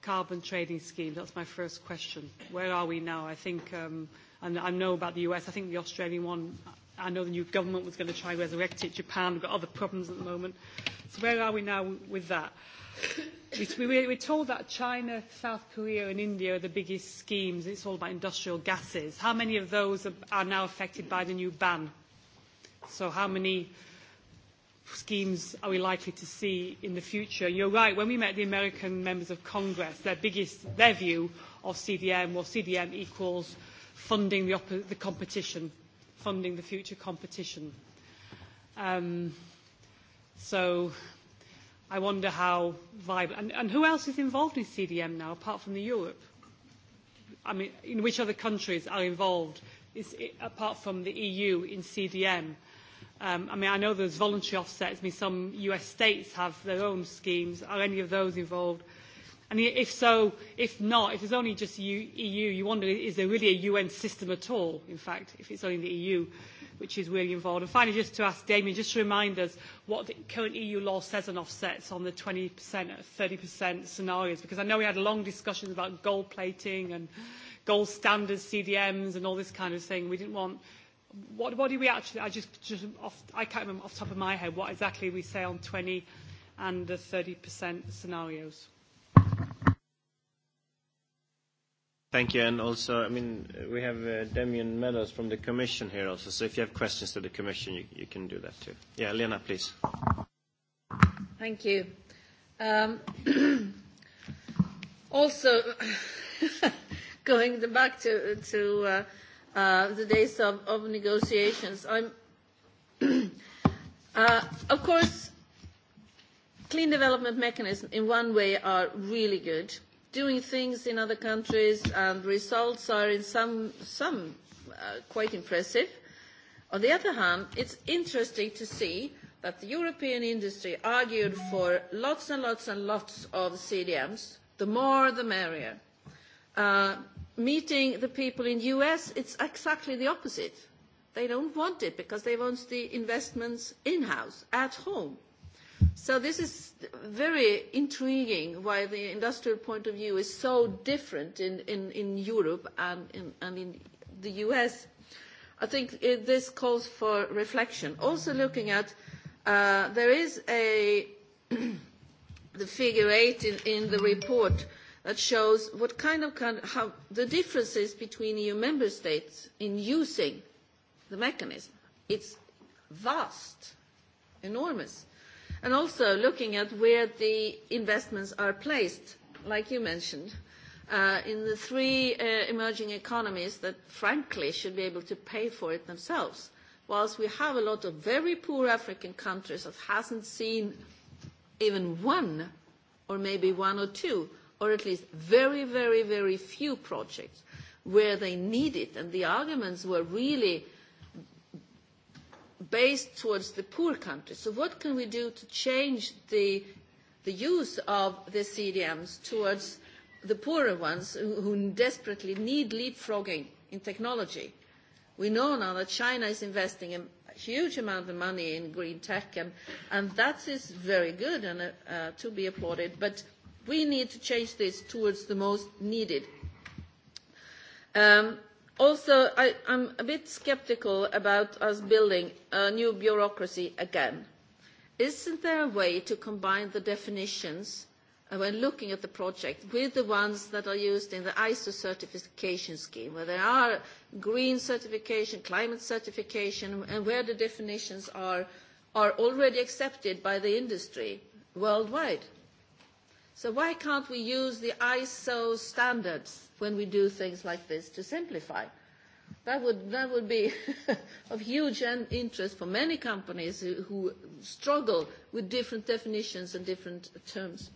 carbon trading schemes? That's my first question. Where are we now? I think, um, and I know about the US, I think the Australian one, I know the new government was going to try to resurrect it. Japan, we've got other problems at the moment. So where are we now with that? We're told that China, South Korea and India are the biggest schemes. It's all about industrial gases. How many of those are now affected by the new ban So how many schemes are we likely to see in the future? You're right, when we met the American members of Congress, their biggest, their view of CDM was CDM equals funding the, op- the competition, funding the future competition. Um, so I wonder how vibrant, and, and who else is involved in CDM now, apart from the Europe? I mean, in which other countries are involved is it, apart from the EU in CDM? Um, I mean, I know there's voluntary offsets. I mean, some US states have their own schemes. Are any of those involved? And if so, if not, if it's only just EU, EU, you wonder, is there really a UN system at all, in fact, if it's only the EU, which is really involved? And finally, just to ask Damien, just to remind us what the current EU law says on offsets on the 20% or 30% scenarios, because I know we had long discussions about gold plating and gold standards, CDMs, and all this kind of thing. We didn't want what what do we actually I just just off I can't remember off the top of my head what exactly we say on 20 and the 30% scenarios Thank you and also I mean we have uh, Damien Meadows from the commission here also so if you have questions to the commission you, you can do that too yeah Lena please Thank you um, also going back to to uh, Uh, the days of, of negotiations. I'm, uh, of course, clean development mechanisms in one way are really good. Doing things in other countries and results are in some, some uh, quite impressive. On the other hand, it's interesting to see that the European industry argued for lots and lots and lots of CDMs. The more, the merrier. Uh, meeting the people in the US, it's exactly the opposite. They don't want it because they want the investments in-house, at home. So this is very intriguing why the industrial point of view is so different in, in, in Europe and in, and in the US. I think it, this calls for reflection. Also looking at, uh, there is a, the figure eight in, in the report, uh, that shows what kind of con- how the differences between EU member states in using the mechanism. It's vast, enormous. And also looking at where the investments are placed, like you mentioned, uh, in the three uh, emerging economies that frankly should be able to pay for it themselves. Whilst we have a lot of very poor African countries that hasn't seen even one or maybe one or two or at least very, very, very few projects where they need it. And the arguments were really based towards the poor countries. So what can we do to change the, the use of the CDMs towards the poorer ones who, who desperately need leapfrogging in technology? We know now that China is investing a huge amount of money in green tech, and, and that is very good and uh, uh, to be applauded. But we need to change this towards the most needed. Um, also, I, I'm a bit skeptical about us building a new bureaucracy again. Isn't there a way to combine the definitions uh, when looking at the project with the ones that are used in the ISO certification scheme, where there are green certification, climate certification, and where the definitions are, are already accepted by the industry worldwide? So why can't we use the ISO standards when we do things like this to simplify? That would, that would be of huge interest for many companies who, who struggle with different definitions and different terms.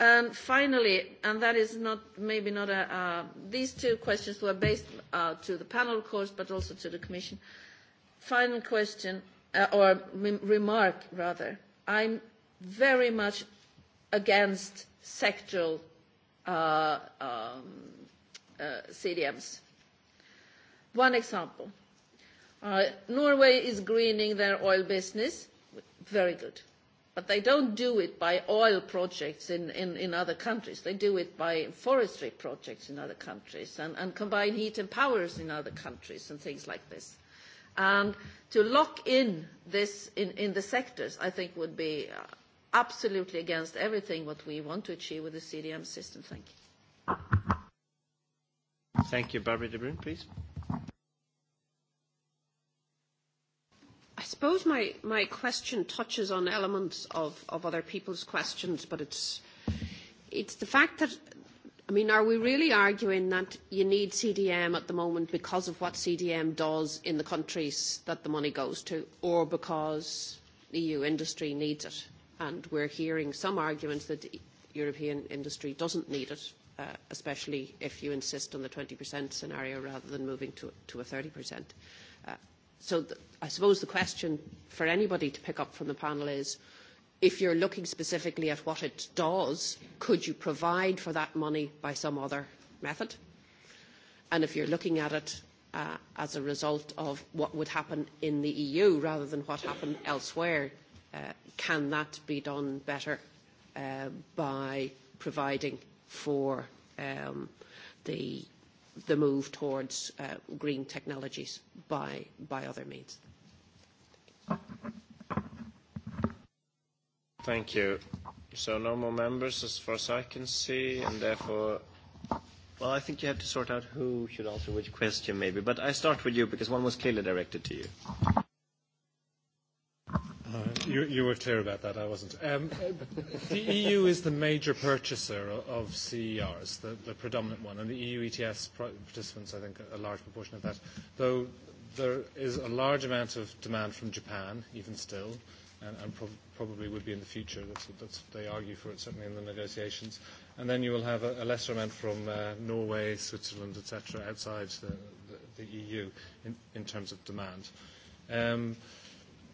And finally, and that is not, maybe not a, uh, these two questions were based uh, to the panel, of course, but also to the Commission. Final question, uh, or m- remark, rather. I'm very much against sectoral uh, um, uh, CDMs. One example. Uh, Norway is greening their oil business. Very good. But they don't do it by oil projects in, in, in other countries. They do it by forestry projects in other countries and, and combine heat and powers in other countries and things like this. And to lock in this in, in the sectors, I think, would be uh, absolutely against everything what we want to achieve with the CDM system. Thank you. Thank you. Barbara de Bruijn, please. I suppose my question touches on elements of other people's questions, but it's the fact that, I mean, are we really arguing that you need CDM at the moment because of what CDM does in the countries that the money goes to, or because EU industry needs it? and we're hearing some arguments that European industry doesn't need it, uh, especially if you insist on the 20% scenario rather than moving to, to a 30%. Uh, so th I suppose the question for anybody to pick up from the panel is, if you're looking specifically at what it does, could you provide for that money by some other method? And if you're looking at it uh, as a result of what would happen in the EU rather than what happened elsewhere, Uh, can that be done better uh, by providing for um, the, the move towards uh, green technologies by, by other means? Thank you. So no more members as far as I can see, and therefore... Well, I think you have to sort out who should answer which question, maybe. But I start with you, because one was clearly directed to you you, you were clear about that. I wasn't. Um, the EU is the major purchaser of CERs, the, the predominant one, and the EU ETS participants, I think, a large proportion of that. Though there is a large amount of demand from Japan, even still, and, and pro- probably would be in the future. That's, that's they argue for it, certainly in the negotiations. And then you will have a, a lesser amount from uh, Norway, Switzerland, etc., outside the, the, the EU in, in terms of demand. Um, uh,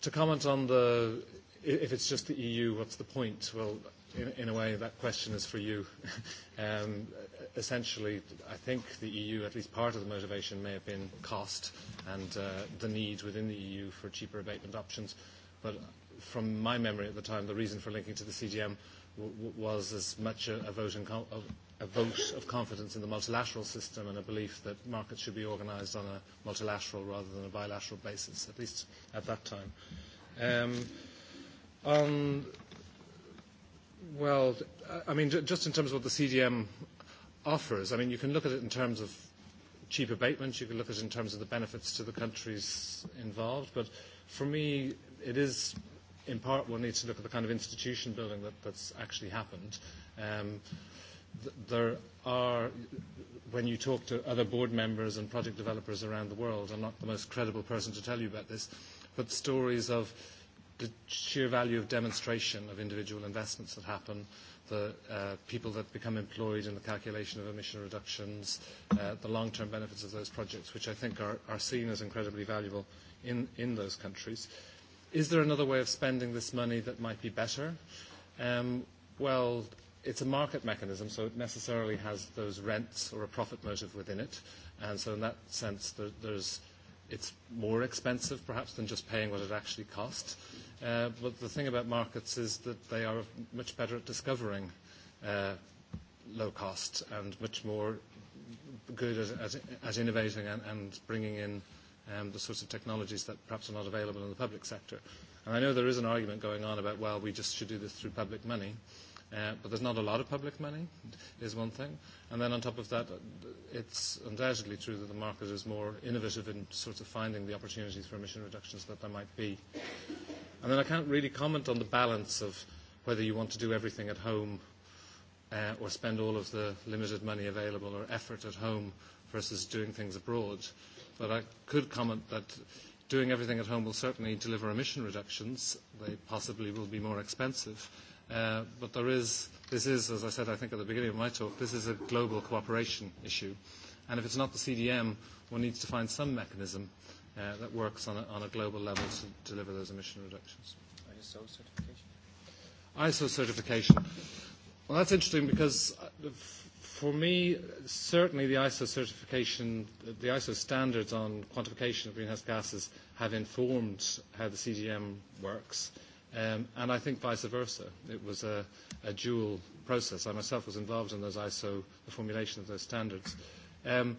to comment on the if it's just the EU, what's the point? Well, in, in a way, that question is for you. um, essentially, I think the EU, at least part of the motivation, may have been cost and uh, the need within the EU for cheaper abatement options. But from my memory at the time, the reason for linking to the CGM w- w- was as much a, a vote in com- of a vote of confidence in the multilateral system and a belief that markets should be organized on a multilateral rather than a bilateral basis, at least at that time. Um, on, well, I mean, just in terms of what the CDM offers, I mean, you can look at it in terms of cheap abatement, you can look at it in terms of the benefits to the countries involved, but for me, it is, in part, one needs to look at the kind of institution building that, that's actually happened. Um, there are, when you talk to other board members and project developers around the world, I'm not the most credible person to tell you about this, but stories of the sheer value of demonstration of individual investments that happen, the uh, people that become employed in the calculation of emission reductions, uh, the long-term benefits of those projects, which I think are, are seen as incredibly valuable in, in those countries. Is there another way of spending this money that might be better? Um, well, it's a market mechanism, so it necessarily has those rents or a profit motive within it. And so in that sense, there, there's, it's more expensive perhaps than just paying what it actually costs. Uh, but the thing about markets is that they are much better at discovering uh, low cost and much more good at, at, at innovating and, and bringing in um, the sorts of technologies that perhaps are not available in the public sector. And I know there is an argument going on about, well, we just should do this through public money. Uh, but there's not a lot of public money, is one thing. And then on top of that, uh, it's undoubtedly true that the market is more innovative in sorts of finding the opportunities for emission reductions that there might be. And then I can't really comment on the balance of whether you want to do everything at home uh, or spend all of the limited money available or effort at home versus doing things abroad. But I could comment that doing everything at home will certainly deliver emission reductions. They possibly will be more expensive. Uh, but there is, this is, as I said, I think at the beginning of my talk, this is a global cooperation issue. And if it's not the CDM, one needs to find some mechanism uh, that works on a, on a global level to deliver those emission reductions. ISO certification? ISO certification. Well, that's interesting because uh, for me, certainly the ISO certification, the ISO standards on quantification of greenhouse gases have informed how the CDM works. Uh, Um, and I think vice versa. It was a, a dual process. I myself was involved in those ISO, the formulation of those standards. Um,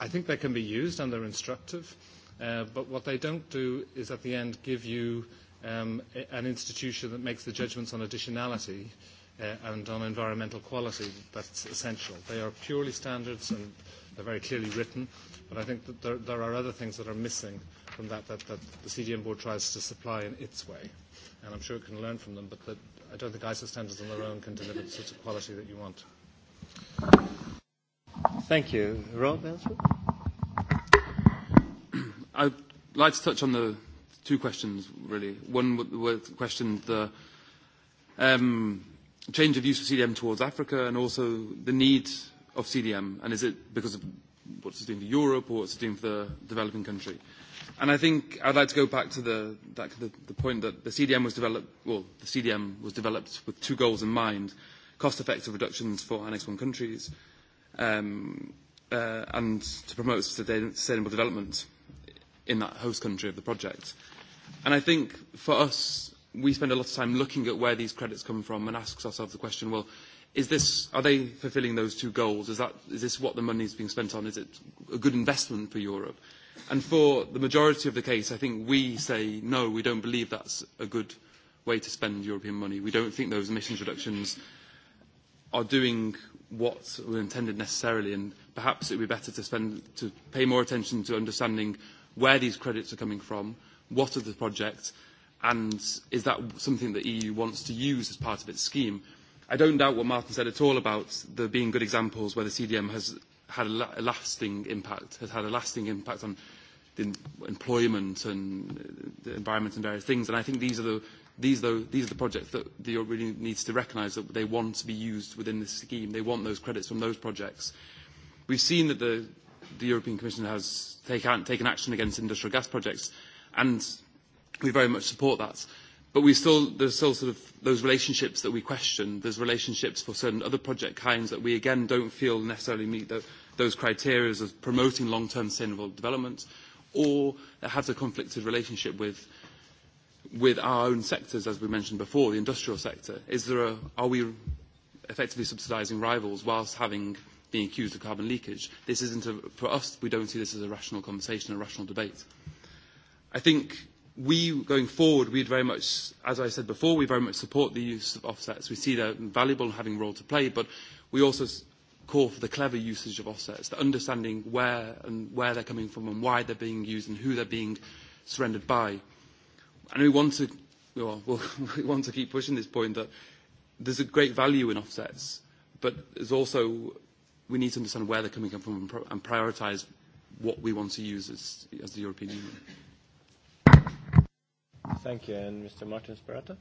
I think they can be used and they're instructive, uh, but what they don't do is at the end give you um, a, an institution that makes the judgments on additionality uh, and on environmental quality that's essential. They are purely standards and they're very clearly written, but I think that there, there are other things that are missing from that that, that the CDM board tries to supply in its way and I'm sure it can learn from them, but that I don't think ISO standards on their own can deliver the sort of quality that you want. Thank you. Rob, answer? I'd like to touch on the two questions, really. One with the question, the um, change of use of CDM towards Africa and also the need of CDM, and is it because of what's it doing for Europe or what's it doing for the developing country? And I think I'd like to go back to the, that, the, the point that the CDM was developed, well, the CDM was developed with two goals in mind, cost-effective reductions for Annex 1 countries um, uh, and to promote sustainable development in that host country of the project. And I think for us, we spend a lot of time looking at where these credits come from and ask ourselves the question, well, is this, are they fulfilling those two goals? Is, that, is this what the money is being spent on? Is it a good investment for Europe? And for the majority of the case, I think we say no, we don't believe that's a good way to spend European money. We don't think those emissions reductions are doing what were intended necessarily, and perhaps it would be better to, spend, to pay more attention to understanding where these credits are coming from, what are the projects, and is that something that EU wants to use as part of its scheme. I don't doubt what Martin said at all about there being good examples where the CDM has had a, la- a lasting impact, has had a lasting impact on the employment and uh, the environment and various things. And I think these are the, these are the, these are the projects that the Europe really needs to recognise that they want to be used within the scheme. They want those credits from those projects. We've seen that the, the European Commission has take, taken action against industrial gas projects, and we very much support that. But we still, there's still sort of those relationships that we question. There's relationships for certain other project kinds that we again don't feel necessarily meet the, those criteria of promoting long-term sustainable development or that has a conflicted relationship with, with our own sectors, as we mentioned before, the industrial sector. Is there a, are we effectively subsidising rivals whilst having been accused of carbon leakage? This isn't a, for us, we don't see this as a rational conversation, a rational debate. I think we, going forward, we'd very much, as I said before, we very much support the use of offsets. We see they're valuable and having a role to play, but we also call for the clever usage of offsets, the understanding where and where they're coming from and why they're being used and who they're being surrendered by. We want to, well, we want to keep pushing this point that there's a great value in offsets, but there's also, we need to understand where they're coming from and prioritize what we want to use as the European Union. Thank you. And Mr. Martin Spirato?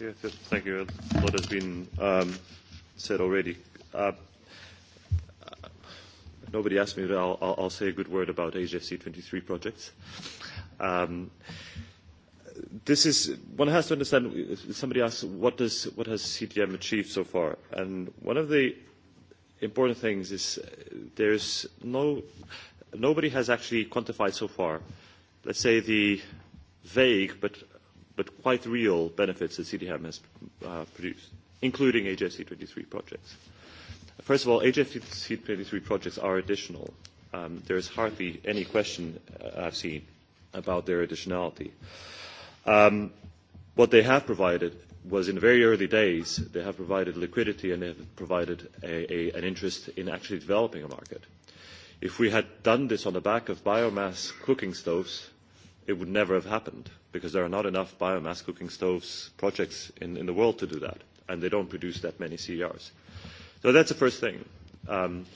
Yes, thank you. A lot has been um, said already. Uh, nobody asked me, but I'll, I'll, I'll say a good word about HFC 23 projects. Um, this is one has to understand. Somebody asked, what, does, what has CTM achieved so far? And one of the important things is uh, there's no nobody has actually quantified so far. Let's say the vague but but quite real benefits that CDM has uh, produced, including HFC23 projects. First of all, HFC23 projects are additional. Um, there is hardly any question uh, I've seen about their additionality. Um, what they have provided was in the very early days, they have provided liquidity and they have provided a, a, an interest in actually developing a market. If we had done this on the back of biomass cooking stoves, it would never have happened because there are not enough biomass cooking stoves projects in, in the world to do that, and they don't produce that many CERs. So that's the first thing. Um,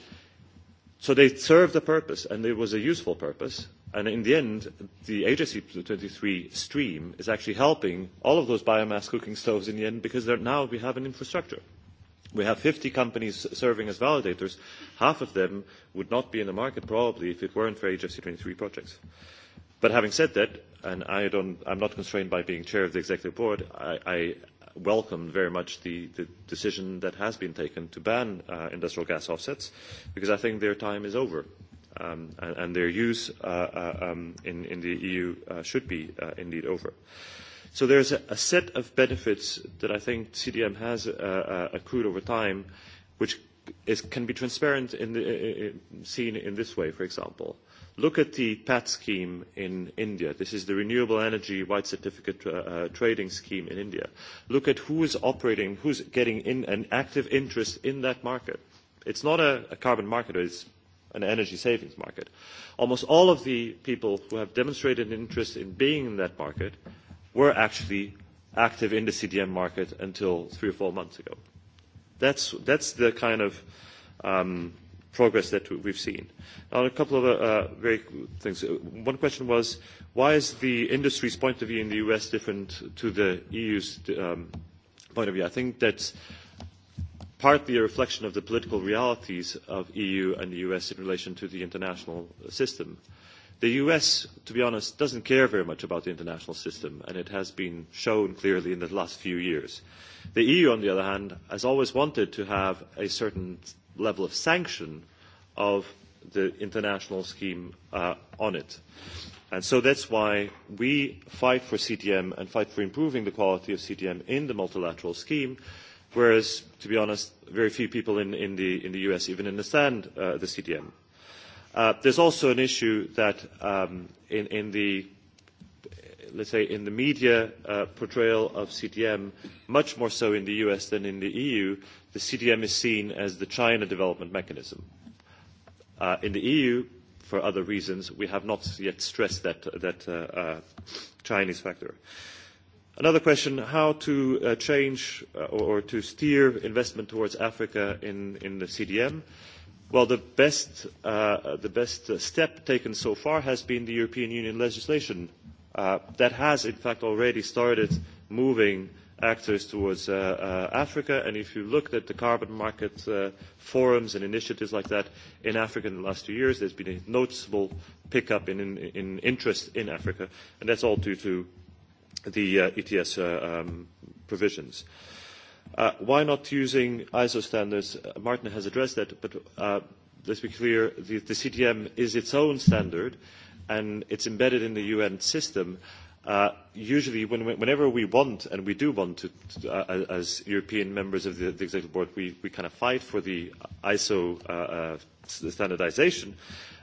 so they served a purpose, and it was a useful purpose. And in the end, the agency 23 stream is actually helping all of those biomass cooking stoves in the end because now we have an infrastructure. We have 50 companies serving as validators. Half of them would not be in the market probably if it weren't for agency 23 projects. Uh, Having said that, and I don't, I'm not constrained by being chair of the executive board, I welcome very much the decision that has been taken to ban uh, industrial gas offsets because I think their time is over. Um, their use uh, uh, um, in the EU should be indeed over. There's a set of benefits that I think CDM has accrued over time, which can be transparent in the seen in this way, for example look at the pat scheme in india this is the renewable energy white certificate uh, uh, trading scheme in india look at who is operating who is getting in an active interest in that market it's not a carbon market it's an energy savings market almost all of the people who have demonstrated an interest in being in that market were actually active in the cdm market until three or four months ago that's that's the kind of um, progress that we've seen. Now, a couple of uh, uh very things. Uh, one question was, why is the industry's point of view in the U.S. different to the EU's um, point of view? I think that's partly a reflection of the political realities of EU and the U.S. in relation to the international system. The U.S., to be honest, doesn't care very much about the international system, and it has been shown clearly in the last few years. The EU, on the other hand, has always wanted to have a certain level of sanction of the international scheme uh, on it. And so that's why we fight for CDM and fight for improving the quality of CDM in the multilateral scheme, whereas, to be honest, very few people in, in, the, in the US even understand uh, the CDM. Uh, there's also an issue that um, in, in the let's say, in the media uh, portrayal of CDM, much more so in the US than in the EU, the CDM is seen as the China development mechanism. Uh, in the EU, for other reasons, we have not yet stressed that, that uh, uh, Chinese factor. Another question, how to uh, change uh, or to steer investment towards Africa in, in the CDM? Well, the best, uh, the best step taken so far has been the European Union legislation Uh, that has in fact already started moving actors towards uh, uh Africa. And if you look at the carbon market uh, forums and initiatives like that in Africa in the last two years, there's been a noticeable pickup in, in, in interest in Africa. And that's all due to the uh, ETS uh, um, provisions. Uh, why not using ISO standards? Uh, Martin has addressed that, but uh, let's be clear, the, the CDM is its own standard. Mm-hmm and it is embedded in the un system uh, usually when, whenever we want and we do want to, to uh, as european members of the, the executive board we, we kind of fight for the iso uh, uh, standardization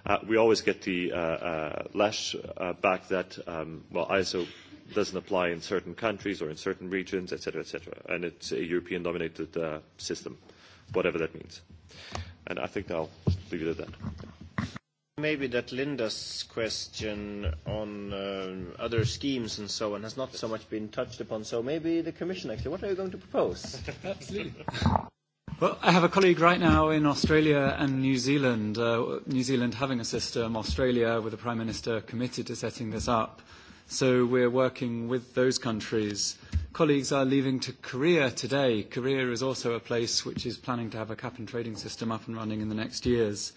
uh, we always get the uh, uh, lash uh, back that um, well iso doesn't apply in certain countries or in certain regions etc cetera, etc cetera, and it's a european dominated uh, system whatever that means and i think i'll leave it at that yeah. Maybe that Linda's question on uh, other schemes and so on has not so much been touched upon. So maybe the commission, actually, what are you going to propose? Absolutely. Well, I have a colleague right now in Australia and New Zealand. Uh, New Zealand having a system, Australia with a prime minister committed to setting this up. So we're working with those countries. Colleagues are leaving to Korea today. Korea is also a place which is planning to have a cap and trading system up and running in the next years.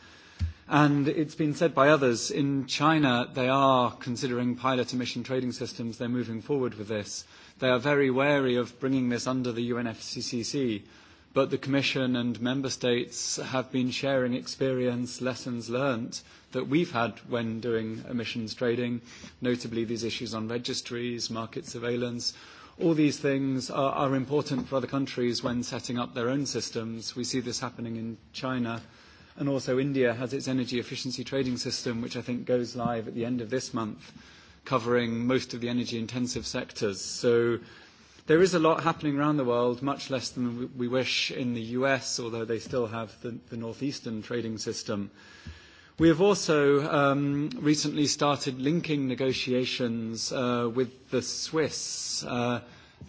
And it's been said by others in China, they are considering pilot emission trading systems. They're moving forward with this. They are very wary of bringing this under the UNFCCC. But the Commission and Member States have been sharing experience, lessons learnt that we've had when doing emissions trading, notably these issues on registries, market surveillance. All these things are, are important for other countries when setting up their own systems. We see this happening in China and also India has its energy efficiency trading system, which I think goes live at the end of this month, covering most of the energy intensive sectors. So there is a lot happening around the world, much less than we wish in the US, although they still have the, the Northeastern trading system. We have also um, recently started linking negotiations uh, with the Swiss. Uh,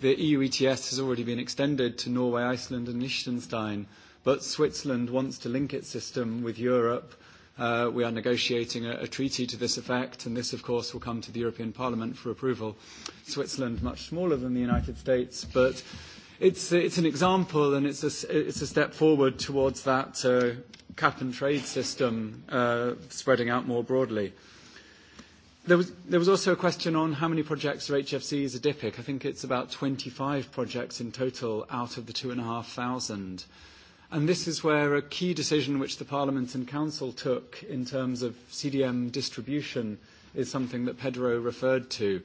the EU ETS has already been extended to Norway, Iceland, and Liechtenstein but Switzerland wants to link its system with Europe. Uh, we are negotiating a, a treaty to this effect, and this, of course, will come to the European Parliament for approval. Switzerland, much smaller than the United States, but it's, it's an example and it's a, it's a step forward towards that uh, cap and trade system uh, spreading out more broadly. There was, there was also a question on how many projects are HFCs a DIPIC. I think it's about 25 projects in total out of the 2,500. And this is where a key decision which the Parliament and Council took in terms of CDM distribution is something that Pedro referred to.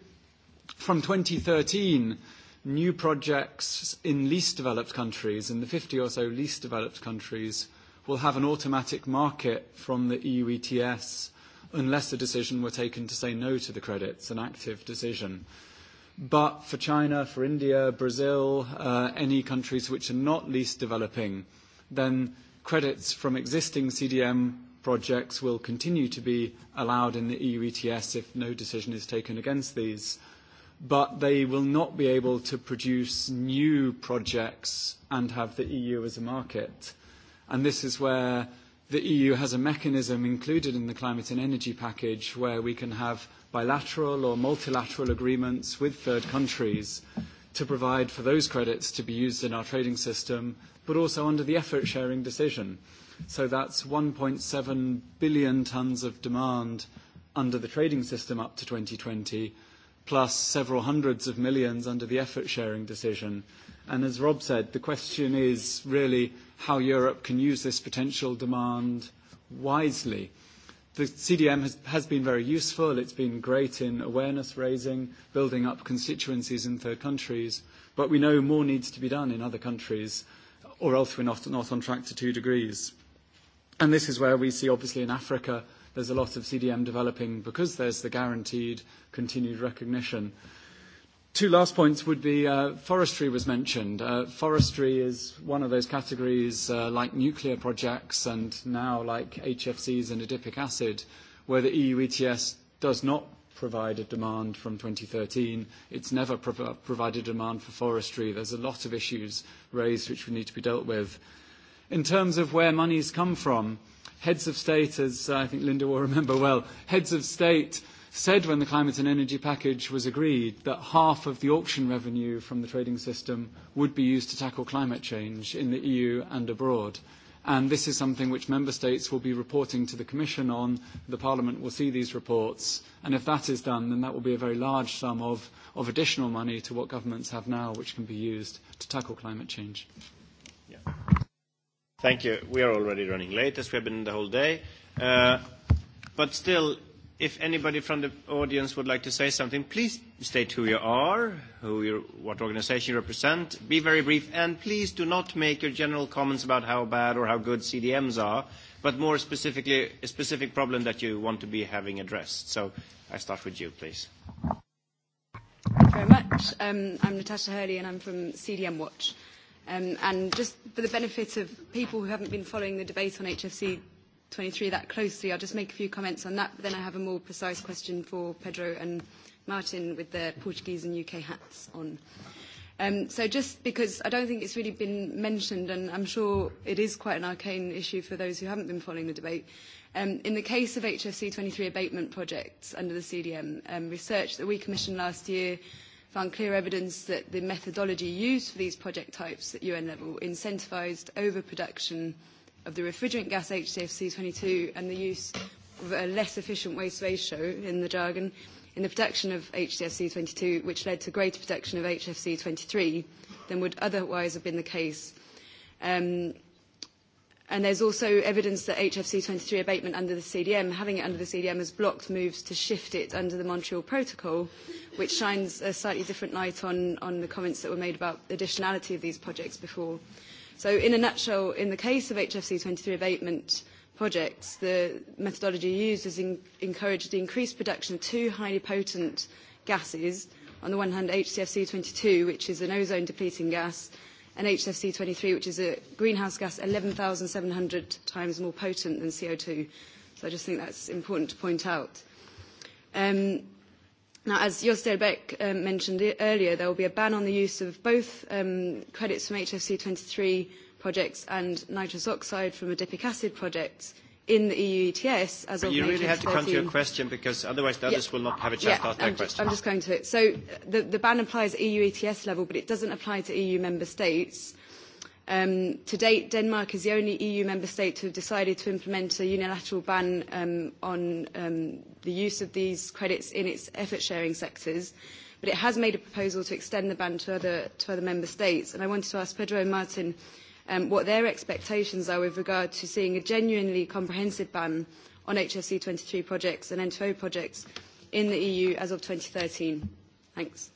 From 2013, new projects in least developed countries, in the 50 or so least developed countries, will have an automatic market from the EU ETS unless a decision were taken to say no to the credits, an active decision. But for China, for India, Brazil, uh, any countries which are not least developing, uh, then credits from existing CDM projects will continue to be allowed in the EU ETS if no decision is taken against these. They will not be able to produce new projects and have the EU as a market. This is where the EU has a mechanism included in the Climate and Energy Package, where we can have bilateral or multilateral agreements with third countries to provide for those credits to be used in our trading system, but also under the effort sharing decision. So that's 1.7 billion tons of demand under the trading system up to 2020, plus several hundreds of millions under the effort sharing decision. And as Rob said, the question is really how Europe can use this potential demand wisely the CDM has, has been very useful. It's been great in awareness raising, building up constituencies in third countries. But we know more needs to be done in other countries, or else we're not, not on track to two degrees. And this is where we see, obviously, in Africa, there's a lot of CDM developing because there's the guaranteed continued recognition. Two last points would be uh, forestry was mentioned. Uh, forestry is one of those categories uh, like nuclear projects and now like HFCs and adipic acid, where the EU ETS does not provide a demand from 2013. It's never prov- provided a demand for forestry. There's a lot of issues raised which would need to be dealt with. In terms of where money's come from, heads of state, as uh, I think Linda will remember well, heads of state said when the climate and energy package was agreed that half of the auction revenue from the trading system would be used to tackle climate change in the EU and abroad. And this is something which member states will be reporting to the Commission on. The Parliament will see these reports. And if that is done, then that will be a very large sum of, of additional money to what governments have now, which can be used to tackle climate change. Yeah. Thank you. We are already running late, as we have been the whole day. Uh, but still, If anybody from the audience would like to say something, please state who you are, what organization you represent. Be very brief, and please do not make your general comments about how bad or how good CDMs are, but more specifically, a specific problem that you want to be having addressed. So I start with you, please. Thank you very much. Um, I'm Natasha Hurley, and I'm from CDM Watch. Um, and just for the benefit of people who haven't been following the debate on HFC 2023 that closely. I'll just make a few comments on that, but then I have a more precise question for Pedro and Martin with the Portuguese and U.K. hats on. Um, so just because I don't think it's really been mentioned, and I'm sure it is quite an arcane issue for those who haven't been following the debate. Um, in the case of HFC 23 abatement projects under the CDM, um, research that we commissioned last year found clear evidence that the methodology used for these project types at UN level incentivized overproduction of the refrigerant gas HCFC22 and the use of a less efficient waste ratio in the jargon in the production of HCFC22, which led to greater production of HFC23 than would otherwise have been the case. Um, and there's also evidence that HFC23 abatement under the CDM, having it under the CDM, has blocked moves to shift it under the Montreal Protocol, which shines a slightly different light on, on the comments that were made about additionality of these projects before. So in a nutshell, in the case of HFC 23 abatement projects, the methodology used has in- encouraged the increased production of two highly potent gases. On the one hand, HCFC 22, which is an ozone depleting gas, and HFC 23, which is a greenhouse gas 11,700 times more potent than CO2. So I just think that's important to point out. Um, Now, as Jostel Beck um, mentioned e-, earlier, there will be a ban on the use of both um, credits from HFC 23 projects and nitrous oxide from adipic acid projects in the EU ETS as but of You really have to 13. come to your question because otherwise the others yeah. will not have a chance yeah, to ask their question. I'm just going to it. So uh, the, the ban applies at EU ETS level, but it doesn't apply to EU member states. Um, to date, Denmark is the only EU member state to have decided to implement a unilateral ban um, on um, the use of these credits in its effort-sharing sectors, but it has made a proposal to extend the ban to other, to other member states. And I wanted to ask Pedro and Martin um, what their expectations are with regard to seeing a genuinely comprehensive ban on HSC 23 projects and N2O projects in the EU as of 2013. Thanks.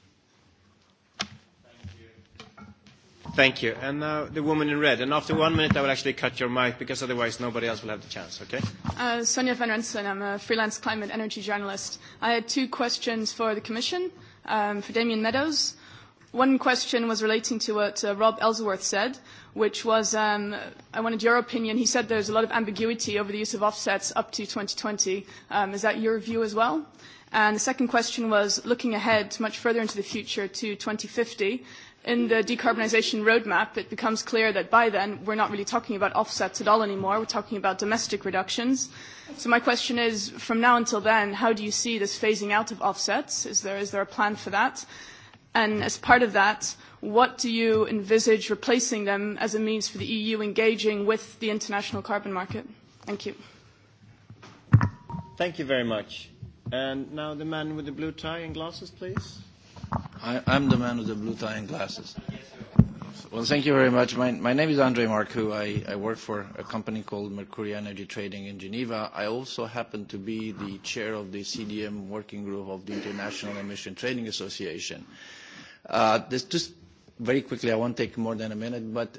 Thank you. Now uh, the woman in red. After one minute, I will actually cut your mic because otherwise nobody else will have the chance, okay? Uh, Sonja van Rensselaer. I'm a freelance climate energy journalist. I had two questions for the commission, um, for Damian Meadows. One question was relating to what uh, Rob Ellsworth said, which was, um, I wanted your opinion. He said there's a lot of ambiguity over the use of offsets up to 2020. Um, is that your view as well? The second question was looking ahead much further into the future to 2050, in the decarbonisation roadmap, it becomes clear that by then we're not really talking about offsets at all anymore. We're talking about domestic reductions. So my question is, from now until then, how do you see this phasing out of offsets? Is there is there a plan for that? And as part of that, what do you envisage replacing them as a means for the EU engaging with the international carbon market? Thank you. Thank you very much. And now the man with the blue tie and glasses, please. I, I'm the man with the blue tie and glasses. Yes, sir. Well, thank you very much. My, my name is Andre Marcou. I, I work for a company called Mercury Energy Trading in Geneva. I also happen to be the chair of the CDM working group of the International Emission Trading Association. Uh, this, just very quickly, I won't take more than a minute, but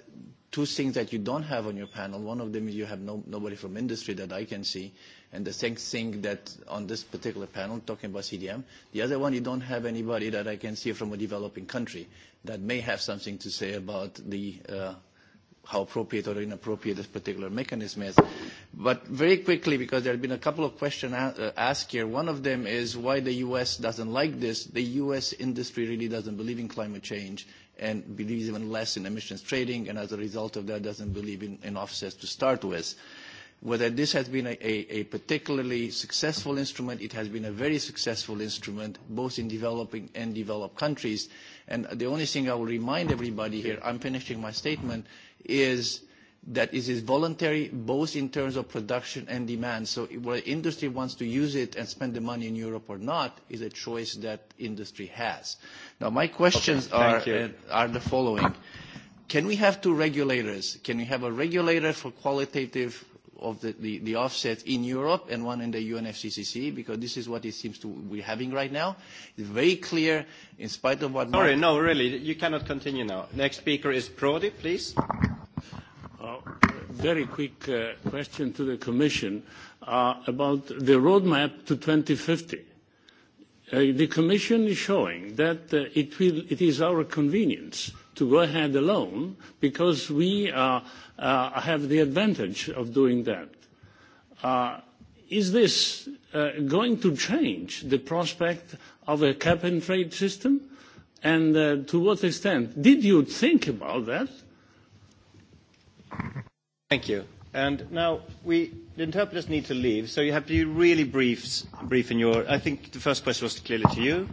two things that you don't have on your panel. One of them is you have no, nobody from industry that I can see and the same thing that on this particular panel talking about CDM. The other one, you don't have anybody that I can see from a developing country that may have something to say about the uh, how appropriate or inappropriate this particular mechanism is. But very quickly, because there have been a couple of questions uh, asked here, one of them is why the U.S. doesn't like this. The U.S. industry really doesn't believe in climate change and believes even less in emissions trading, and as a result of that, doesn't believe in, in offsets to start with whether this has been a particularly successful instrument. It has been a very successful instrument, both in developing and developed countries. The only thing I will remind everybody here, I'm finishing my statement, is that it is voluntary, both in terms of production and demand. Whether industry wants to use it and spend the money in Europe or not is a choice that industry has. Now, my questions are- Okay. Thank you. Uh, are the following: Can we have two regulators? Can we have a regulator for qualitative of the offset in Europe and one in the UNFCCC, because this is what it seems to we're having right now. Very clear, in spite of what- Sorry, no, really, you cannot continue now. Next speaker is Prodi, please. Uh, very quick uh, question to the commission uh, about the roadmap to 2050. The commission is showing that it is our convenience to go ahead alone because we are uh, have the advantage of doing that. Uh, is this uh, going to change the prospect of a cap and trade system? And uh, to what extent? Did you think about that? Thank you. And now we, the interpreters need to leave, so you have to be really brief, brief in your. I think the first question was clearly to you.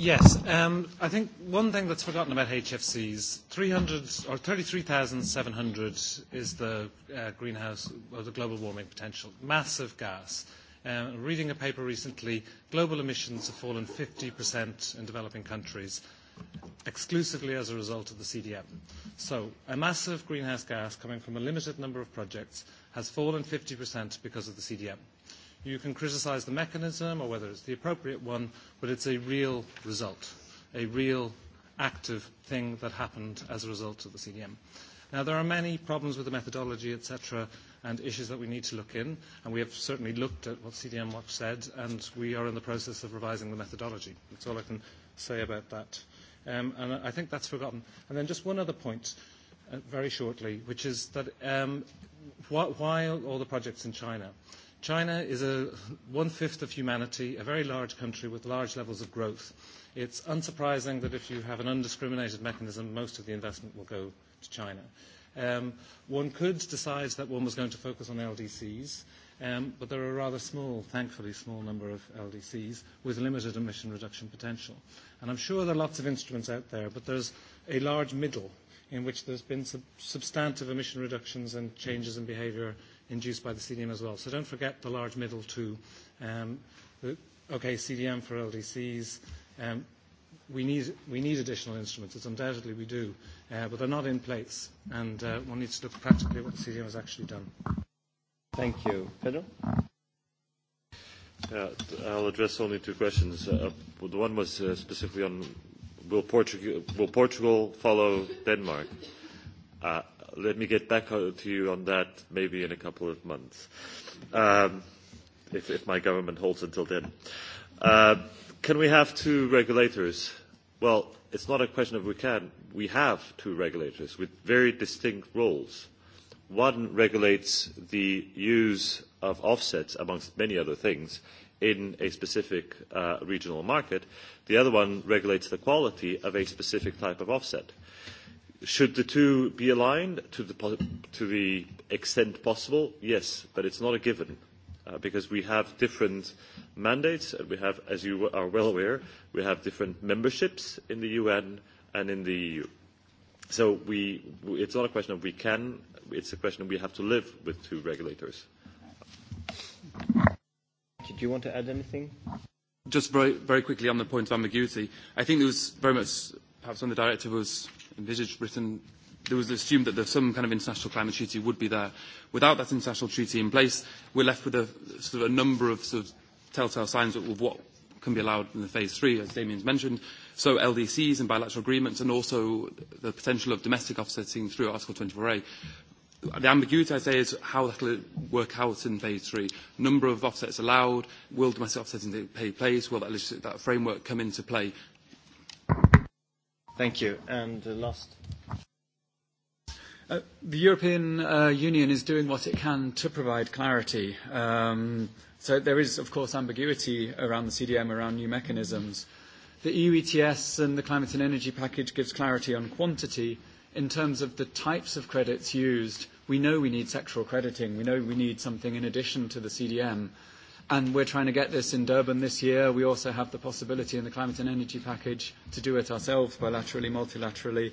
Yes. Um, I think one thing that's forgotten about HFCs, 300 or 33,700 is the uh, greenhouse or the global warming potential. Massive gas. Um, reading a paper recently, global emissions have fallen 50% in developing countries, exclusively as a result of the CDM. So a massive greenhouse gas coming from a limited number of projects has fallen 50% because of the CDM. You can criticize the mechanism or whether it's the appropriate one, but it's a real result, a real active thing that happened as a result of the CDM. Now, there are many problems with the methodology, etc., and issues that we need to look in, and we have certainly looked at what CDM Watch said, and we are in the process of revising the methodology. That's all I can say about that. Um, and I think that's forgotten. And then just one other point, uh, very shortly, which is that um, wh- why all the projects in China? China is a one-fifth of humanity, a very large country with large levels of growth. It's unsurprising that if you have an undiscriminated mechanism, most of the investment will go to China. Um, one could decide that one was going to focus on LDCs, um, but there are a rather small, thankfully small number of LDCs with limited emission reduction potential. And I'm sure there are lots of instruments out there, but there's a large middle in which there's been sub- substantive emission reductions and changes in behavior induced by the CDM as well. So don't forget the large middle two. Um, okay, CDM for LDCs. Um, we need additional instruments. Undoubtedly, we do. Uh, but they're not in place. And uh, one needs to look practically at what the CDM has actually done. Thank you. Pedro? Yeah. I'll address only two questions. Uh, the one was specifically on will Portugal follow Denmark? let me get back to you on that maybe in a couple of months, um, if my government holds until then. Uh, can we have two regulators? Well, it's not a question of we can. We have two regulators with very distinct roles. One regulates the use of offsets, among many other things, in a specific uh, regional market. The other one regulates the quality of a specific type of offset should the two be aligned to the, to the extent possible? Yes, but it's not a given uh, because we have different mandates. And we have, as you are well aware, we have different memberships in the UN and in the EU. So we, it's not a question of we can, it's a question of we have to live with two regulators. Did you want to add anything? Just very, very quickly on the point of ambiguity, I think there was very much, perhaps on the directive was envisaged Britain, there was assumed that there's some kind of international climate treaty would be there. Without that international treaty in place, we're left with a, sort of a number of, sort of telltale signs of what can be allowed in the phase three, as Damien's mentioned. So LDCs and bilateral agreements, and also the potential of domestic offsetting through Article 24A. The ambiguity, I say, is how that will work out in phase three. Number of offsets allowed, will domestic offsetting take place, will that, that framework come into play? Thank you. Thank you. And last. Uh, the European uh, Union is doing what it can to provide clarity. Um, so there is, of course, ambiguity around the CDM, around new mechanisms. The EU ETS and the Climate and Energy Package gives clarity on quantity in terms of the types of credits used. We know we need sectoral crediting. We know we need something in addition to the CDM and we're trying to get this in Durban this year. We also have the possibility in the climate and energy package to do it ourselves bilaterally, multilaterally.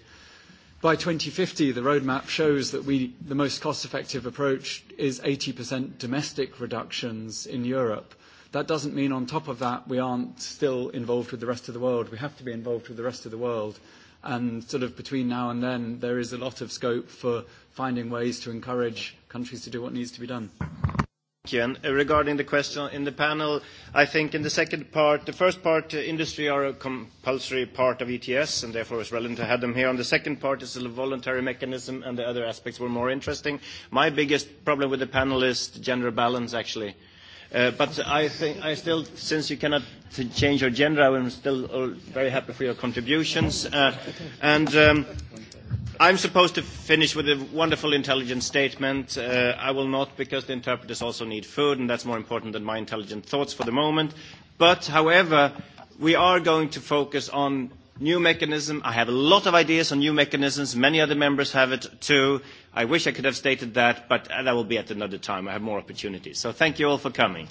By 2050, the roadmap shows that we, the most cost effective approach is 80% domestic reductions in Europe. That doesn't mean on top of that we aren't still involved with the rest of the world. We have to be involved with the rest of the world. And sort of between now and then, there is a lot of scope for finding ways to encourage countries to do what needs to be done question. Uh, regarding the question in the panel, I think in the second part, the first part, uh, industry are a compulsory part of ETS, and therefore it's relevant to have them here. On the second part is a voluntary mechanism, and the other aspects were more interesting. My biggest problem with the panel is gender balance, actually. Uh, but I think I still, since you cannot change your gender, I am still very happy for your contributions. And um, I'm supposed to finish with a wonderful, intelligent statement. Uh, I will not, because the interpreters also need food, and that's more important than my intelligent thoughts for the moment. But, however, we are going to focus on new mechanism. I have a lot of ideas on new mechanisms. Many other members have it, too. I wish I could have stated that, but that will be at another time. I have more opportunities. So thank you all for coming.